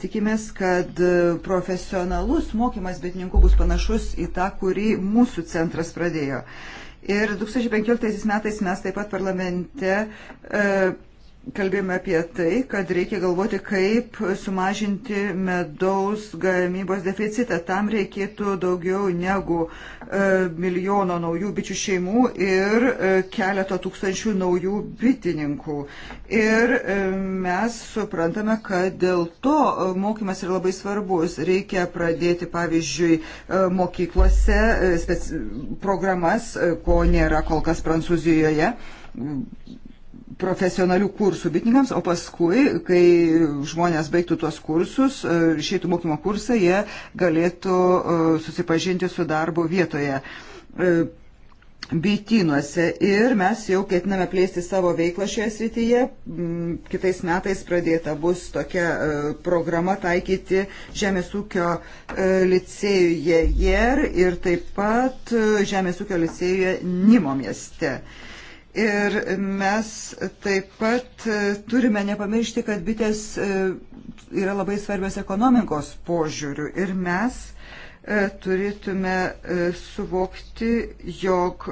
[SPEAKER 2] tikimės, kad profesionalus mokymas bitininkų bus panašus į tą, kurį mūsų centras pradėjo. Ir 2015 metais mes taip pat parlamente e, kalbėjome apie tai, kad reikia galvoti, kaip sumažinti medaus gamybos deficitą. Tam reikėtų daugiau negu e, milijono naujų bičių šeimų ir e, keletą tūkstančių naujų bitininkų. Ir e, mes suprantame, kad dėl to mokymas yra labai svarbus. Reikia pradėti, pavyzdžiui, e, mokyklose e, programas, e, ko nėra kol kas Prancūzijoje profesionalių kursų bitininkams, o paskui, kai žmonės baigtų tuos kursus, e, šitų mokymo kursą, jie galėtų e, susipažinti su darbu vietoje e, bytynuose. Ir mes jau ketiname plėsti savo veiklą šioje srityje. Mm, kitais metais pradėta bus tokia programa taikyti Žemės ūkio licėjuje JER ir taip pat Žemės ūkio licėjuje Nimo mieste. Ir mes taip pat e, turime nepamiršti, kad bitės e, yra labai svarbios ekonomikos požiūrių. Ir mes e, turėtume suvokti, jog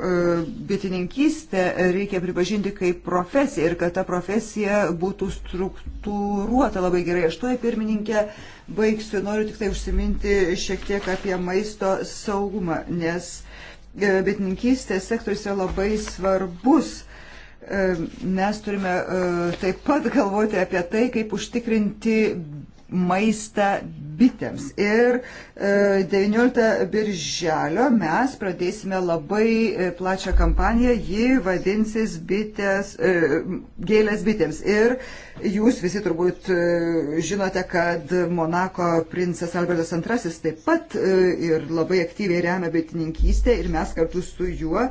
[SPEAKER 2] bitininkystę reikia pripažinti kaip profesiją ir kad ta profesija būtų struktūruota labai gerai. Aš toje pirmininkė baigsiu, noriu tik tai užsiminti šiek tiek apie maisto saugumą, nes E, bitininkystės sektorius yra labai svarbus. E, mes turime e, taip pat galvoti apie tai, kaip užtikrinti maistą bitėms. Ir 19 e, birželio mes pradėsime labai e, plačią kampaniją, ji vadinsis bitės, e, gėlės bitėms. Ir jūs visi turbūt žinote, kad Monako princas Albertas II taip pat ir labai aktyviai remia bitininkystę ir mes kartu su juo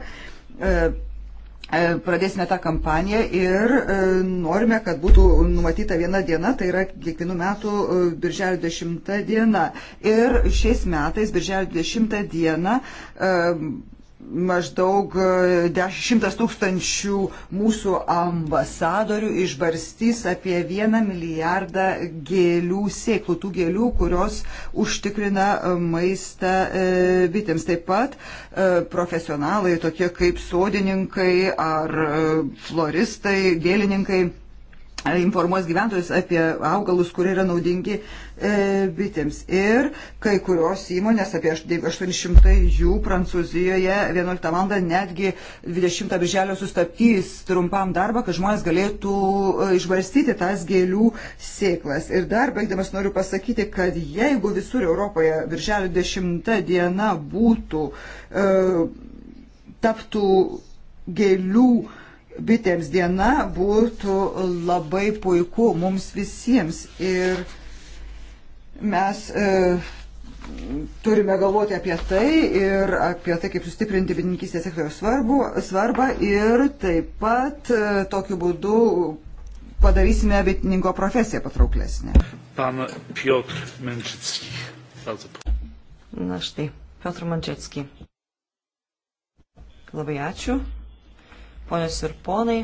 [SPEAKER 2] E, pradėsime tą kampaniją ir e, norime, kad būtų numatyta viena diena, tai yra kiekvienų metų e, birželio 10 diena. Ir šiais metais birželio 10 diena maždaug 100 e, tūkstančių mūsų ambasadorių išbarstys apie 1 milijardą gėlių sėklų, tų gėlių, kurios užtikrina e, maistą e, bitėms. Taip pat profesionalai, tokie kaip sodininkai ar floristai, gėlininkai, informuos gyventojus apie augalus, kurie yra naudingi e, bitėms. Ir kai kurios įmonės, apie 800 jų Prancūzijoje 11 val. netgi 20 birželio sustabdys trumpam darbą, kad žmonės galėtų e, išbarstyti tas gėlių sėklas. Ir dar baigdamas noriu pasakyti, kad jeigu visur Europoje birželio 10 diena būtų, e, taptų gėlių bitėms diena būtų labai puiku mums visiems. Ir mes e, turime galvoti apie tai ir apie tai, kaip sustiprinti bitininkystės sektoriaus svarbą ir taip pat e, tokiu būdu padarysime bitininko profesiją patrauklesnę.
[SPEAKER 1] Pan Piotr Menčicki.
[SPEAKER 3] Na štai, Piotr Mančecki. Labai ačiū ponios ir ponai.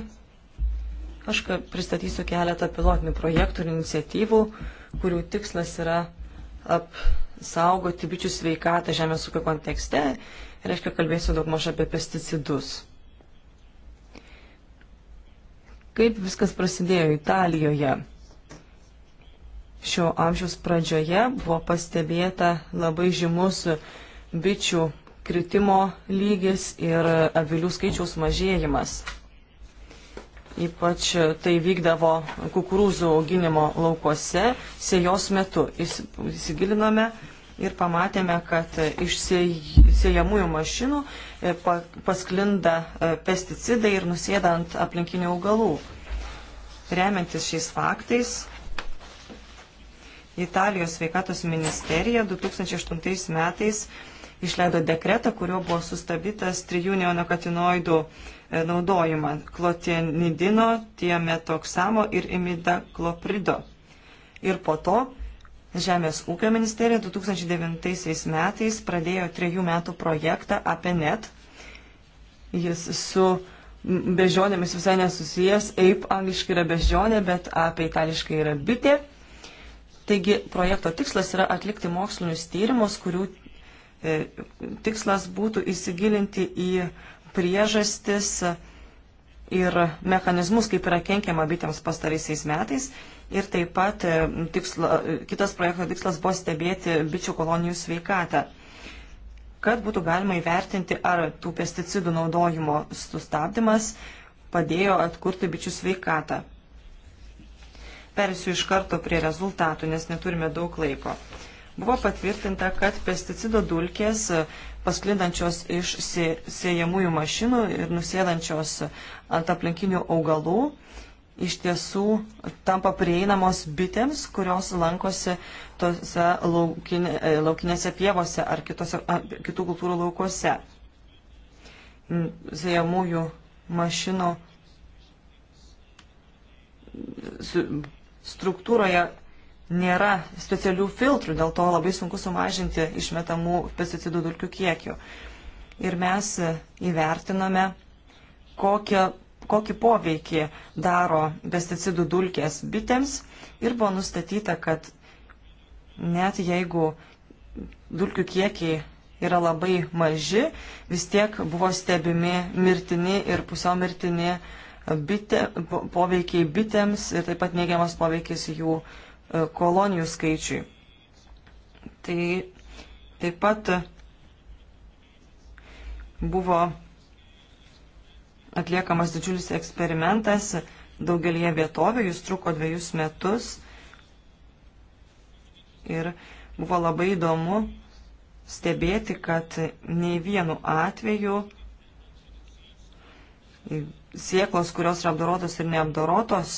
[SPEAKER 3] Aš pristatysiu keletą pilotinių projektų ir iniciatyvų, kurių tikslas yra apsaugoti bičių sveikatą žemės ūkio kontekste. Reiškia, kalbėsiu daug maž apie pesticidus. Kaip viskas prasidėjo Italijoje? Šio amžiaus pradžioje buvo pastebėta labai žymus bičių kritimo lygis ir avilių skaičiaus mažėjimas. Ypač tai vykdavo kukurūzų auginimo laukuose sėjos metu. Įsigilinome ir pamatėme, kad iš sėjamųjų mašinų e, pasklinda e, pesticidai ir nusėda ant aplinkinių augalų. Remiantis šiais faktais, Italijos sveikatos ministerija 2008 metais išleido dekretą, kuriuo buvo sustabdytas trijų neonokatinoidų e, naudojimą - klotienidino, tiemetoksamo ir imidakloprido. Ir po to Žemės ūkio ministerija 2009 metais pradėjo trejų metų projektą apie net. Jis su bežionėmis visai nesusijęs. Ape angliškai yra bežionė, bet apie itališkai yra bitė. Taigi projekto tikslas yra atlikti mokslinius tyrimus, kurių E, tikslas būtų įsigilinti į priežastis ir mechanizmus, kaip yra kenkiama bitėms pastaraisiais metais. Ir taip pat e, tikslo, e, kitas projekto tikslas buvo stebėti bičių kolonijų sveikatą, kad būtų galima įvertinti, ar tų pesticidų naudojimo sustabdymas padėjo atkurti bičių sveikatą. Persiu iš karto prie rezultatų, nes neturime daug laiko buvo patvirtinta, kad pesticido dulkės e, pasklindančios iš siejamųjų mašinų ir nusėdančios ant aplinkinių augalų iš tiesų tampa prieinamos bitėms, kurios lankosi tose laukinė, e, laukinėse pievose ar kitose, ar kitų kultūrų laukuose. Mm, siejamųjų mašinų struktūroje nėra specialių filtrų, dėl to labai sunku sumažinti išmetamų pesticidų dulkių kiekių. Ir mes įvertiname, kokią, kokį poveikį daro pesticidų dulkės bitėms ir buvo nustatyta, kad net jeigu dulkių kiekiai yra labai maži, vis tiek buvo stebimi mirtini ir pusiau mirtini bitė, poveikiai bitėms ir taip pat neigiamas poveikis jų uh, kolonijų skaičiui. Tai taip pat buvo atliekamas didžiulis eksperimentas daugelie vietovių, jis truko dviejus metus ir buvo labai įdomu stebėti, kad nei vienu atveju sieklos, kurios yra apdorotos ir neapdorotos,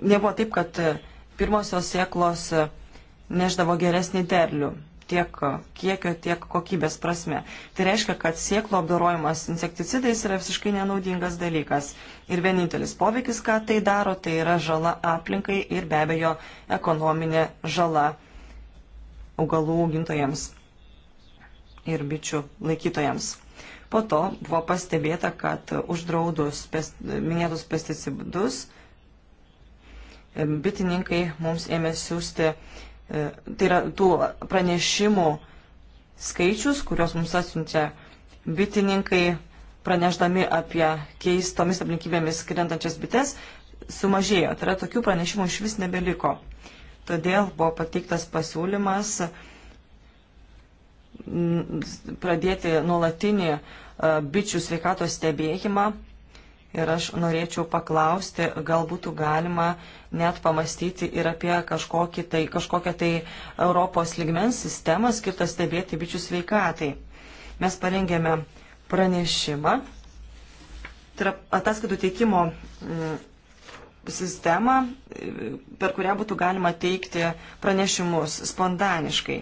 [SPEAKER 3] nebuvo taip, kad e, pirmosios sėklos e, neždavo geresnį terlių tiek e, kiekio, tiek kokybės prasme. Tai reiškia, kad sėklo apdorojimas insekticidais yra visiškai nenaudingas dalykas. Ir vienintelis poveikis, ką tai daro, tai yra žala aplinkai ir be abejo ekonominė žala augalų augintojams ir bičių laikytojams. Po to buvo pastebėta, kad uždraudus pest, minėtus pesticidus, bitininkai mums ėmė siūsti, e, tai yra tų pranešimų skaičius, kuriuos mums atsiunčia bitininkai, praneždami apie keistomis aplinkybėmis skrendančias bites, sumažėjo. Tai yra tokių pranešimų iš vis nebeliko. Todėl buvo pateiktas pasiūlymas pradėti nuolatinį e, bičių sveikatos stebėjimą Ir aš norėčiau paklausti, gal būtų galima net pamastyti ir apie tai, kažkokią tai Europos ligmens sistemą skirtą stebėti bičių sveikatai. Mes parengėme pranešimą. Tai yra ataskaitų teikimo mm, sistemą, per kurią būtų galima teikti pranešimus spontaniškai.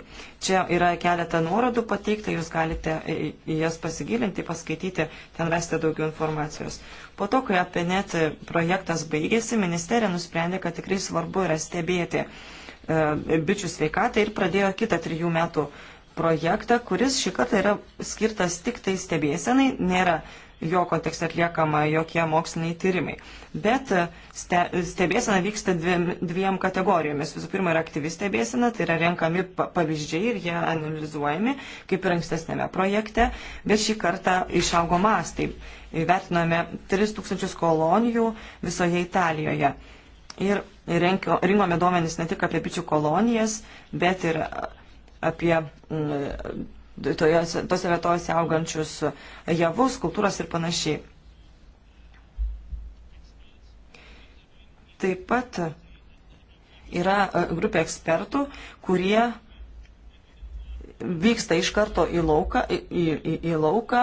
[SPEAKER 3] Čia yra keletą nuorodų pateikta, jūs galite į jas pasigilinti, paskaityti, ten rasite daugiau informacijos. Po to, kai apie net projektas baigėsi, ministerija nusprendė, kad tikrai svarbu yra stebėti e, bičių sveikatą ir pradėjo kitą trijų metų projektą, kuris šį kartą yra skirtas tik tai stebėsenai, nėra jo kontekste atliekama jokie moksliniai tyrimai. Bet e, stebėsena vyksta dviem, dviem kategorijomis. Visų pirma, yra aktyvi stebėsena, tai yra renkami pavyzdžiai ir jie analizuojami, kaip ir ankstesnėme projekte, bet šį kartą išaugo mastai. Vertiname 3000 kolonijų visoje Italijoje. Ir renkio, rinkome duomenis ne tik apie bičių kolonijas, bet ir e, apie toje, tose vietovėse augančius javus, kultūras ir panašiai. Taip pat yra e, grupė ekspertų, kurie vyksta iš karto į lauką, į, į, į lauką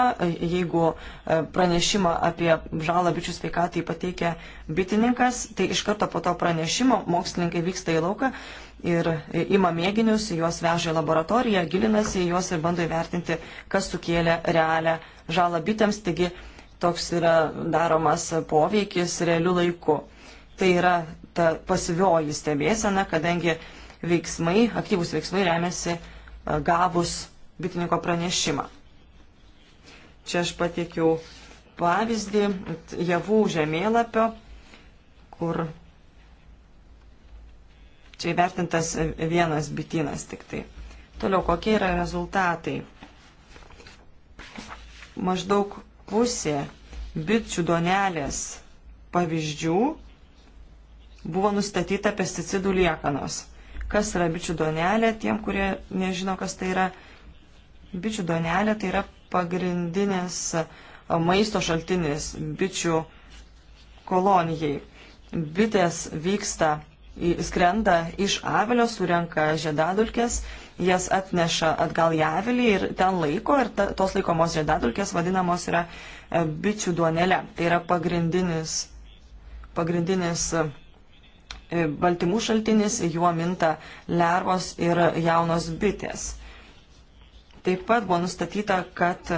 [SPEAKER 3] jeigu e, pranešimą apie žalą bičių sveikatai pateikia bitininkas, tai iš karto po to pranešimo mokslininkai vyksta į lauką ir e, ima mėginius, juos veža į laboratoriją, gilinasi į juos ir bando įvertinti, kas sukėlė realią žalą bitėms, taigi toks yra daromas poveikis realiu laiku. Tai yra ta pasyvioji stebėsena, kadangi veiksmai, aktyvus veiksmai remiasi gavus bitininko pranešimą. Čia aš pateikiau pavyzdį javų žemėlapio, kur čia įvertintas vienas bitinas tik tai. Toliau, kokie yra rezultatai? Maždaug pusė bitčių donelės pavyzdžių buvo nustatyta pesticidų liekanos. Kas yra bičių donelė, tiem, kurie nežino, kas tai yra. Bičių donelė tai yra pagrindinis maisto šaltinis bičių kolonijai. Bitės vyksta, skrenda iš avilio, surenka žiedadulkės, jas atneša atgal į avilį ir ten laiko ir ta, tos laikomos žiedadulkės vadinamos yra e, bičių duonelė. Tai yra pagrindinis, pagrindinis E, baltymų šaltinis, juo minta lervos ir jaunos bitės. Taip pat buvo nustatyta, kad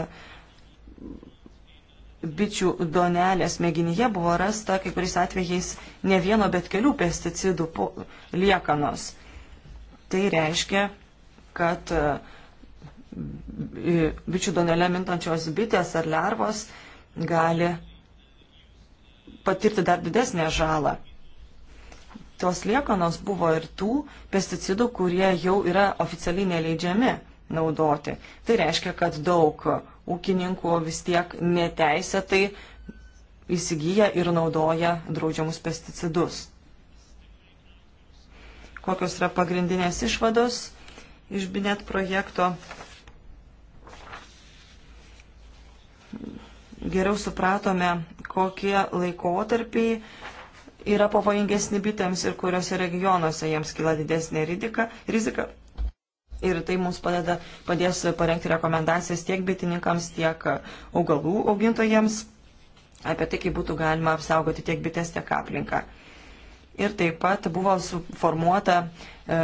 [SPEAKER 3] bičių donelės mėginyje buvo rasta kai kuriais atvejais ne vieno, bet kelių pesticidų liekanos. Tai reiškia, kad e, bičių donelė mintančios bitės ar lervos gali patirti dar didesnę žalą tos liekanos buvo ir tų pesticidų, kurie jau yra oficialiai neleidžiami naudoti. Tai reiškia, kad daug ūkininkų vis tiek neteisėtai įsigyja ir naudoja draudžiamus pesticidus. Kokios yra pagrindinės išvados iš binet projekto? Geriau supratome, kokie laikotarpiai yra pavojingesni bitėms ir kuriuose regionuose jiems kyla didesnė ridika, rizika. Ir tai mums padeda, padės parengti rekomendacijas tiek bitininkams, tiek augalų augintojams apie tai, kaip būtų galima apsaugoti tiek bites, tiek aplinką. Ir taip pat buvo suformuota e,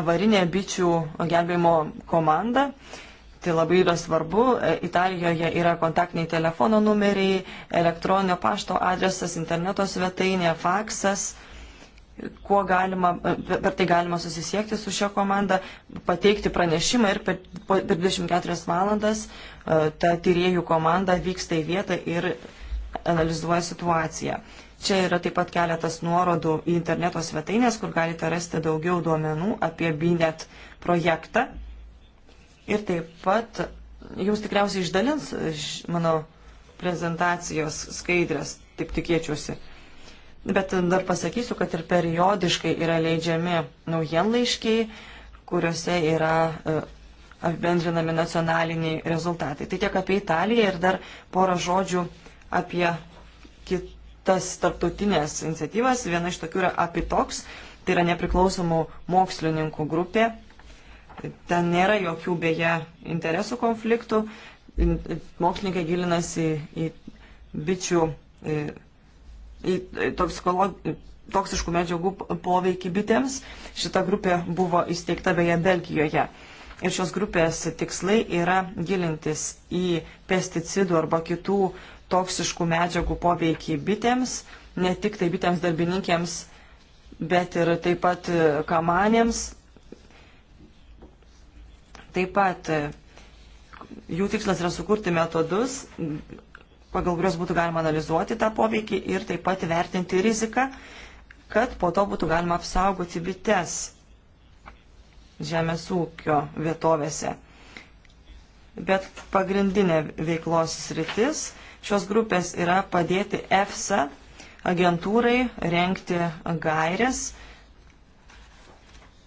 [SPEAKER 3] avarinė bičių gelbėjimo komanda. E, Tai labai yra svarbu. E, Italijoje yra kontaktiniai telefono numeriai, elektroninio pašto adresas, interneto svetainė, faksas kuo galima, e, per tai galima susisiekti su šia komanda, pateikti pranešimą ir per, per 24 valandas e, ta tyriejų komanda vyksta į vietą ir analizuoja situaciją. Čia yra taip pat keletas nuorodų į interneto svetainės, kur galite rasti daugiau duomenų apie BINET projektą. Ir taip pat jūs tikriausiai išdalins mano prezentacijos skaidrės, taip tikėčiausi. Bet dar pasakysiu, kad ir periodiškai yra leidžiami naujienlaiškiai, kuriuose yra e, apibendrinami nacionaliniai rezultatai. Tai tiek apie Italiją ir dar porą žodžių apie kitas tarptautinės iniciatyvas. Viena iš tokių yra apitoks, tai yra nepriklausomų mokslininkų grupė Ten nėra jokių beje interesų konfliktų. Mokslininkai gilinasi į, į bičių, į, į toksiškų medžiagų poveikį bitėms. Šita grupė buvo įsteigta beje Belgijoje. Ir šios grupės tikslai yra gilintis į pesticidų arba kitų toksiškų medžiagų poveikį bitėms, ne tik tai bitėms darbininkėms, bet ir taip pat kamanėms, Taip pat e, jų tikslas yra sukurti metodus, pagal kurios būtų galima analizuoti tą poveikį ir taip pat vertinti riziką, kad po to būtų galima apsaugoti bites žemės ūkio vietovėse. Bet pagrindinė veiklos sritis šios grupės yra padėti EFSA agentūrai renkti gairias,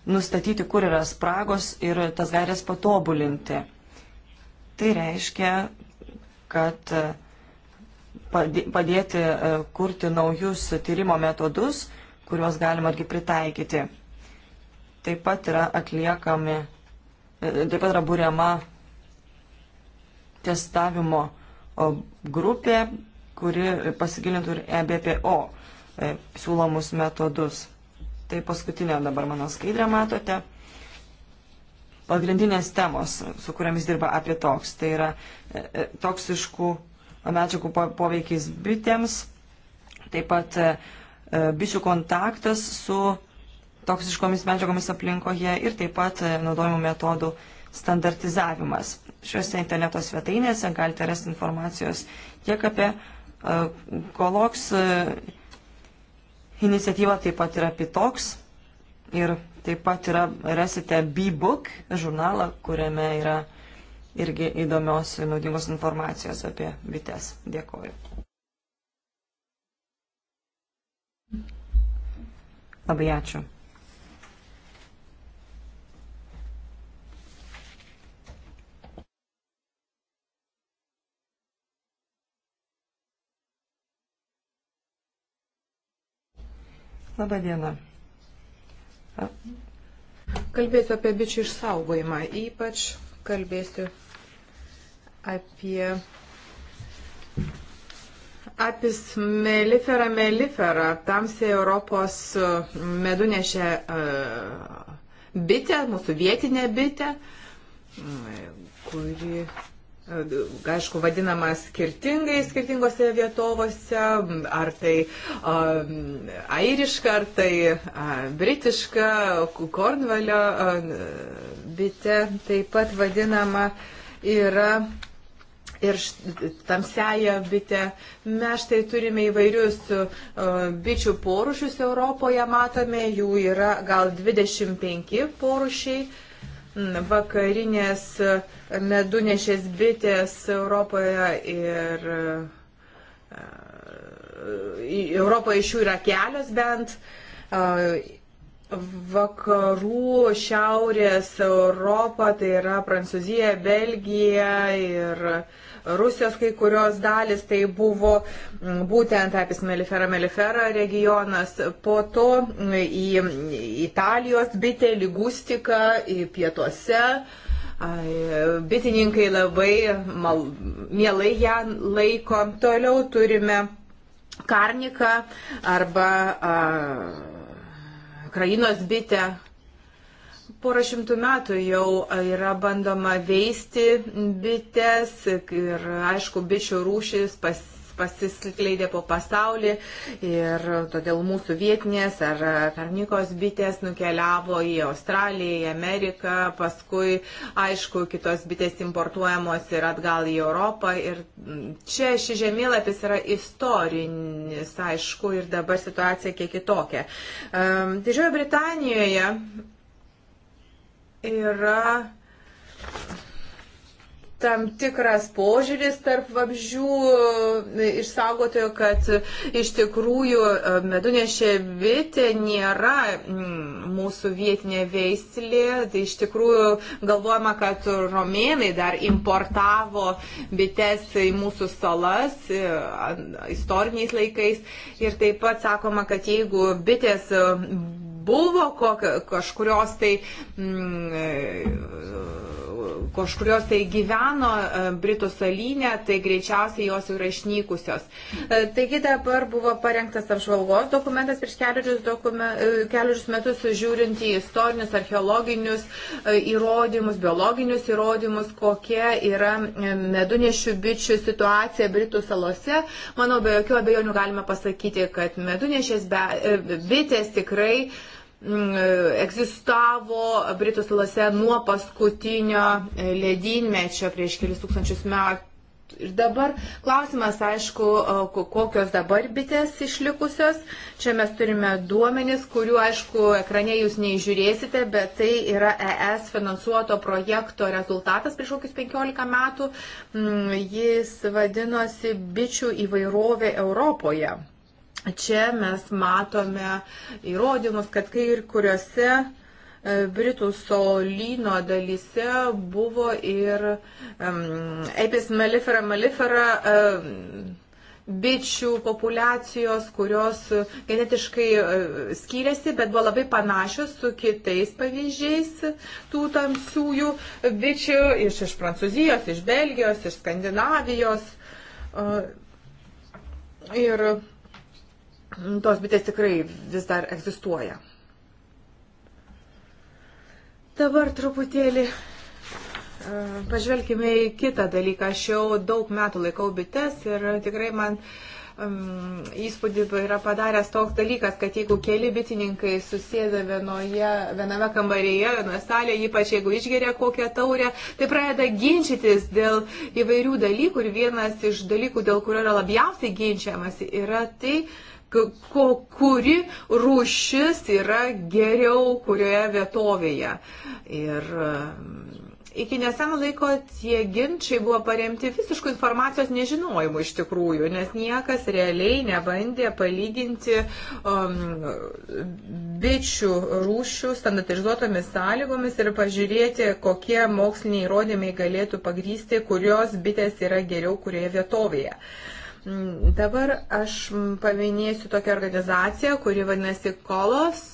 [SPEAKER 3] nustatyti, kur yra spragos ir tas gairias patobulinti. Tai reiškia, kad e, padėti e, kurti naujus tyrimo metodus, kuriuos galima irgi pritaikyti. Taip pat yra atliekami, e, taip pat yra būriama testavimo grupė, kuri pasigilintų ir EBPO siūlomus metodus. Tai paskutinė dabar mano skaidrė matote. Pagrindinės temos, su kuriamis dirba apie toks, tai yra e, e, toksiškų medžiagų poveikis bitėms, taip pat e, bičių kontaktas su toksiškomis medžiagomis aplinkoje ir taip pat naudojimo metodų standartizavimas. Šiuose interneto svetainėse galite rasti informacijos tiek apie koloks iniciatyva taip pat yra Pitoks ir taip pat yra, rasite B-Book žurnalą, kuriame yra irgi įdomios ir naudingos informacijos apie bites. Dėkoju. Labai ačiū. Labą dieną. Kalbėsiu
[SPEAKER 4] apie bičių išsaugojimą, ypač kalbėsiu apie apis melifera melifera, tamsiai Europos medunešė bitė, mūsų vietinė bitė, kuri aišku, vadinama skirtingai skirtingose vietovose, ar tai a, um, airiška, ar tai a, britiška, Kornvalio a, bite taip pat vadinama yra. Ir tamsiaja bitė. Mes štai turime įvairius uh, bičių porušius Europoje, matome, jų yra gal 25 porušiai. Uh, vakarinės medunešės bitės Europoje ir e, Europoje iš jų yra kelios bent. E, vakarų, šiaurės Europą, tai yra Prancūzija, Belgija ir uh, Rusijos kai kurios dalis, tai buvo mm, būtent apis Melifera Melifera regionas, po to mm, į Italijos bitę, ligustiką, pietuose. Bitininkai labai mal, mielai ją laiko. Toliau turime karniką arba a, krainos bitę porą šimtų metų jau yra bandoma veisti bites ir aišku, bičių rūšis pas, pasiskleidė po pasaulį ir todėl mūsų vietinės ar karnikos bitės nukeliavo į Australiją, į Ameriką, paskui, aišku, kitos bitės importuojamos ir atgal į Europą. Ir čia šis žemėlapis yra istorinis, aišku, ir dabar situacija kiek kitokia. Um, Didžiojo Britanijoje yra tam tikras požiūris tarp vabžių e, išsaugotojų, kad iš tikrųjų e, medunešė bitė nėra mm, mūsų vietinė veislė. Tai iš tikrųjų galvojama, kad romėnai dar importavo bites į mūsų salas e, istoriniais laikais. Ir taip pat sakoma, kad jeigu bitės buvo kokio, kažkurios tai, mm, e, kažkurios tai gyveno e, Britų salyne, tai greičiausiai jos yra išnykusios. E, taigi dabar buvo parengtas apžvalgos dokumentas prieš keliarius, dokumen, keliarius metus žiūrint į istorinius, archeologinius įrodymus, biologinius įrodymus, kokia yra medunešių bičių situacija Britų salose. Manau, be jokių abejonių galime pasakyti, kad medunešės be, bitės tikrai Mm, e, egzistavo Britų salose nuo paskutinio e, ledynmečio prieš kelius tūkstančius metų. Ir dabar klausimas, aišku, e, kokios dabar bitės išlikusios. Čia mes turime duomenis, kurių, aišku, ekrane jūs neižiūrėsite, bet tai yra ES finansuoto projekto rezultatas prieš kokius 15 metų. Mm, jis vadinosi bičių įvairovė Europoje. Čia mes matome įrodymus, kad kai ir kuriuose e, Britų solino dalyse buvo ir um, Apis mellifera mellifera um, bičių populiacijos, kurios genetiškai e, skyrėsi, bet buvo labai panašios su kitais pavyzdžiais tų tamsiųjų bičių iš, iš Prancūzijos, iš Belgijos, iš Skandinavijos. E, ir tos bitės tikrai vis dar egzistuoja. Dabar truputėlį e, pažvelkime į kitą dalyką. Aš jau daug metų laikau bites ir tikrai man um, įspūdį yra padaręs toks dalykas, kad jeigu keli bitininkai susėda vienoje, viename kambaryje, vienoje salėje, ypač jeigu išgeria kokią taurę, tai pradeda ginčytis dėl įvairių dalykų ir vienas iš dalykų, dėl kurio yra labiausiai ginčiamas, yra tai, uh, kuri rūšis yra geriau kurioje vietovėje. Ir um, iki neseno laiko tie ginčiai buvo paremti visiškų informacijos nežinojimu iš tikrųjų, nes niekas realiai nebandė palyginti um, bičių rūšių standartizuotomis sąlygomis ir pažiūrėti, kokie moksliniai įrodymai galėtų pagrysti, kurios bitės yra geriau kurioje vietovėje. Uh, Dabar aš paminėsiu tokią organizaciją, kuri vadinasi Kolos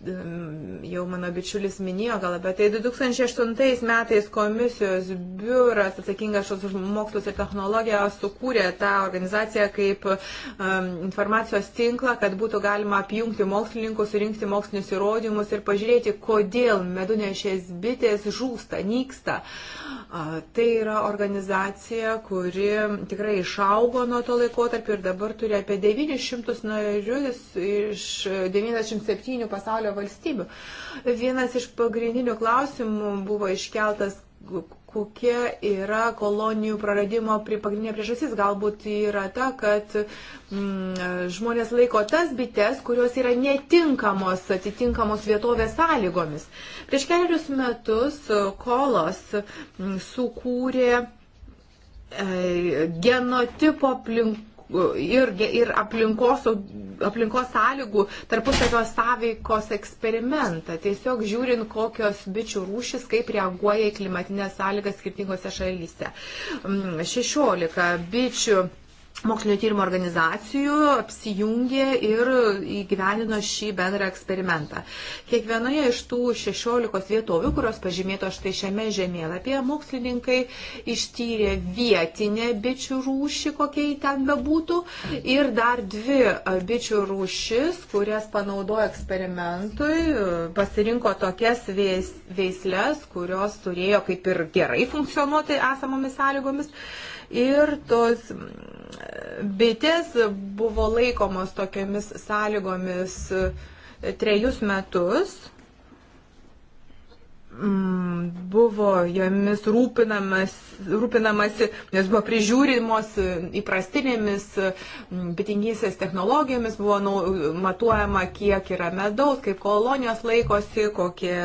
[SPEAKER 4] jau mano bičiulis minėjo gal apie tai, 2008 metais komisijos biuras atsakingas už mokslus ir technologiją sukūrė tą organizaciją kaip um, informacijos tinklą, kad būtų galima apjungti mokslininkus, surinkti mokslinius įrodymus ir pažiūrėti, kodėl medunešės bitės žūsta, nyksta.
[SPEAKER 5] Uh,
[SPEAKER 4] tai yra organizacija, kuri tikrai išaugo nuo to laikotarpio ir dabar turi apie 900 narius iš 97 pasaulio pasaulio valstybių. Vienas iš pagrindinių klausimų buvo iškeltas, kokia yra kolonijų praradimo pagrindinė priežastis. Galbūt yra ta, kad mm, žmonės laiko tas bites, kurios yra netinkamos atitinkamos vietovės sąlygomis. Prieš keliarius metus e, kolos mm, sukūrė e, genotipo aplink ir, ir aplinkos, aplinkos sąlygų tarpusavio sąveikos eksperimentą. Tiesiog žiūrint, kokios bičių rūšis, kaip reaguoja į klimatinės sąlygas skirtingose šalyse. 16 mm, bičių mokslinio tyrimo organizacijų apsijungė ir įgyvenino šį bendrą eksperimentą. Kiekvienoje iš tų 16 vietovių, kurios pažymėto štai šiame žemėlapyje, mokslininkai ištyrė vietinę bičių rūšį, kokia jį ten bebūtų, ir dar dvi bičių rūšis, kurias panaudojo eksperimentui, pasirinko tokias veislės, kurios turėjo kaip ir gerai funkcionuoti esamomis sąlygomis ir tos bitės buvo laikomos tokiamis sąlygomis e, trejus metus mm, buvo jomis rūpinamas, rūpinamasi, nes buvo prižiūrimos įprastinėmis mm, bitingysės technologijomis, buvo nau, matuojama, kiek yra medaus, kaip kolonijos laikosi, kokie,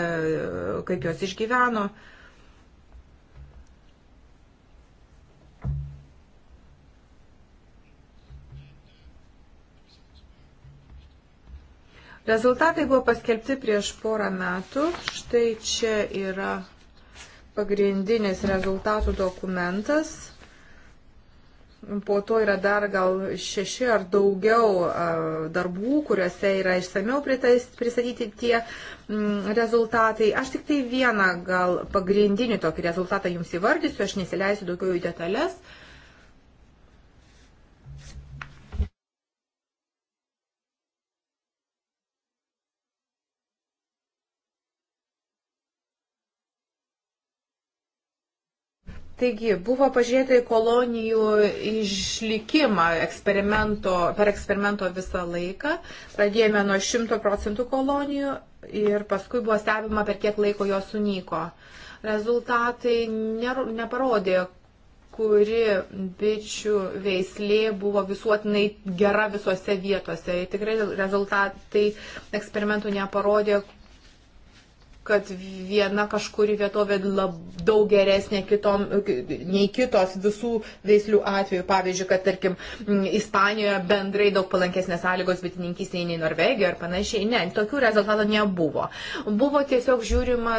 [SPEAKER 4] kaip jos išgyveno. Mm. Rezultatai buvo paskelbti prieš porą metų. Štai čia yra pagrindinis rezultatų dokumentas. Po to yra dar gal šeši ar daugiau darbų, kuriuose yra išsameu pristatyti tie mm, rezultatai. Aš tik tai vieną gal pagrindinį tokį rezultatą jums įvardysiu, aš nesileisiu daugiau į detalės. Uh, Taigi, buvo pažiūrėta į kolonijų išlikimą eksperimento, per eksperimento visą laiką. Pradėjome nuo 100 procentų kolonijų ir paskui buvo stebima, per kiek laiko jos sunyko. Rezultatai neparodė, kuri bičių veislė buvo visuotinai gera visose vietose. Tikrai rezultatai eksperimentų neparodė, kad viena kažkuri vietovė lab, daug geresnė kitom, nei kitos visų veislių atveju. Pavyzdžiui, kad tarkim Ispanijoje bendrai daug palankesnės sąlygos bitininkystėje nei Norvegijoje ar panašiai. Ne, tokių rezultatų nebuvo. Buvo tiesiog žiūrima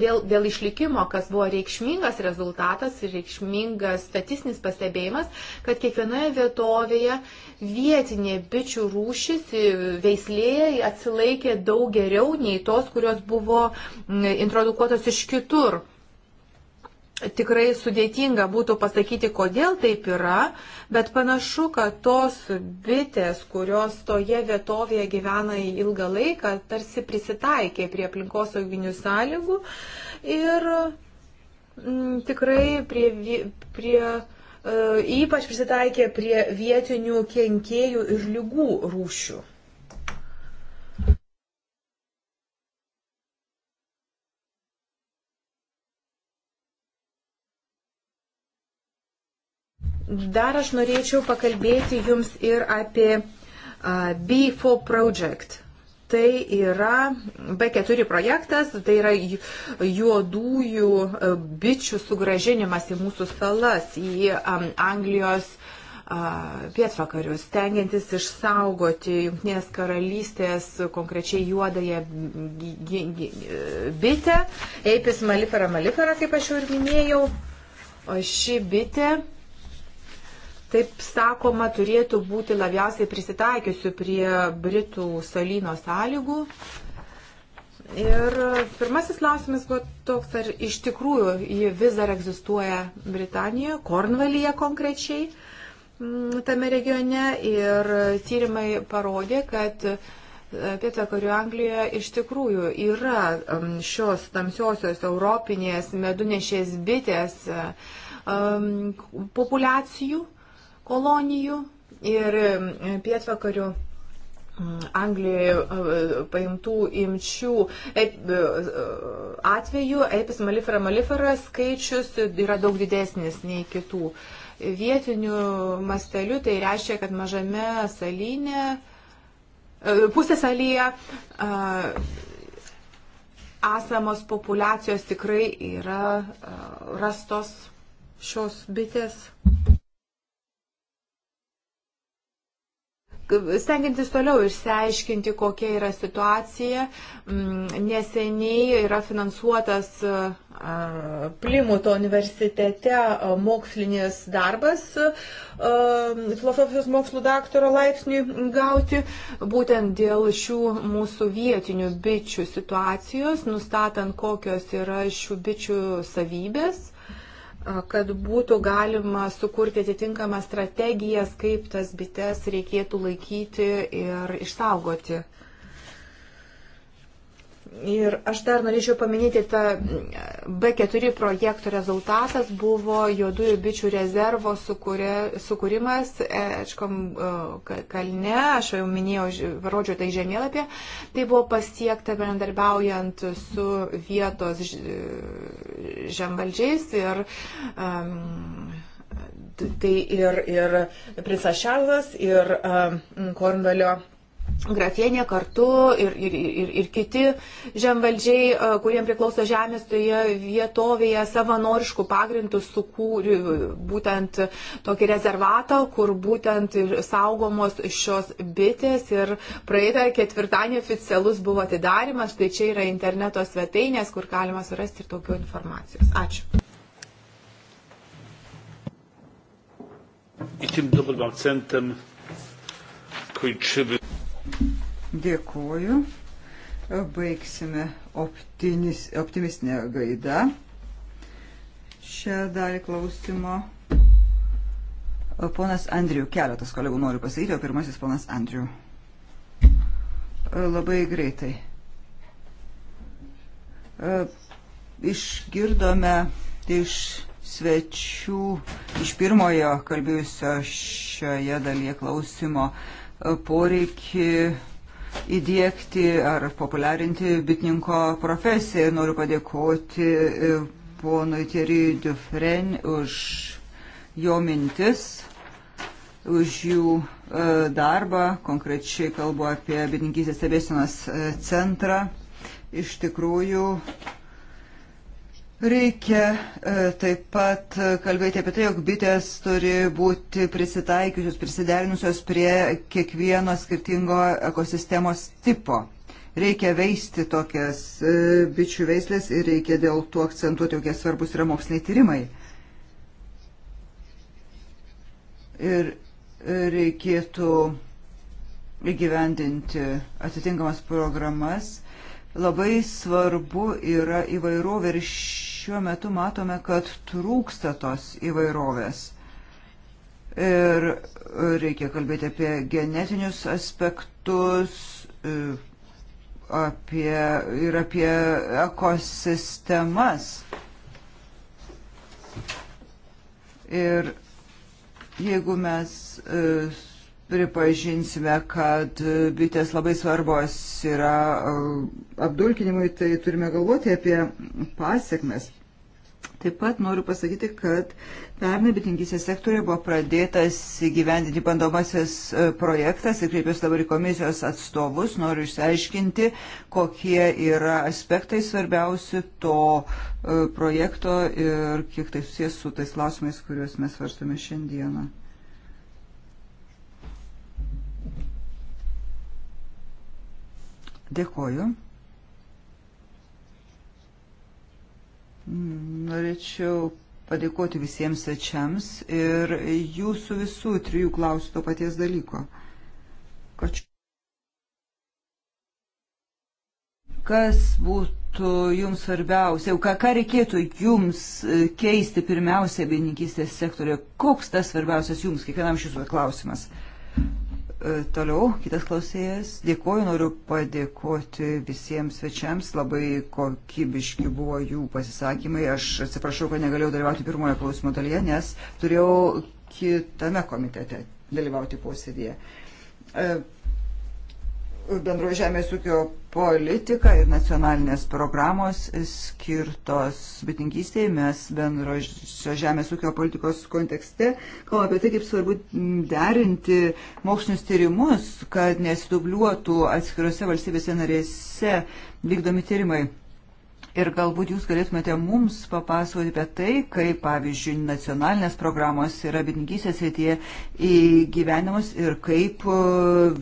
[SPEAKER 4] dėl, dėl išlikimo, kas buvo reikšmingas rezultatas ir reikšmingas statistinis pastebėjimas, kad kiekvienoje vietovėje vietinė bičių rūšis veislė atsilaikė daug geriau nei tos, kurios buvo introdukuotos iš kitur. Tikrai sudėtinga būtų pasakyti, kodėl taip yra, bet panašu, kad tos bitės, kurios toje vietovėje gyvena ilgą laiką, tarsi prisitaikė prie aplinkosauginių sąlygų ir m, mm, tikrai prie, prie e, ypač prisitaikė prie vietinių kenkėjų ir lygų rūšių. Dar aš norėčiau pakalbėti jums ir apie B4 Project. Tai yra B4 projektas, tai yra juodųjų bičių sugražinimas į mūsų salas, į um, Anglijos pietvakarius, tengiantis išsaugoti Junktinės karalystės konkrečiai juodąją bitę, Eipis malifera malifera, kaip aš jau ir minėjau. O ši bitė taip sakoma, turėtų būti labiausiai prisitaikiusių prie Britų salino sąlygų. Ir pirmasis klausimas buvo toks, ar iš tikrųjų ji vis dar egzistuoja Britanijoje, Kornvalyje konkrečiai, mm, tame regione. Ir tyrimai parodė, kad e, pietvakarių Anglijoje iš tikrųjų yra šios tamsiosios europinės medunešės bitės e, populiacijų kolonijų ir pietvakarių Anglijoje e, paimtų imčių e, e, atveju apis malifera malifera skaičius yra daug didesnis nei kitų. Vietinių mastelių tai reiškia, kad mažame salyne, pusė salyje esamos populiacijos tikrai yra rastos šios bitės. stengiantis toliau išsiaiškinti, kokia yra situacija, mm, neseniai yra finansuotas e, Plimuto universitete e, mokslinis darbas e, filosofijos mokslų daktaro laipsniui gauti, būtent dėl šių mūsų vietinių bičių situacijos, nustatant, kokios yra šių bičių savybės kad būtų galima sukurti atitinkamas strategijas, kaip tas bites reikėtų laikyti ir išsaugoti. Ir aš dar norėčiau paminėti tą B4 projektų rezultatas buvo juodųjų bičių rezervo sukūrė, sukūrimas Ečkom e, kalne, aš jau minėjau, rodžiau tai žemėlapį, tai buvo pasiekta bendarbiaujant su vietos žemvaldžiais ir um, tai ir, ir Prince Charles, ir um, Kornvalio grafienė kartu ir, ir, ir, ir kiti žemvaldžiai, kuriem priklauso žemės toje tai vietovėje, savanoriškų pagrindų sukūrė būtent tokį rezervatą, kur būtent saugomos šios bitės ir praeitą ketvirtadienį oficialus buvo atidarimas, tai čia yra interneto svetainės, kur galima surasti ir tokių informacijos. Ačiū.
[SPEAKER 1] I tym dobrym akcentem kończymy.
[SPEAKER 2] Dėkuoju. Baigsime optimis, optimistinę gaidą. Šią dalį klausimo. E, ponas Andriu, keletas kolegų noriu pasakyti, o pirmasis ponas Andriu. E, labai greitai. E, išgirdome iš svečių, iš pirmojo kalbėjusio šioje dalyje klausimo, uh, poreikį įdėkti ar populiarinti bitininko profesiją. Ir noriu padėkoti e, ponui Thierry Dufren už jo mintis, už jų e, darbą. Konkrečiai kalbu apie bitininkysės stebėsienos e, centrą. Iš tikrųjų, Reikia e, taip pat kalbėti apie tai, jog bitės turi būti prisitaikiusios, prisiderinusios prie kiekvieno skirtingo ekosistemos tipo. Reikia veisti tokias e, bičių veislės ir reikia dėl to akcentuoti, kokie svarbus yra moksliniai tyrimai. Ir reikėtų įgyvendinti atitinkamas programas. Labai svarbu yra įvairovė ir ši šiuo metu matome, kad trūksta tos įvairovės. Ir reikia kalbėti apie genetinius aspektus apie, ir apie ekosistemas. Ir jeigu mes e, pripažinsime, kad bitės labai svarbos yra e, apdulkinimui, tai turime galvoti apie pasiekmes. Taip pat noriu pasakyti, kad pernai bitininkysės sektoriuje buvo pradėtas gyvendinti bandomasis e, projektas ir kreipiuosi dabar į komisijos atstovus, noriu išsiaiškinti, kokie yra aspektai svarbiausi to e, projekto ir kiek tai susijęs su tais klausimais, kuriuos mes svarstame šiandieną. Dėkoju. Norėčiau padėkoti visiems svečiams ir jūsų visų trijų klausiu to paties dalyko. Kačiu. Kas būtų jums svarbiausia, ką, ką reikėtų jums e, keisti pirmiausia beninkystės sektorė, koks tas svarbiausias jums, kiekvienam šis klausimas? E, toliau kitas klausėjas. Dėkuoju, noriu padėkoti visiems svečiams. Labai kokybiški buvo jų pasisakymai. Aš atsiprašau, kad negalėjau dalyvauti pirmojo klausimo dalyje, nes turėjau kitame komitete dalyvauti posėdėje. E, bendroji žemės ūkio politika ir nacionalinės programos skirtos bitininkystėje. Mes bendrojo žemės ūkio politikos kontekste kalbame apie tai, kaip svarbu derinti mokslinius tyrimus, kad nesidubliuotų atskirose valstybėse narėse vykdomi tyrimai. Ir galbūt jūs galėtumėte mums papasakoti apie tai, kaip, pavyzdžiui, nacionalinės programos yra bitininkysės srityje įgyvenimos ir kaip e,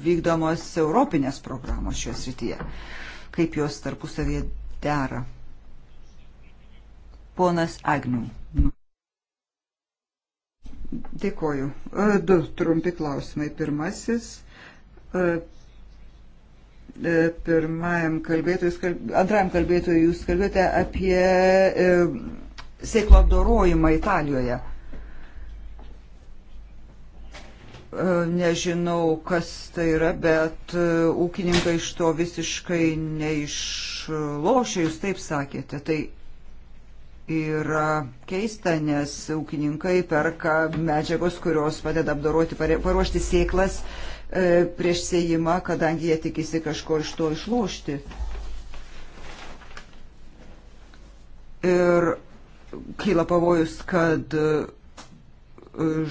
[SPEAKER 2] vykdomos europinės programos šioje srityje, kaip jos tarpusavėje dera. Ponas Agnių. Dėkoju. E, du trumpi klausimai. Pirmasis e, E, pirmajam kalbėtojui, kalb... antrajam kalbėtojui jūs kalbėjote apie e, sėklų apdorojimą Italijoje. E, nežinau, kas tai yra, bet e, ūkininkai iš to visiškai neišlošia, jūs taip sakėte. Tai yra keista, nes ūkininkai perka medžiagos, kurios padeda apdoroti, paruošti sėklas E, prieš sėjimą, kadangi jie tikisi kažko iš to išlošti. Ir kyla pavojus, kad e,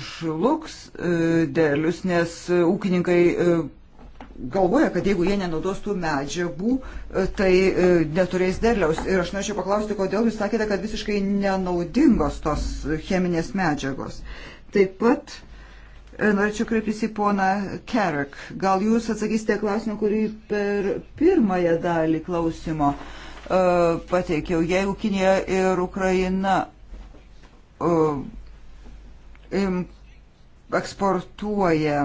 [SPEAKER 2] žlugs e, dėlius, nes ūkininkai galvoja, kad jeigu jie nenaudos tų medžiagų, tai neturės derliaus. Ir aš norėčiau paklausti, kodėl jūs sakėte, kad visiškai nenaudingos tos cheminės medžiagos. Taip pat Norėčiau kreiptis į poną Kerek. Gal jūs atsakysite klausimą, kurį per pirmąją dalį klausimo uh, pateikiau. Jeigu Kinija ir Ukraina uh, im, eksportuoja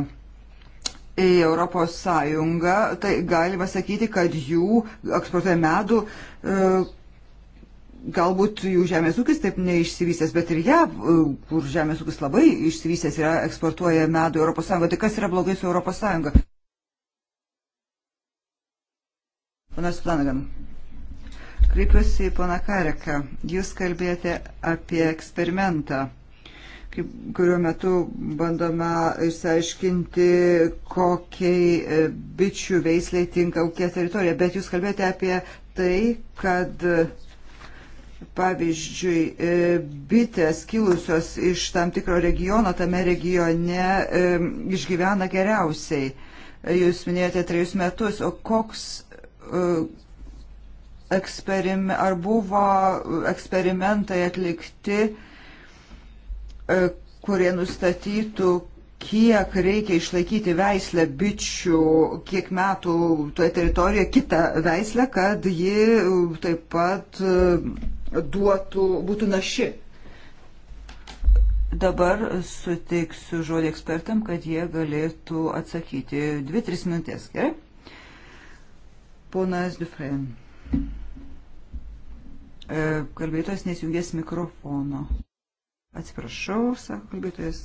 [SPEAKER 2] į Europos Sąjungą, tai galima sakyti, kad jų eksportuoja medų uh, galbūt jų žemės ūkis taip neišsivystęs, bet ir jav, e, kur žemės ūkis labai išsivystęs yra, eksportuoja medų Europos Sąjungą. Tai kas yra blogai su Europos Sąjunga? Panas Planagan. Kreipiuosi į pana Kareką. Jūs kalbėjote apie eksperimentą, kuriuo metu bandoma išsiaiškinti, kokiai e, bičių veisliai tinka kokia teritorija, bet jūs kalbėjote apie tai, kad Pavyzdžiui, e, bitės kilusios iš tam tikro regiono tame regione e, išgyvena geriausiai. Jūs minėjote trejus metus, o koks e, eksperim, ar buvo eksperimentai atlikti, kurie nustatytų, kiek reikia išlaikyti veislę bičių, kiek metų toje teritorijoje kitą veislę, kad ji taip pat duotų, būtų naši. Dabar suteiksiu žodį ekspertam, kad jie galėtų atsakyti. Dvi, tris minutės, gerai? Ponas Dufresne. E, kalbėtojas nesijungės mikrofono. Atsiprašau, sako kalbėtojas.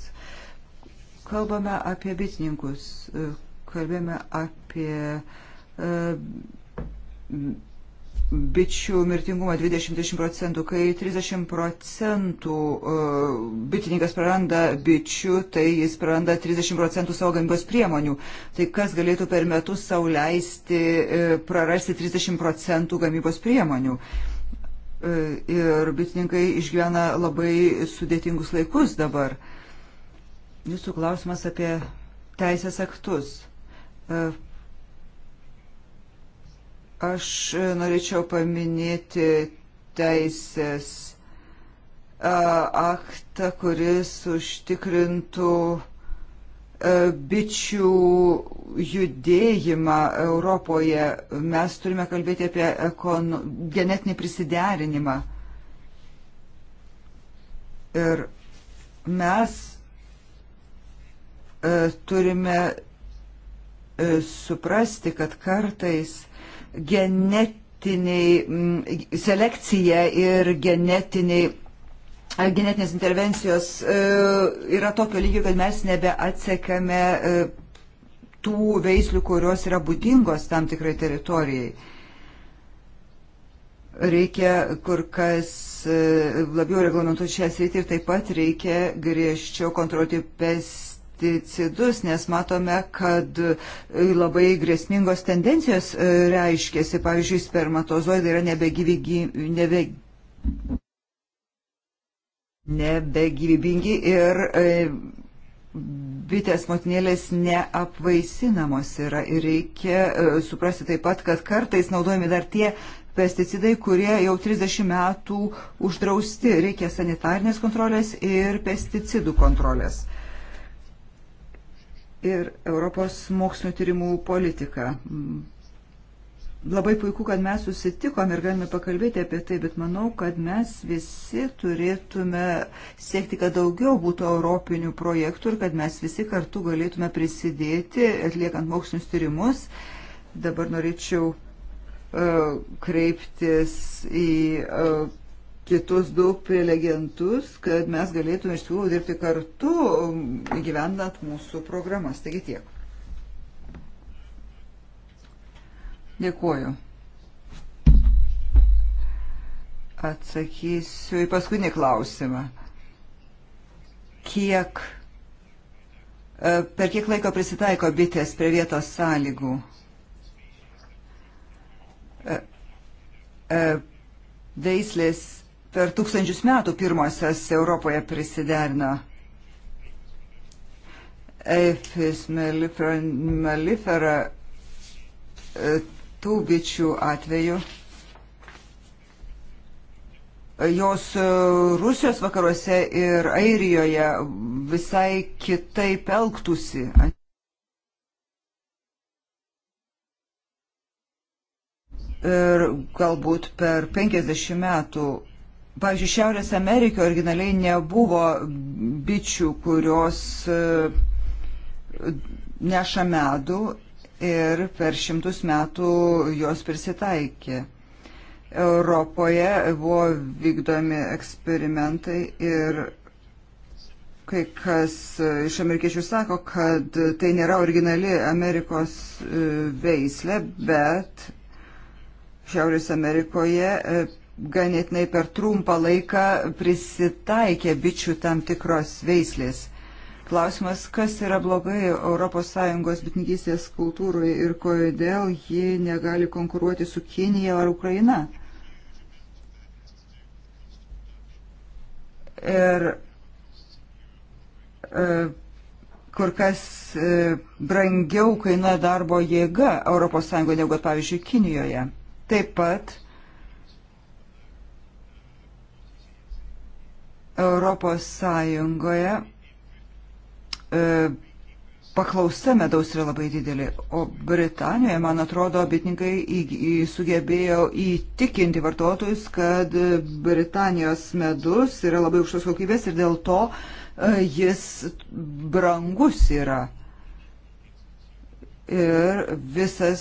[SPEAKER 2] Kalbame apie bitininkus. E, kalbėjome apie e, bičių mirtingumą 20-30 procentų. Kai 30 procentų e, bitininkas praranda bičių, tai jis praranda 30 procentų savo gamybos priemonių. Tai kas galėtų per metus savo leisti e, prarasti 30 procentų gamybos priemonių? E, ir bitininkai išgyvena labai sudėtingus laikus dabar. Jūsų klausimas apie teisės aktus Aš e, norėčiau paminėti teisės e, aktą, kuris užtikrintų e, bičių judėjimą Europoje. Mes turime kalbėti apie ekon... genetinį prisiderinimą. Ir mes turime suprasti, kad kartais genetiniai mm, selekcija ir genetiniai e, genetinės intervencijos e, yra tokio lygio, kad mes nebeatsekame e, tų veislių, kurios yra būdingos tam tikrai teritorijai. Reikia kur kas labiau reglamentuoti šią sritį ir taip pat reikia griežčiau kontroliuoti pes pesticidus, nes matome, kad labai grėsmingos tendencijos e, reiškėsi. Pavyzdžiui, spermatozoidai yra nebegyvygi, nebe, nebegyvybingi ir e, bitės motinėlės neapvaisinamos yra. Ir reikia e, suprasti taip pat, kad kartais naudojami dar tie pesticidai, kurie jau 30 metų uždrausti. Reikia sanitarnės kontrolės ir pesticidų kontrolės ir Europos mokslinio tyrimų politiką. Labai puiku, kad mes susitikom ir galime pakalbėti apie tai, bet manau, kad mes visi turėtume siekti, kad daugiau būtų europinių projektų ir kad mes visi kartu galėtume prisidėti atliekant mokslinius tyrimus. Dabar norėčiau uh, kreiptis į uh, kitus du prelegentus, kad mes galėtume iš tikrųjų dirbti kartu um, gyvendant mūsų programas. Taigi tiek. Dėkuoju. Atsakysiu į paskutinį klausimą. Kiek, e, per kiek laiko prisitaiko bitės prie vietos sąlygų? Veislės e, per tūkstančius metų pirmosios Europoje prisiderino. Eifis melifera e, tų bičių atveju. E, jos e, Rusijos vakaruose ir Airijoje visai kitaip elgtųsi. ir galbūt per 50 metų Pavyzdžiui, Šiaurės Amerikoje originaliai nebuvo bičių, kurios e, neša medų ir per šimtus metų jos prisitaikė. Europoje buvo vykdomi eksperimentai ir kai kas iš amerikiečių sako, kad tai nėra originali Amerikos e, veislė, bet Šiaurės Amerikoje e, ganėtinai per trumpą laiką prisitaikė bičių tam tikros veislės. Klausimas, kas yra blogai ES bitininkystės kultūroje ir kodėl ji negali konkuruoti su Kinija ar Ukraina? Ir e, kur kas e, brangiau kaina darbo jėga ES negu, pavyzdžiui, Kinijoje. Taip pat Europos Sąjungoje e, paklausa medaus yra labai didelė, o Britanijoje, man atrodo, bitininkai į, į, sugebėjo įtikinti vartotojus, kad Britanijos medus yra labai aukštos kokybės ir dėl to e, jis brangus yra. Ir visas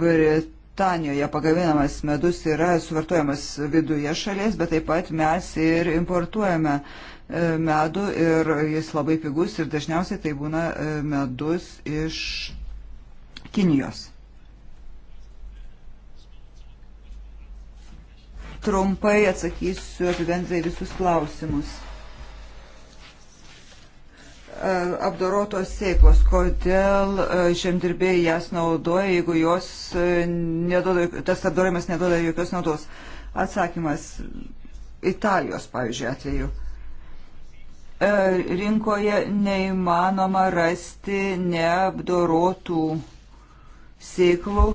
[SPEAKER 2] Brit Britanijoje pagaminamas medus yra suvartojamas viduje šalies, bet taip pat mes ir importuojame e, medų ir jis labai pigus ir dažniausiai tai būna e, medus iš Kinijos. Trumpai atsakysiu apibendrai visus klausimus. E, apdorotos sėklos, kodėl e, žemdirbėjai jas naudoja, jeigu jos e, nedoda, tas apdorojimas neduoda jokios naudos. Atsakymas Italijos, pavyzdžiui, atveju. Rinkoje neįmanoma rasti neapdorotų sėklų,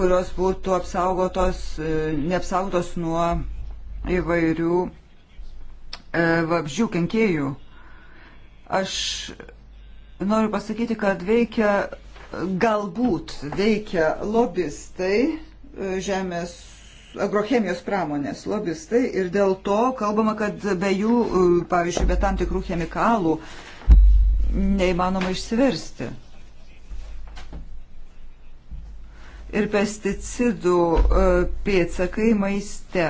[SPEAKER 2] kurios būtų apsaugotos, neapsaugotos nuo įvairių e, vabzdžių kenkėjų. Aš noriu pasakyti, kad veikia galbūt veikia lobistai e, žemės agrochemijos pramonės lobistai ir dėl to kalbama, kad be jų, e, pavyzdžiui, be tam tikrų chemikalų neįmanoma išsiversti. Ir pesticidų e, pėtsakai maiste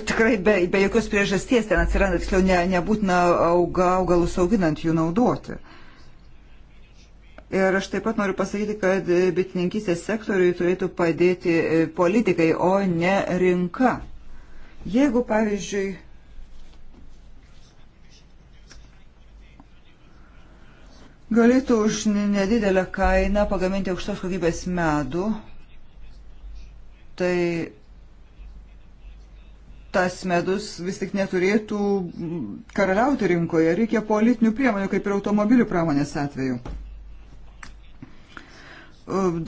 [SPEAKER 2] tikrai be, be jokios priežasties ten atsiranda, tiksliau, ne, nebūtina auga, augalus auginant jų naudoti. Ir aš taip pat noriu pasakyti, kad bitininkystės sektoriui turėtų padėti e, politikai, o ne rinka. Jeigu, pavyzdžiui, galėtų už nedidelę kainą pagaminti aukštos kokybės medų, tai tas medus vis tik neturėtų karaliauti rinkoje. Reikia politinių priemonių, kaip ir automobilių pramonės atveju.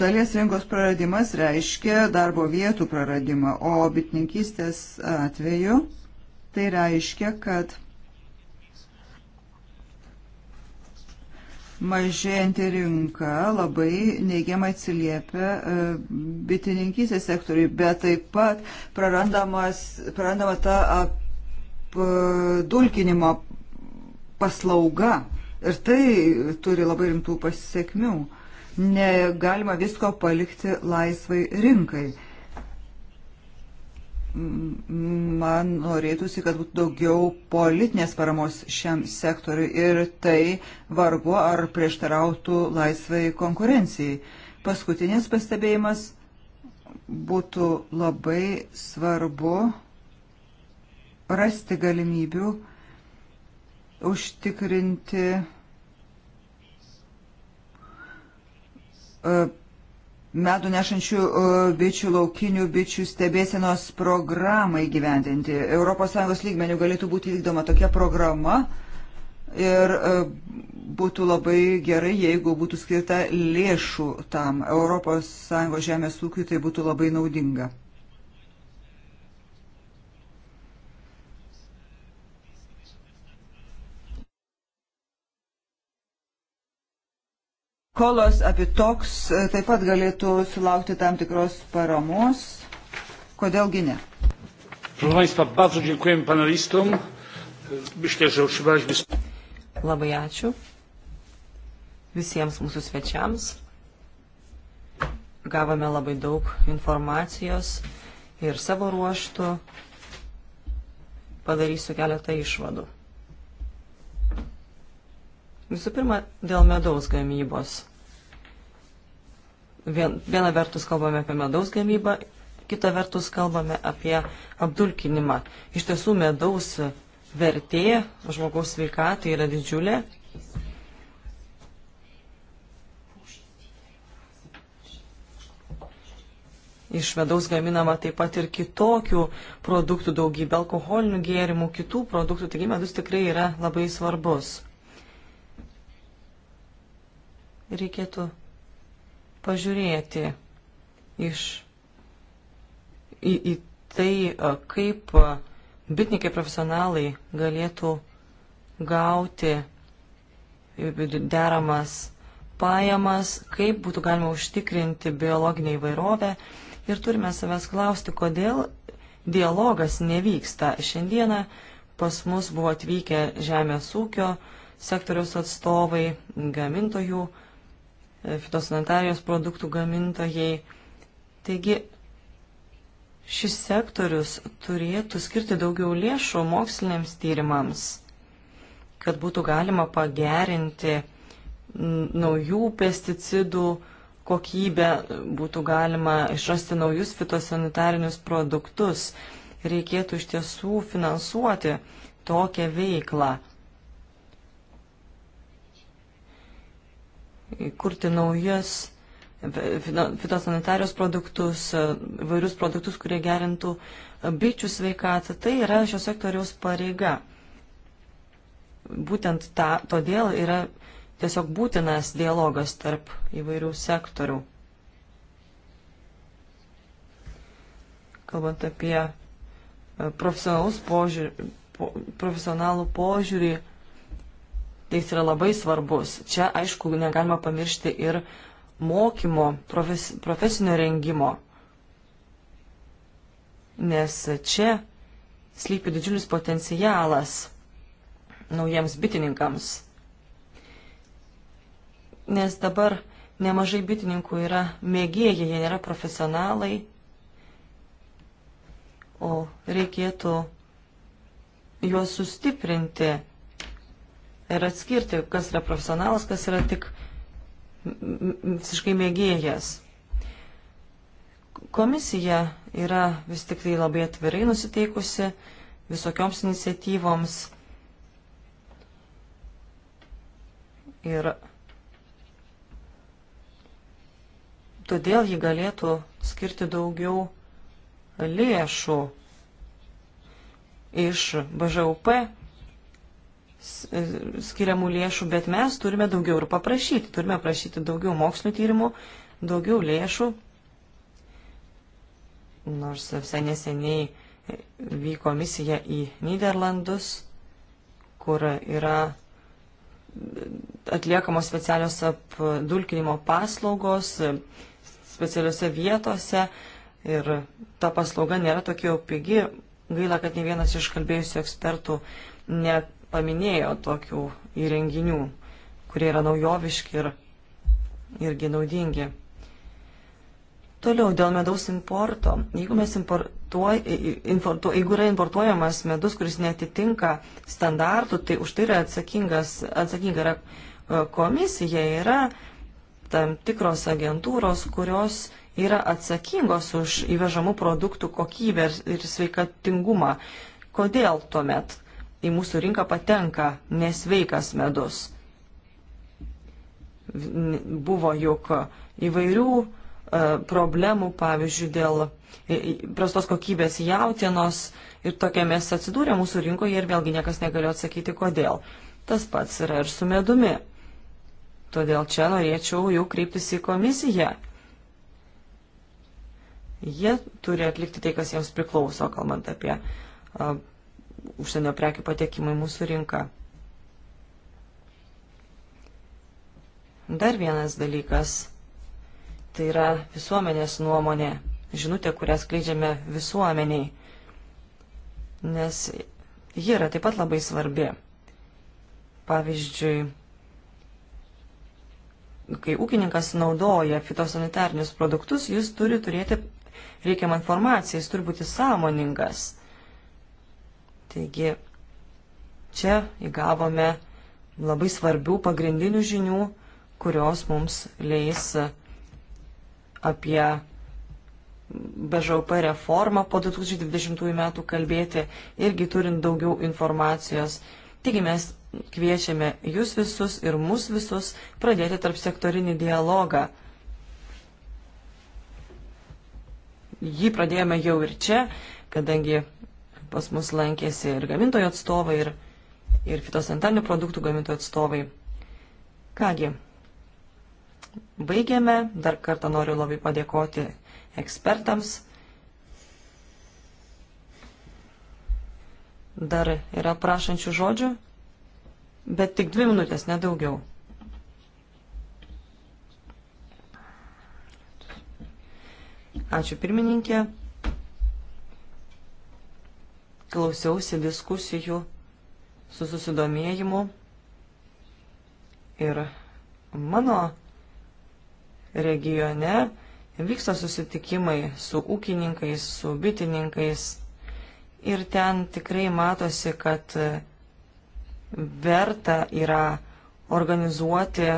[SPEAKER 2] Dalies rinkos praradimas reiškia darbo vietų praradimą, o bitininkystės atveju tai reiškia, kad mažėjanti rinka labai neigiamai atsiliepia e, bitininkysės sektoriui, bet taip pat prarandama ta apdulkinimo paslauga ir tai turi labai rimtų pasiekmių. Negalima visko palikti laisvai rinkai man norėtųsi, kad būtų daugiau politinės paramos šiam sektoriui ir tai vargu ar prieštarautų laisvai konkurencijai. Paskutinis pastebėjimas būtų labai svarbu rasti galimybių užtikrinti uh, medų nešančių bičių laukinių bičių stebėsenos programai gyvendinti. ES lygmenių galėtų būti vykdoma tokia programa ir būtų labai gerai, jeigu būtų skirta lėšų tam. ES žemės ūkiui tai būtų labai naudinga. Kolos apitoks e, taip pat galėtų sulaukti tam tikros paramos. Kodėlgi ne?
[SPEAKER 1] Proszę Państwa, bardzo dziękujemy panelistom. Myślę, że otrzymaliśmy. Labai ačiū visiems mūsų svečiams.
[SPEAKER 3] Gavome labai daug informacijos ir savo ruoštų padarysiu keletą išvadų. Visų pirma, dėl medaus gamybos. Vien, viena vertus kalbame apie medaus gamybą, kita vertus kalbame apie apdulkinimą. Iš tiesų medaus vertė žmogaus sveikatai yra didžiulė. Iš medaus gaminama taip pat ir kitokių produktų daugybė, alkoholinių gėrimų, kitų produktų, taigi medus tikrai yra labai svarbus reikėtų pažiūrėti iš į, į tai, kaip bitininkai profesionalai galėtų gauti deramas pajamas, kaip būtų galima užtikrinti biologinę įvairovę ir turime savęs klausti, kodėl dialogas nevyksta. Šiandieną pas mus buvo atvykę žemės ūkio sektoriaus atstovai, gamintojų atstovai fitosanitarijos produktų gamintojai. Taigi šis sektorius turėtų skirti daugiau lėšų moksliniams tyrimams, kad būtų galima pagerinti naujų pesticidų kokybę, būtų galima išrasti naujus fitosanitarinius produktus. Reikėtų iš tiesų finansuoti tokią veiklą. kurti naujas fitosanitarius produktus, vairius produktus, kurie gerintų bičių sveikatą. Tai yra šio sektoriaus pareiga. Būtent ta, todėl yra tiesiog būtinas dialogas tarp įvairių sektorių. Kalbant apie e, profesionalus požiūrį, po, profesionalų požiūrį tai jis yra labai svarbus. Čia, aišku, negalima pamiršti ir mokymo, profes, profesinio rengimo, nes čia slypi didžiulis potencialas naujiems bitininkams. Nes dabar nemažai bitininkų yra mėgėjai, jie nėra profesionalai, o reikėtų juos sustiprinti ir atskirti, kas yra profesionalas, kas yra tik visiškai mėgėjas. Komisija yra vis tik tai labai atvirai nusiteikusi visokioms iniciatyvoms ir todėl ji galėtų skirti daugiau lėšų iš BŽUP E, skiriamų lėšų, bet mes turime daugiau ir paprašyti. Turime prašyti daugiau mokslinio tyrimų, daugiau lėšų. Nors visai neseniai e, vyko misija į Niderlandus, kur yra e, atliekamos specialios apdulkinimo paslaugos specialiuose vietose ir ta paslauga nėra tokia jau pigi. Gaila, kad ne vienas iš kalbėjusių ekspertų ne, paminėjo tokių įrenginių, kurie yra naujoviški ir irgi naudingi. Toliau dėl medaus importo. Jeigu, importuoj, importu, jeigu yra importuojamas medus, kuris netitinka standartų, tai už tai yra atsakinga yra e, komisija, yra tam tikros agentūros, kurios yra atsakingos už įvežamų produktų kokybę ir sveikatingumą. Kodėl tuomet į mūsų rinką patenka nesveikas medus. Buvo juk įvairių e, problemų, pavyzdžiui, dėl e, e, prastos kokybės jautienos ir tokia mes atsidūrė mūsų rinkoje ir vėlgi niekas negalėjo atsakyti, kodėl. Tas pats yra ir su medumi. Todėl čia norėčiau jau kreiptis į komisiją. Jie turi atlikti tai, kas jiems priklauso, kalbant apie užsienio prekių patekimą į mūsų rinką. Dar vienas dalykas - tai yra visuomenės nuomonė, žinutė, kurią skleidžiame visuomeniai, nes ji yra taip pat labai svarbi. Pavyzdžiui, kai ūkininkas naudoja fitosanitarnius produktus, jis turi turėti reikiamą informaciją, jis turi būti sąmoningas. Taigi čia įgavome labai svarbių pagrindinių žinių, kurios mums leis apie BŽP reformą po 2020 metų kalbėti, irgi turint daugiau informacijos. Taigi mes kviečiame jūs visus ir mus visus pradėti tarp sektorinį dialogą. Jį pradėjome jau ir čia, kadangi pas mus lankėsi ir gamintojų atstovai, ir, ir fitosanitarinių produktų gamintojų atstovai. Kągi, baigiame. Dar kartą noriu labai padėkoti ekspertams. Dar yra prašančių žodžių, bet tik dvi minutės, nedaugiau. Ačiū pirmininkė klausiausi diskusijų su susidomėjimu ir mano regione vyksta susitikimai su ūkininkais, su bitininkais ir ten tikrai matosi, kad verta yra organizuoti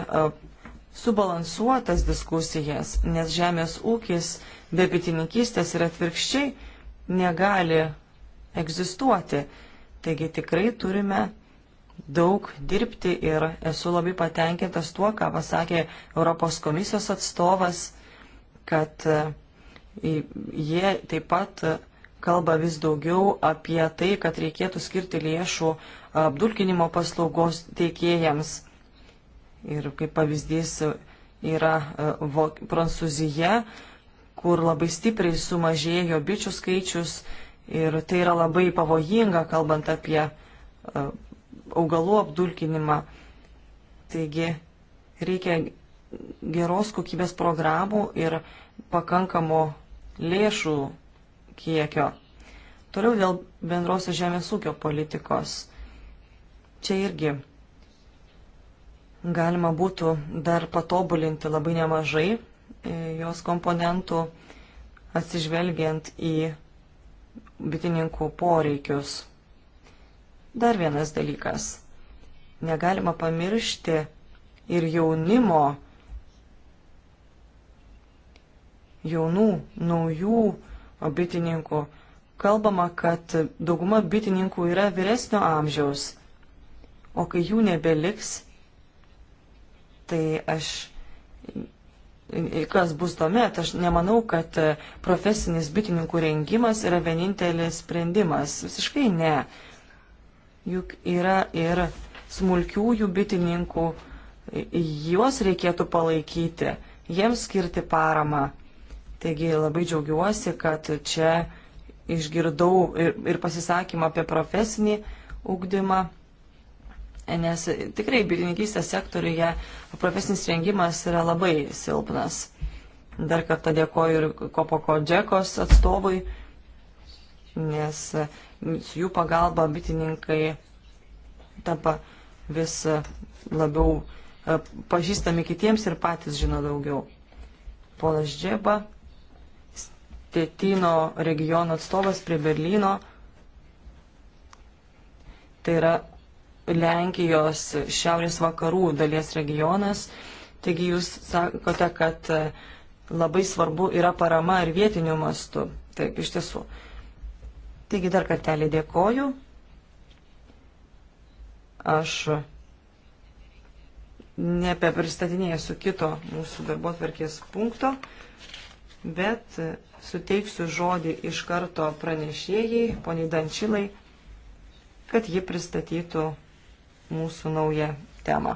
[SPEAKER 3] subalansuotas diskusijas, nes žemės ūkis be bitininkystės ir atvirkščiai negali egzistuoti. Taigi tikrai turime daug dirbti ir esu labai patenkintas tuo, ką pasakė Europos komisijos atstovas, kad e, jie taip pat kalba vis daugiau apie tai, kad reikėtų skirti lėšų apdulkinimo paslaugos teikėjams. Ir kaip pavyzdys yra e, Prancūzija, kur labai stipriai sumažėjo bičių skaičius Ir tai yra labai pavojinga, kalbant apie e, augalų apdulkinimą. Taigi reikia geros kokybės programų ir pakankamo lėšų kiekio. Toliau dėl bendrosios žemės ūkio politikos. Čia irgi galima būtų dar patobulinti labai nemažai e, jos komponentų, atsižvelgiant į bitininkų poreikius. Dar vienas dalykas. Negalima pamiršti ir jaunimo, jaunų, naujų bitininkų. Kalbama, kad dauguma bitininkų yra vyresnio amžiaus, o kai jų nebeliks, tai aš kas bus tuomet, aš nemanau, kad profesinis bitininkų rengimas yra vienintelis sprendimas. Visiškai ne. Juk yra ir smulkiųjų bitininkų, juos reikėtų palaikyti, jiems skirti paramą. Taigi labai džiaugiuosi, kad čia išgirdau ir, ir pasisakymą apie profesinį ugdymą nes tikrai bitininkystės sektoriuje profesinis rengimas yra labai silpnas. Dar kartą dėkoju ir Kopoko Džekos atstovui, nes su jų pagalba bitininkai tampa vis labiau e, pažįstami kitiems ir patys žino daugiau. Polas Džeba, Stetino regiono atstovas prie Berlyno. Tai yra Lenkijos šiaurės vakarų dalies regionas. Taigi jūs sakote, kad e, labai svarbu yra parama ir vietinių mastų. Taip, iš tiesų. Taigi dar kartelį dėkoju. Aš nebepristatinėsiu kito mūsų darbo tvarkės punkto, bet e, suteiksiu žodį iš karto pranešėjai, poniai Dančilai, kad ji pristatytų mūsų naują temą.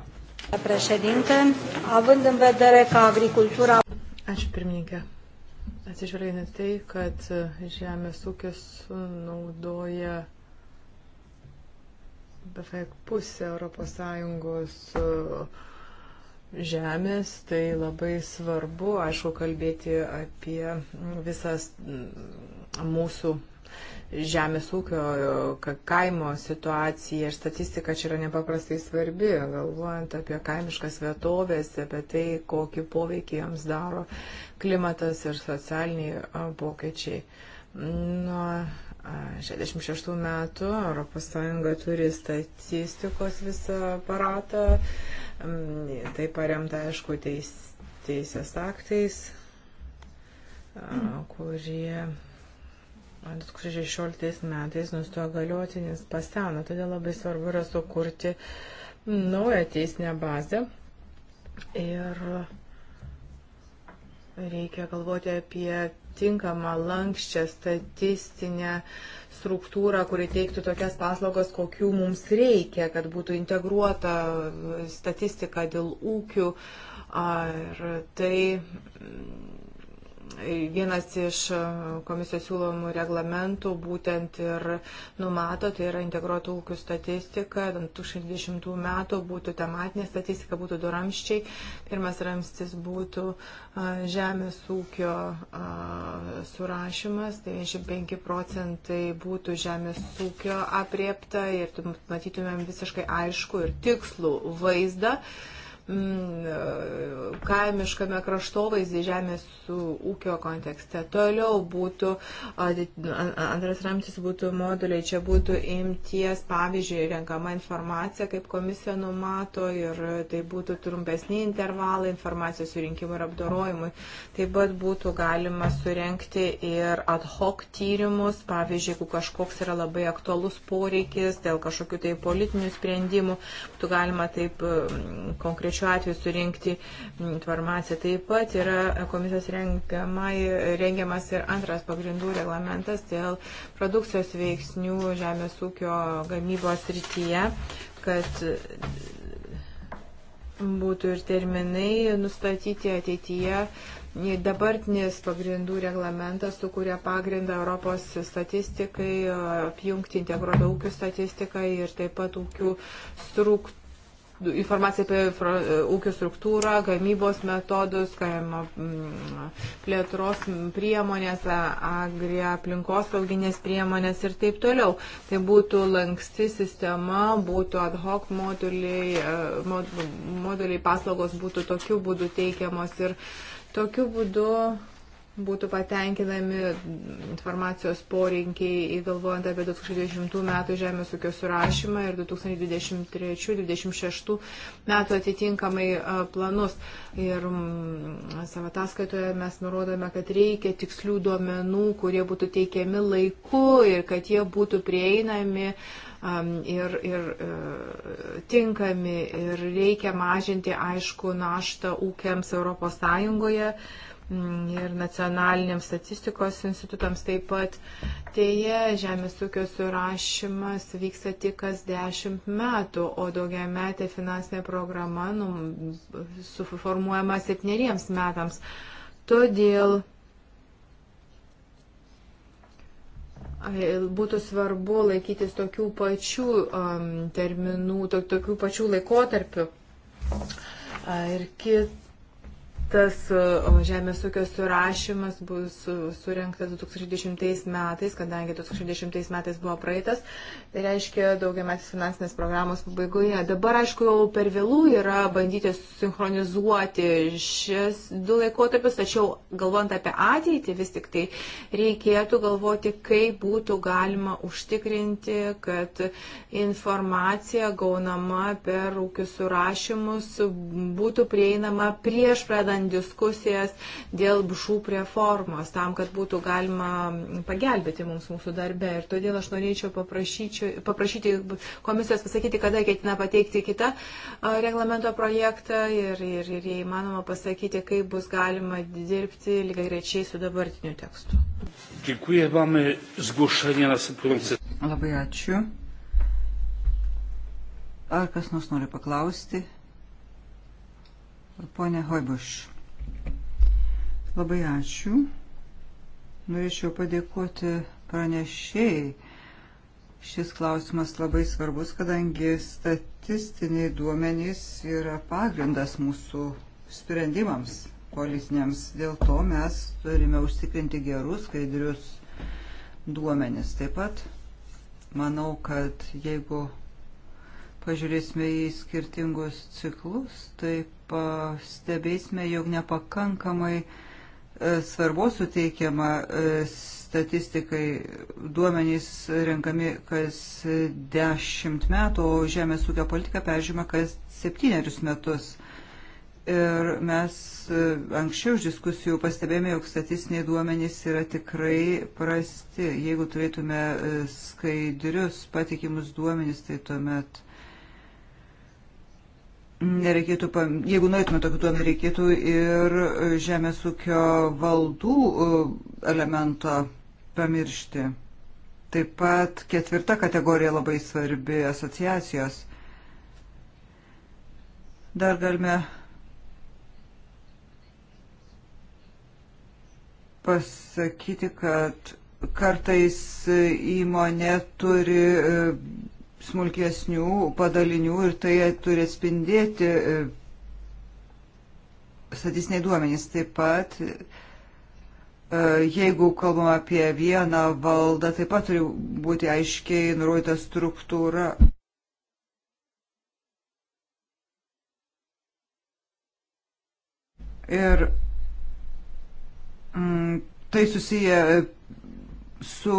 [SPEAKER 4] Ačiū pirmininkė. Atsižvelgiant tai, kad e, žemės ūkis naudoja beveik pusę ES e, žemės, tai labai svarbu, aišku, kalbėti apie visas mūsų žemės ūkio, kaimo situacija ir statistika čia yra nepaprastai svarbi, galvojant apie kaimiškas vietovės, apie tai, kokį poveikį jiems daro klimatas ir socialiniai pokyčiai. Nuo 66 metų ES turi statistikos visą aparatą, tai paremta, aišku, teis, teisės aktais, kurie 2016 metais nustojo galioti, nes paseno. Todėl labai svarbu yra sukurti naują teisinę bazę. Ir reikia galvoti apie tinkamą lankščią statistinę struktūrą, kuri teiktų tokias paslaugas, kokių mums reikia, kad būtų integruota statistika dėl ūkių. Ir tai Vienas iš e, komisijos siūlomų reglamentų būtent ir numato, tai yra integruotų ūkių statistika, 2020 metų būtų tematinė statistika, būtų du ramščiai. Pirmas ramstis būtų e, žemės ūkio e, surašymas, 95 procentai būtų žemės ūkio apriepta ir matytumėm visiškai aišku ir tikslų vaizdą. Uh, m, mm, e, kaimiškame kraštovaizdį žemės ūkio kontekste. Toliau būtų, antras ramtis būtų moduliai, čia būtų imties, pavyzdžiui, renkama informacija, kaip komisija numato ir tai būtų trumpesni intervalai informacijos surinkimui ir apdorojimui. Taip pat būtų galima surenkti ir ad hoc tyrimus, pavyzdžiui, jeigu kažkoks yra labai aktualus poreikis dėl kažkokių tai politinių sprendimų, būtų galima taip mm, konkrečiu atveju surinkti mm, informaciją. Taip pat yra komisijos rengiamas ir antras pagrindų reglamentas dėl produkcijos veiksnių žemės ūkio gamybos rytyje, kad būtų ir terminai nustatyti ateityje Dabartinis pagrindų reglamentas sukuria pagrindą Europos statistikai, apjungti integruotą ūkių statistiką ir taip pat ūkių struktūrą informacija apie ūkio struktūrą, gamybos metodus, kaimo mm, plėtros priemonės, agri aplinkosauginės priemonės ir taip toliau. Tai būtų lanksti sistema, būtų ad hoc moduliai, moduliai paslaugos būtų tokiu būdu teikiamos ir uh, Tokiu būdu būtų patenkinami informacijos poreikiai, galvojant apie 2020 metų žemės ūkio surašymą ir 2023-2026 metų atitinkamai planus. Ir savo ataskaitoje mes nurodome, kad reikia tikslių duomenų, kurie būtų teikiami laiku ir kad jie būtų prieinami uh, ir, ir e, tinkami ir reikia mažinti, aišku, naštą ūkiams ES mm, ir nacionaliniams statistikos institutams taip pat. Teje žemės ūkio surašymas vyksta tik kas dešimt metų, o daugia metė finansinė programa nu, suformuojama septyneriems metams. Todėl būtų svarbu laikytis tokių pačių um, terminų, to, tokių pačių laikotarpių. Ir kit, tas žemės ūkio surašymas bus surinktas 2010 metais, kadangi 2010 metais buvo praeitas, tai reiškia daugiametis finansinės programos pabaigoje. Dabar, aišku, jau per vėlų yra bandyti sinchronizuoti šis du laikotarpius, tačiau galvojant apie ateitį, vis tik tai reikėtų galvoti, kaip būtų galima užtikrinti, kad informacija gaunama per ūkių surašymus būtų prieinama prieš pradant ten diskusijas dėl bžūp reformos, tam, kad būtų galima pagelbėti mums mūsų darbe. Ir todėl aš norėčiau paprašyti komisijos pasakyti, kada ketina pateikti kitą reglamento projektą ir, ir, ir jei manoma pasakyti, kaip bus galima dirbti lygiai grečiai su dabartiniu tekstu.
[SPEAKER 1] Dziękuję. Mamy zgłoszenia następujące. Labai ačiū.
[SPEAKER 2] Ar kas nors nori paklausti? Pone Hoibuš. Labai ačiū. Norėčiau padėkoti pranešėjai. Šis klausimas labai svarbus, kadangi statistiniai duomenys yra pagrindas mūsų sprendimams politiniams. Dėl to mes turime užtikrinti gerus, skaidrius duomenys. Taip pat manau, kad jeigu pažiūrėsime į skirtingus ciklus, tai pastebėsime, jog nepakankamai uh, E, svarbos suteikiama e, statistikai duomenys renkami kas dešimt metų, o žemės ūkio politika peržyma kas septynerius metus. Ir mes e, anksčiau iš diskusijų pastebėjome, jog statistiniai duomenys yra tikrai prasti. Jeigu turėtume skaidrius patikimus duomenys, tai tuomet nereikėtų, jeigu norėtume tokių duomenų, reikėtų ir žemės ūkio valdų e, elemento pamiršti. Taip pat ketvirta kategorija labai svarbi - asociacijos. Dar galime pasakyti, kad kartais įmonė turi e, smulkesnių padalinių ir tai turi atspindėti e, statistiniai duomenys. Taip pat, e, jeigu kalbam apie vieną valdą, taip pat turi būti aiškiai nurodyta struktūra. Ir mm, tai susiję su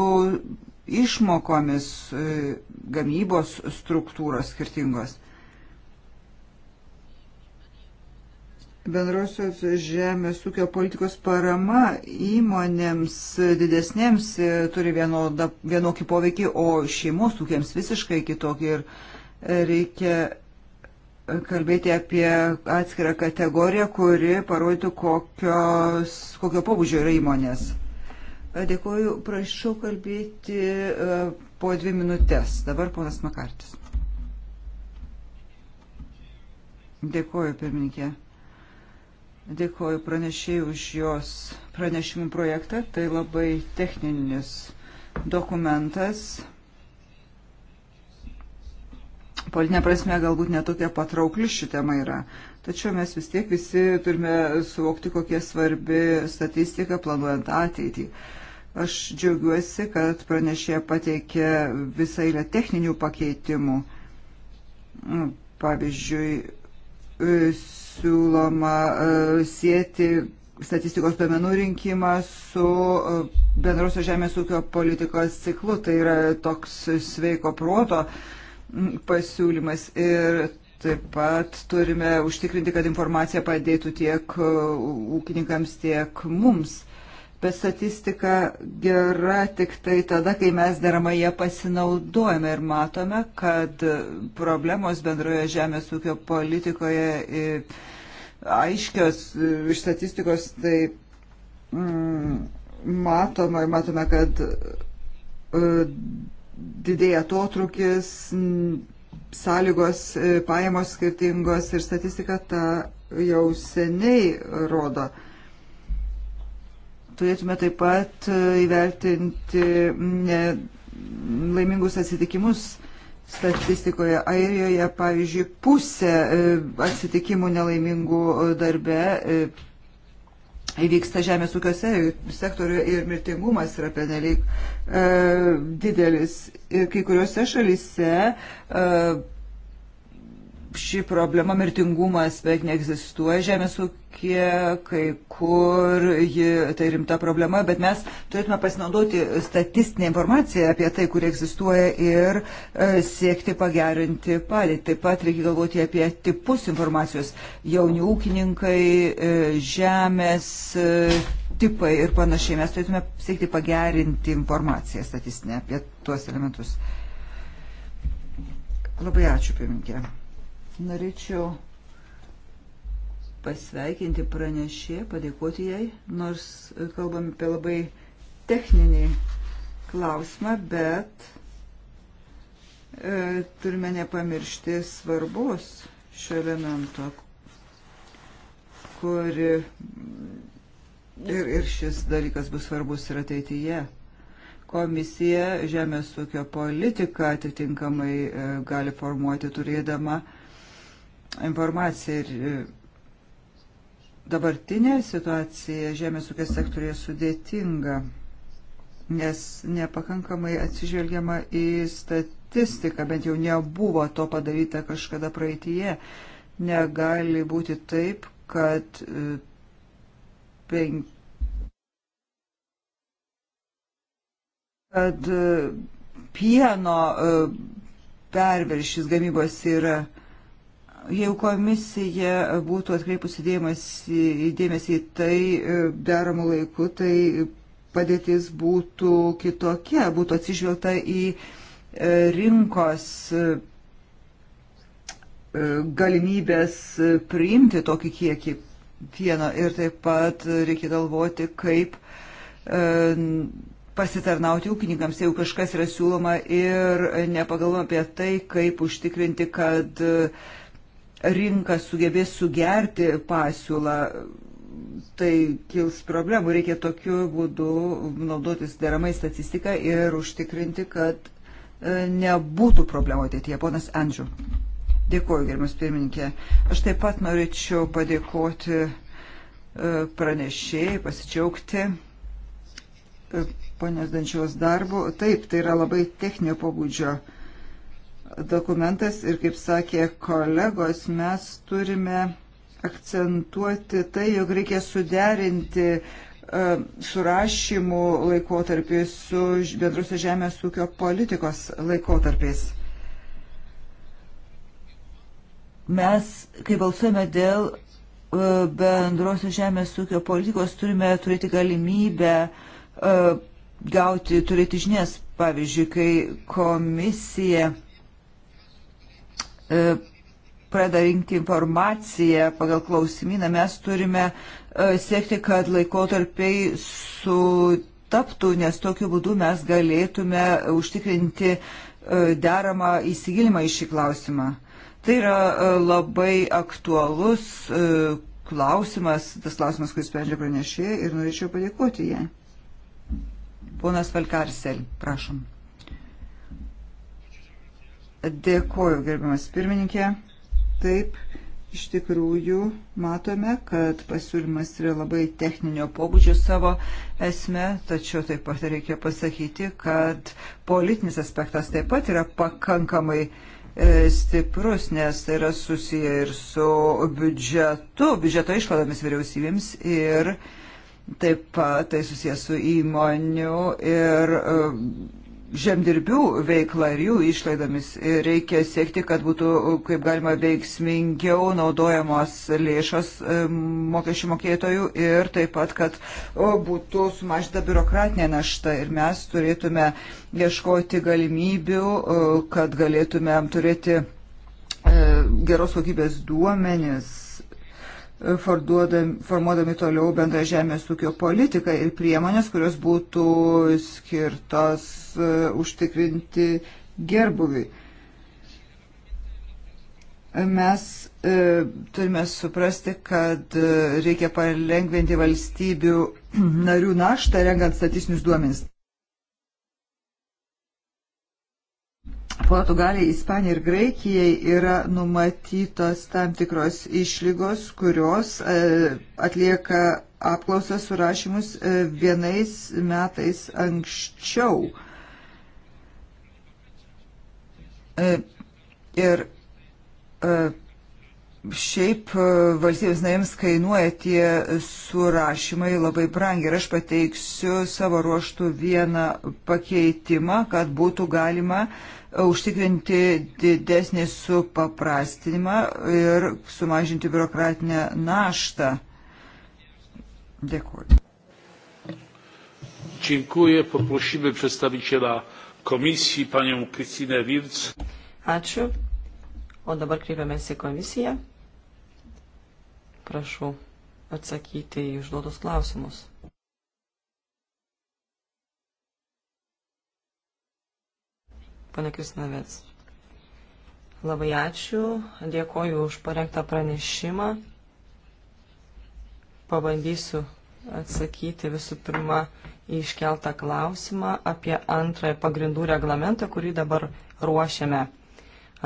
[SPEAKER 2] išmokomis e, gamybos struktūros skirtingos. Bendrosios žemės ūkio politikos parama įmonėms didesnėms e, turi vienodą, vienokį poveikį, o šeimos ūkiams visiškai kitokį ir e, reikia kalbėti apie atskirą kategoriją, kuri parodytų kokios, kokio pobūdžio yra įmonės. Dėkuoju, prašau kalbėti e, po dvi minutės. Dabar ponas Makartis. Dėkuoju, pirmininkė. Dėkuoju pranešėjai už jos pranešimų projektą. Tai labai techninis dokumentas. Politinė prasme galbūt netokia patraukli ši tema yra. Tačiau mes vis tiek visi turime suvokti, kokia svarbi statistika planuojant ateitį. Uh, Aš džiaugiuosi, kad pranešė pateikė visą eilę techninių pakeitimų. Pavyzdžiui, e, siūloma e, sėti statistikos duomenų rinkimą su e, bendrosios žemės ūkio politikos ciklu. Tai yra toks sveiko proto pasiūlymas. Ir taip pat turime užtikrinti, kad informacija padėtų tiek ūkininkams, tiek mums bet statistika gera tik tai tada, kai mes deramai ją pasinaudojame ir matome, kad problemos bendroje žemės ūkio politikoje aiškios iš statistikos tai mm, matoma ir matome, kad e, didėja atotrukis, sąlygos, e, pajamos skirtingos ir statistika tą jau seniai rodo. Turėtume taip pat e, įvertinti laimingus atsitikimus statistikoje. Airijoje, pavyzdžiui, pusė e, atsitikimų nelaimingų darbe e, įvyksta žemės ūkio sektoriuje ir mirtingumas yra penelyg e, didelis. Ir kai kuriuose šalise e, ši problema mirtingumas beveik neegzistuoja žemės ūkė, kai kur ji, tai rimta problema, bet mes turėtume pasinaudoti statistinę informaciją apie tai, kur egzistuoja ir e, siekti pagerinti padėtį. Taip pat reikia galvoti apie tipus informacijos - jauni ūkininkai, e, žemės e, tipai ir panašiai. Mes turėtume siekti pagerinti informaciją statistinę apie tuos elementus. Labai ačiū, pirmininkė. Norėčiau pasveikinti pranešė, padėkoti jai, nors kalbam apie labai techninį klausimą, bet e, turime nepamiršti svarbos šio elemento, kuri ir, ir šis dalykas bus svarbus ir ateityje. Komisija žemės ūkio politiką atitinkamai e, gali formuoti turėdama e, informaciją ir e, dabartinė situacija žemės ūkio sektorėje sudėtinga, nes nepakankamai atsižvelgiama į statistiką, bent jau nebuvo to padaryta kažkada praeitie. Negali būti taip, kad e, penk... kad e, pieno perviršys gamybos yra Jeigu komisija būtų atkreipusi dėmesį, dėmesį į tai e, deramų laikų, tai padėtis būtų kitokia, būtų atsižvelgta į e, rinkos e, galimybės priimti tokį kiekį pieno ir taip pat reikia galvoti, kaip pasitarnauti ūkininkams, jeigu kažkas yra siūloma ir nepagalvom apie tai, kaip užtikrinti, kad uh, rinka sugebės sugerti pasiūlą, tai kils problemų. Reikia tokiu būdu naudotis deramai statistiką ir užtikrinti, kad e, nebūtų problemų ateityje. Ponas Andžiu. Dėkuoju, gerbiamas pirmininkė. Aš taip pat norėčiau padėkoti e, pranešėjai, pasidžiaugti e, ponės Dančios darbu. Taip, tai yra labai techninio pobūdžio dokumentas ir, kaip sakė kolegos, mes turime akcentuoti tai, jog reikia suderinti e, surašymų laikotarpį su bendrusios žemės ūkio politikos laikotarpiais. Mes, kai balsuojame dėl e, bendrosios žemės ūkio politikos, turime turėti galimybę e, gauti, turėti žinias. Pavyzdžiui, kai komisija E, pradeda rinkti informaciją pagal klausimyną, mes turime e, siekti, kad laikotarpiai sutaptų, nes tokiu būdu mes galėtume užtikrinti e, deramą įsigilimą į šį klausimą. Tai yra labai aktualus klausimas, tas klausimas, kuris sprendžia pranešėjai ir norėčiau padėkoti jai. Ponas Valkarsel, prašom. Dėkoju, gerbiamas pirmininkė. Taip, iš tikrųjų matome, kad pasiūlymas yra labai techninio pobūdžio savo esme, tačiau taip pat reikia pasakyti, kad politinis aspektas taip pat yra pakankamai e, stiprus, nes tai yra susiję ir su biudžetu, biudžeto išvadomis vyriausybėms ir taip pat tai susijęs su įmonių ir e, žemdirbių veikla ir jų išlaidomis. Ir reikia siekti, kad būtų kaip galima veiksmingiau naudojamos lėšos e, mokesčių mokėtojų ir taip pat, kad būtų sumažinta biurokratinė našta ir mes turėtume ieškoti galimybių, e, kad galėtume turėti e, geros kokybės duomenis formuodami toliau bendrą žemės ūkio politiką ir priemonės, kurios būtų skirtos E, užtikrinti gerbuviui. Mes e, turime suprasti, kad e, reikia palengventi valstybių narių naštą, rengant statistinius duomenys. Portugalijai, Ispanijai ir Graikijai yra numatytos tam tikros išlygos, kurios e, atlieka apklausas surašymus vienais metais anksčiau. E, ir e, šiaip e, valstybės narėms kainuoja tie surašymai labai brangiai. Ir aš pateiksiu savo ruoštų vieną pakeitimą, kad būtų galima užtikrinti didesnį supaprastinimą ir sumažinti biurokratinę naštą. Dėkuoju.
[SPEAKER 1] Dziękuję. Poprosimy przedstawiciela komisijai, paniom Kristinė Virts.
[SPEAKER 3] Ačiū. O dabar kreipiamės į komisiją. Prašau atsakyti į užduotus klausimus. Pane Kristinavets. Labai ačiū, dėkoju už parengtą pranešimą. Pabandysiu atsakyti visų pirma iškeltą klausimą apie antrąją pagrindų reglamentą, kurį dabar ruošiame.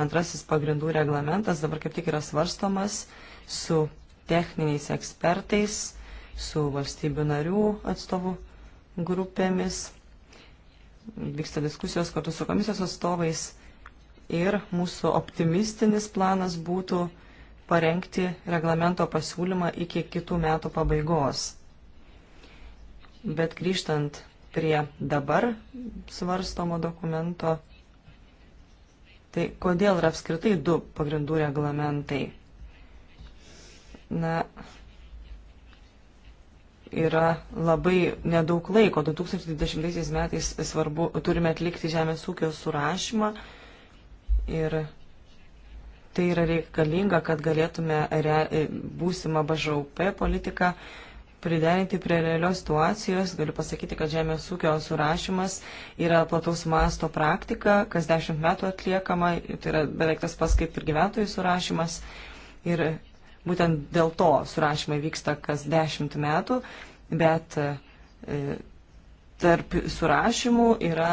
[SPEAKER 3] Antrasis pagrindų reglamentas dabar kaip tik yra svarstomas su techniniais ekspertais, su valstybių narių atstovų grupėmis. Vyksta diskusijos kartu su komisijos atstovais ir mūsų optimistinis planas būtų parengti reglamento pasiūlymą iki kitų metų pabaigos. Bet grįžtant prie dabar svarstomo dokumento, tai kodėl yra apskritai du pagrindų reglamentai? Na, yra labai nedaug laiko. 2020 metais svarbu, turime atlikti žemės ūkio surašymą ir tai yra reikalinga, kad galėtume re, būsimą BŽUP politiką priderinti prie realios situacijos. Galiu pasakyti, kad žemės ūkio surašymas yra plataus masto praktika, kas dešimt metų atliekama, tai yra beveik tas pats kaip ir gyventojų surašymas. Ir būtent dėl to surašymai vyksta kas dešimt metų, bet e, tarp surašymų yra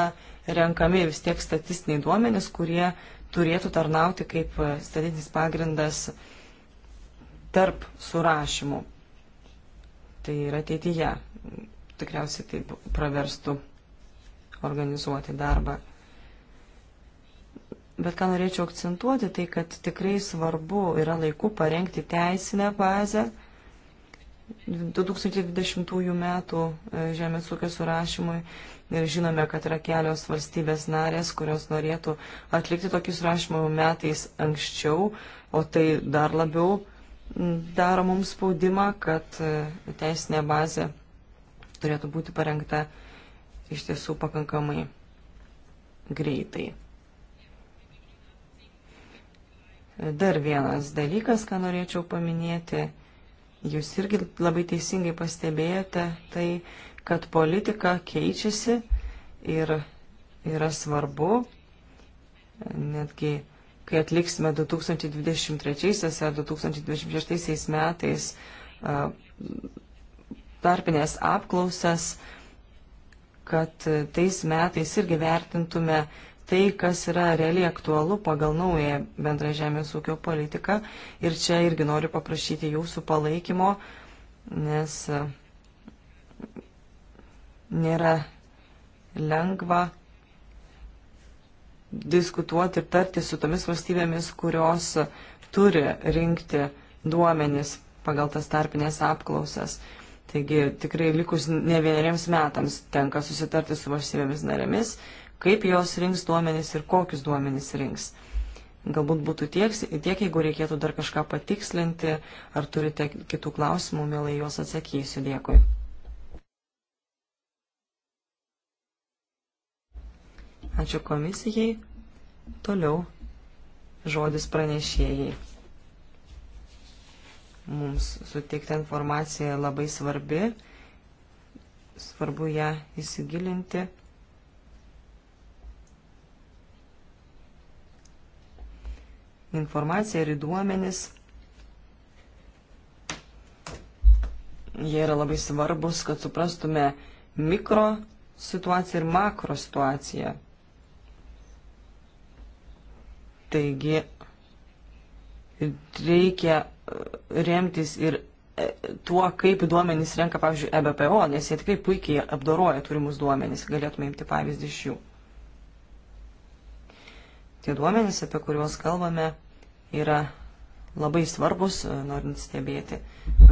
[SPEAKER 3] renkami vis tiek statistiniai duomenys, kurie turėtų tarnauti kaip e, statistinis pagrindas tarp surašymų tai ir ateityje tikriausiai taip praverstų organizuoti darbą. Bet ką norėčiau akcentuoti, tai kad tikrai svarbu yra laiku parengti teisinę bazę 2020 metų e, žemės ūkio surašymui. Ir žinome, kad yra kelios valstybės narės, kurios norėtų atlikti tokius rašymo metais anksčiau, o tai dar labiau daro mums spaudimą, kad e, teisinė bazė turėtų būti parengta iš tiesų pakankamai greitai. Dar vienas dalykas, ką norėčiau paminėti, jūs irgi labai teisingai pastebėjote, tai, kad politika keičiasi ir yra svarbu netgi kai atliksime 2023 ar 2026 metais tarpinės apklausas, kad tais metais irgi vertintume tai, kas yra realiai aktualu pagal naują bendrą žemės ūkio politiką. Ir čia irgi noriu paprašyti jūsų palaikymo, nes nėra lengva diskutuoti ir tarti su tomis valstybėmis, kurios turi rinkti duomenis pagal tas tarpinės apklausas. Taigi tikrai likus ne vieneriems metams tenka susitarti su valstybėmis narėmis, kaip jos rinks duomenis ir kokius duomenis rinks. Galbūt būtų tiek, tiek, jeigu reikėtų dar kažką patikslinti, ar turite kitų klausimų, mielai juos atsakysiu. Dėkui. Ačiū komisijai. Toliau žodis pranešėjai. Mums suteikta informacija labai svarbi, svarbu ją įsigilinti. Informacija ir duomenis, jie yra labai svarbus, kad suprastume mikro situaciją ir makro situaciją Taigi reikia e, remtis ir e, tuo, kaip duomenys renka, pavyzdžiui, EBPO, nes jie tikrai puikiai apdoroja turimus duomenys, galėtume imti pavyzdį iš jų. Tie duomenys, apie kuriuos kalbame, yra labai svarbus, e, norint stebėti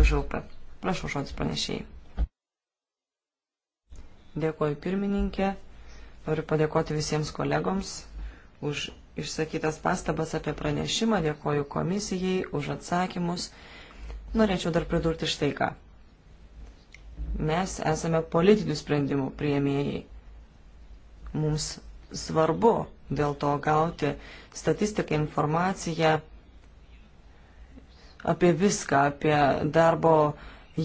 [SPEAKER 3] BŽP. Prašau žodis pranešėjai. Dėkuoju pirmininkė, noriu padėkoti visiems kolegoms už išsakytas pastabas apie pranešimą, dėkoju komisijai už atsakymus. Norėčiau dar pridurti štai ką. Mes esame politinių sprendimų prieimėjai. Mums svarbu dėl to gauti statistiką, informaciją apie viską, apie darbo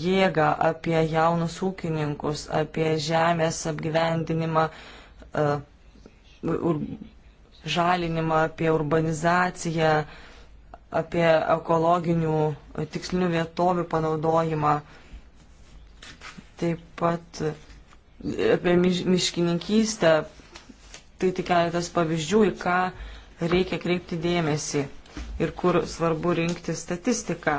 [SPEAKER 3] jėgą, apie jaunus ūkininkus, apie žemės apgyvendinimą, uh, e, ur, žalinimą, apie urbanizaciją, apie ekologinių e, tikslinių vietovių panaudojimą, taip pat e, apie miškininkystę. Tai tik keletas pavyzdžių, į ką reikia kreipti dėmesį ir kur svarbu rinkti statistiką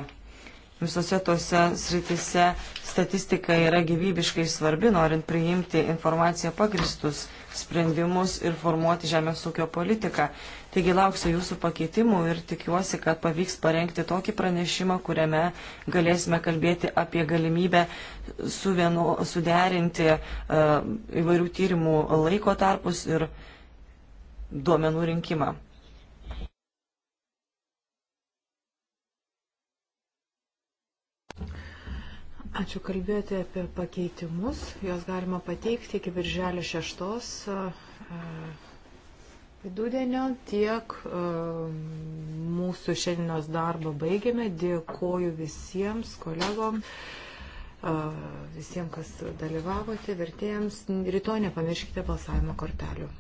[SPEAKER 3] visose tose sritise statistika yra gyvybiškai svarbi, norint priimti informaciją pagristus sprendimus ir formuoti žemės ūkio politiką. Taigi lauksiu jūsų pakeitimų ir tikiuosi, kad pavyks parengti tokį pranešimą, kuriame galėsime kalbėti apie galimybę suvienu, suderinti uh, įvairių tyrimų laiko tarpus ir duomenų rinkimą.
[SPEAKER 4] Ačiū kalbėti apie pakeitimus. Jos galima pateikti iki birželio 6 e, vidudienio. Tiek e, mūsų šiandienos darbą baigėme. Dėkoju visiems
[SPEAKER 3] kolegom, e, visiems, kas dalyvavote, vertėjams. Rytoj nepamirškite balsavimo kortelių.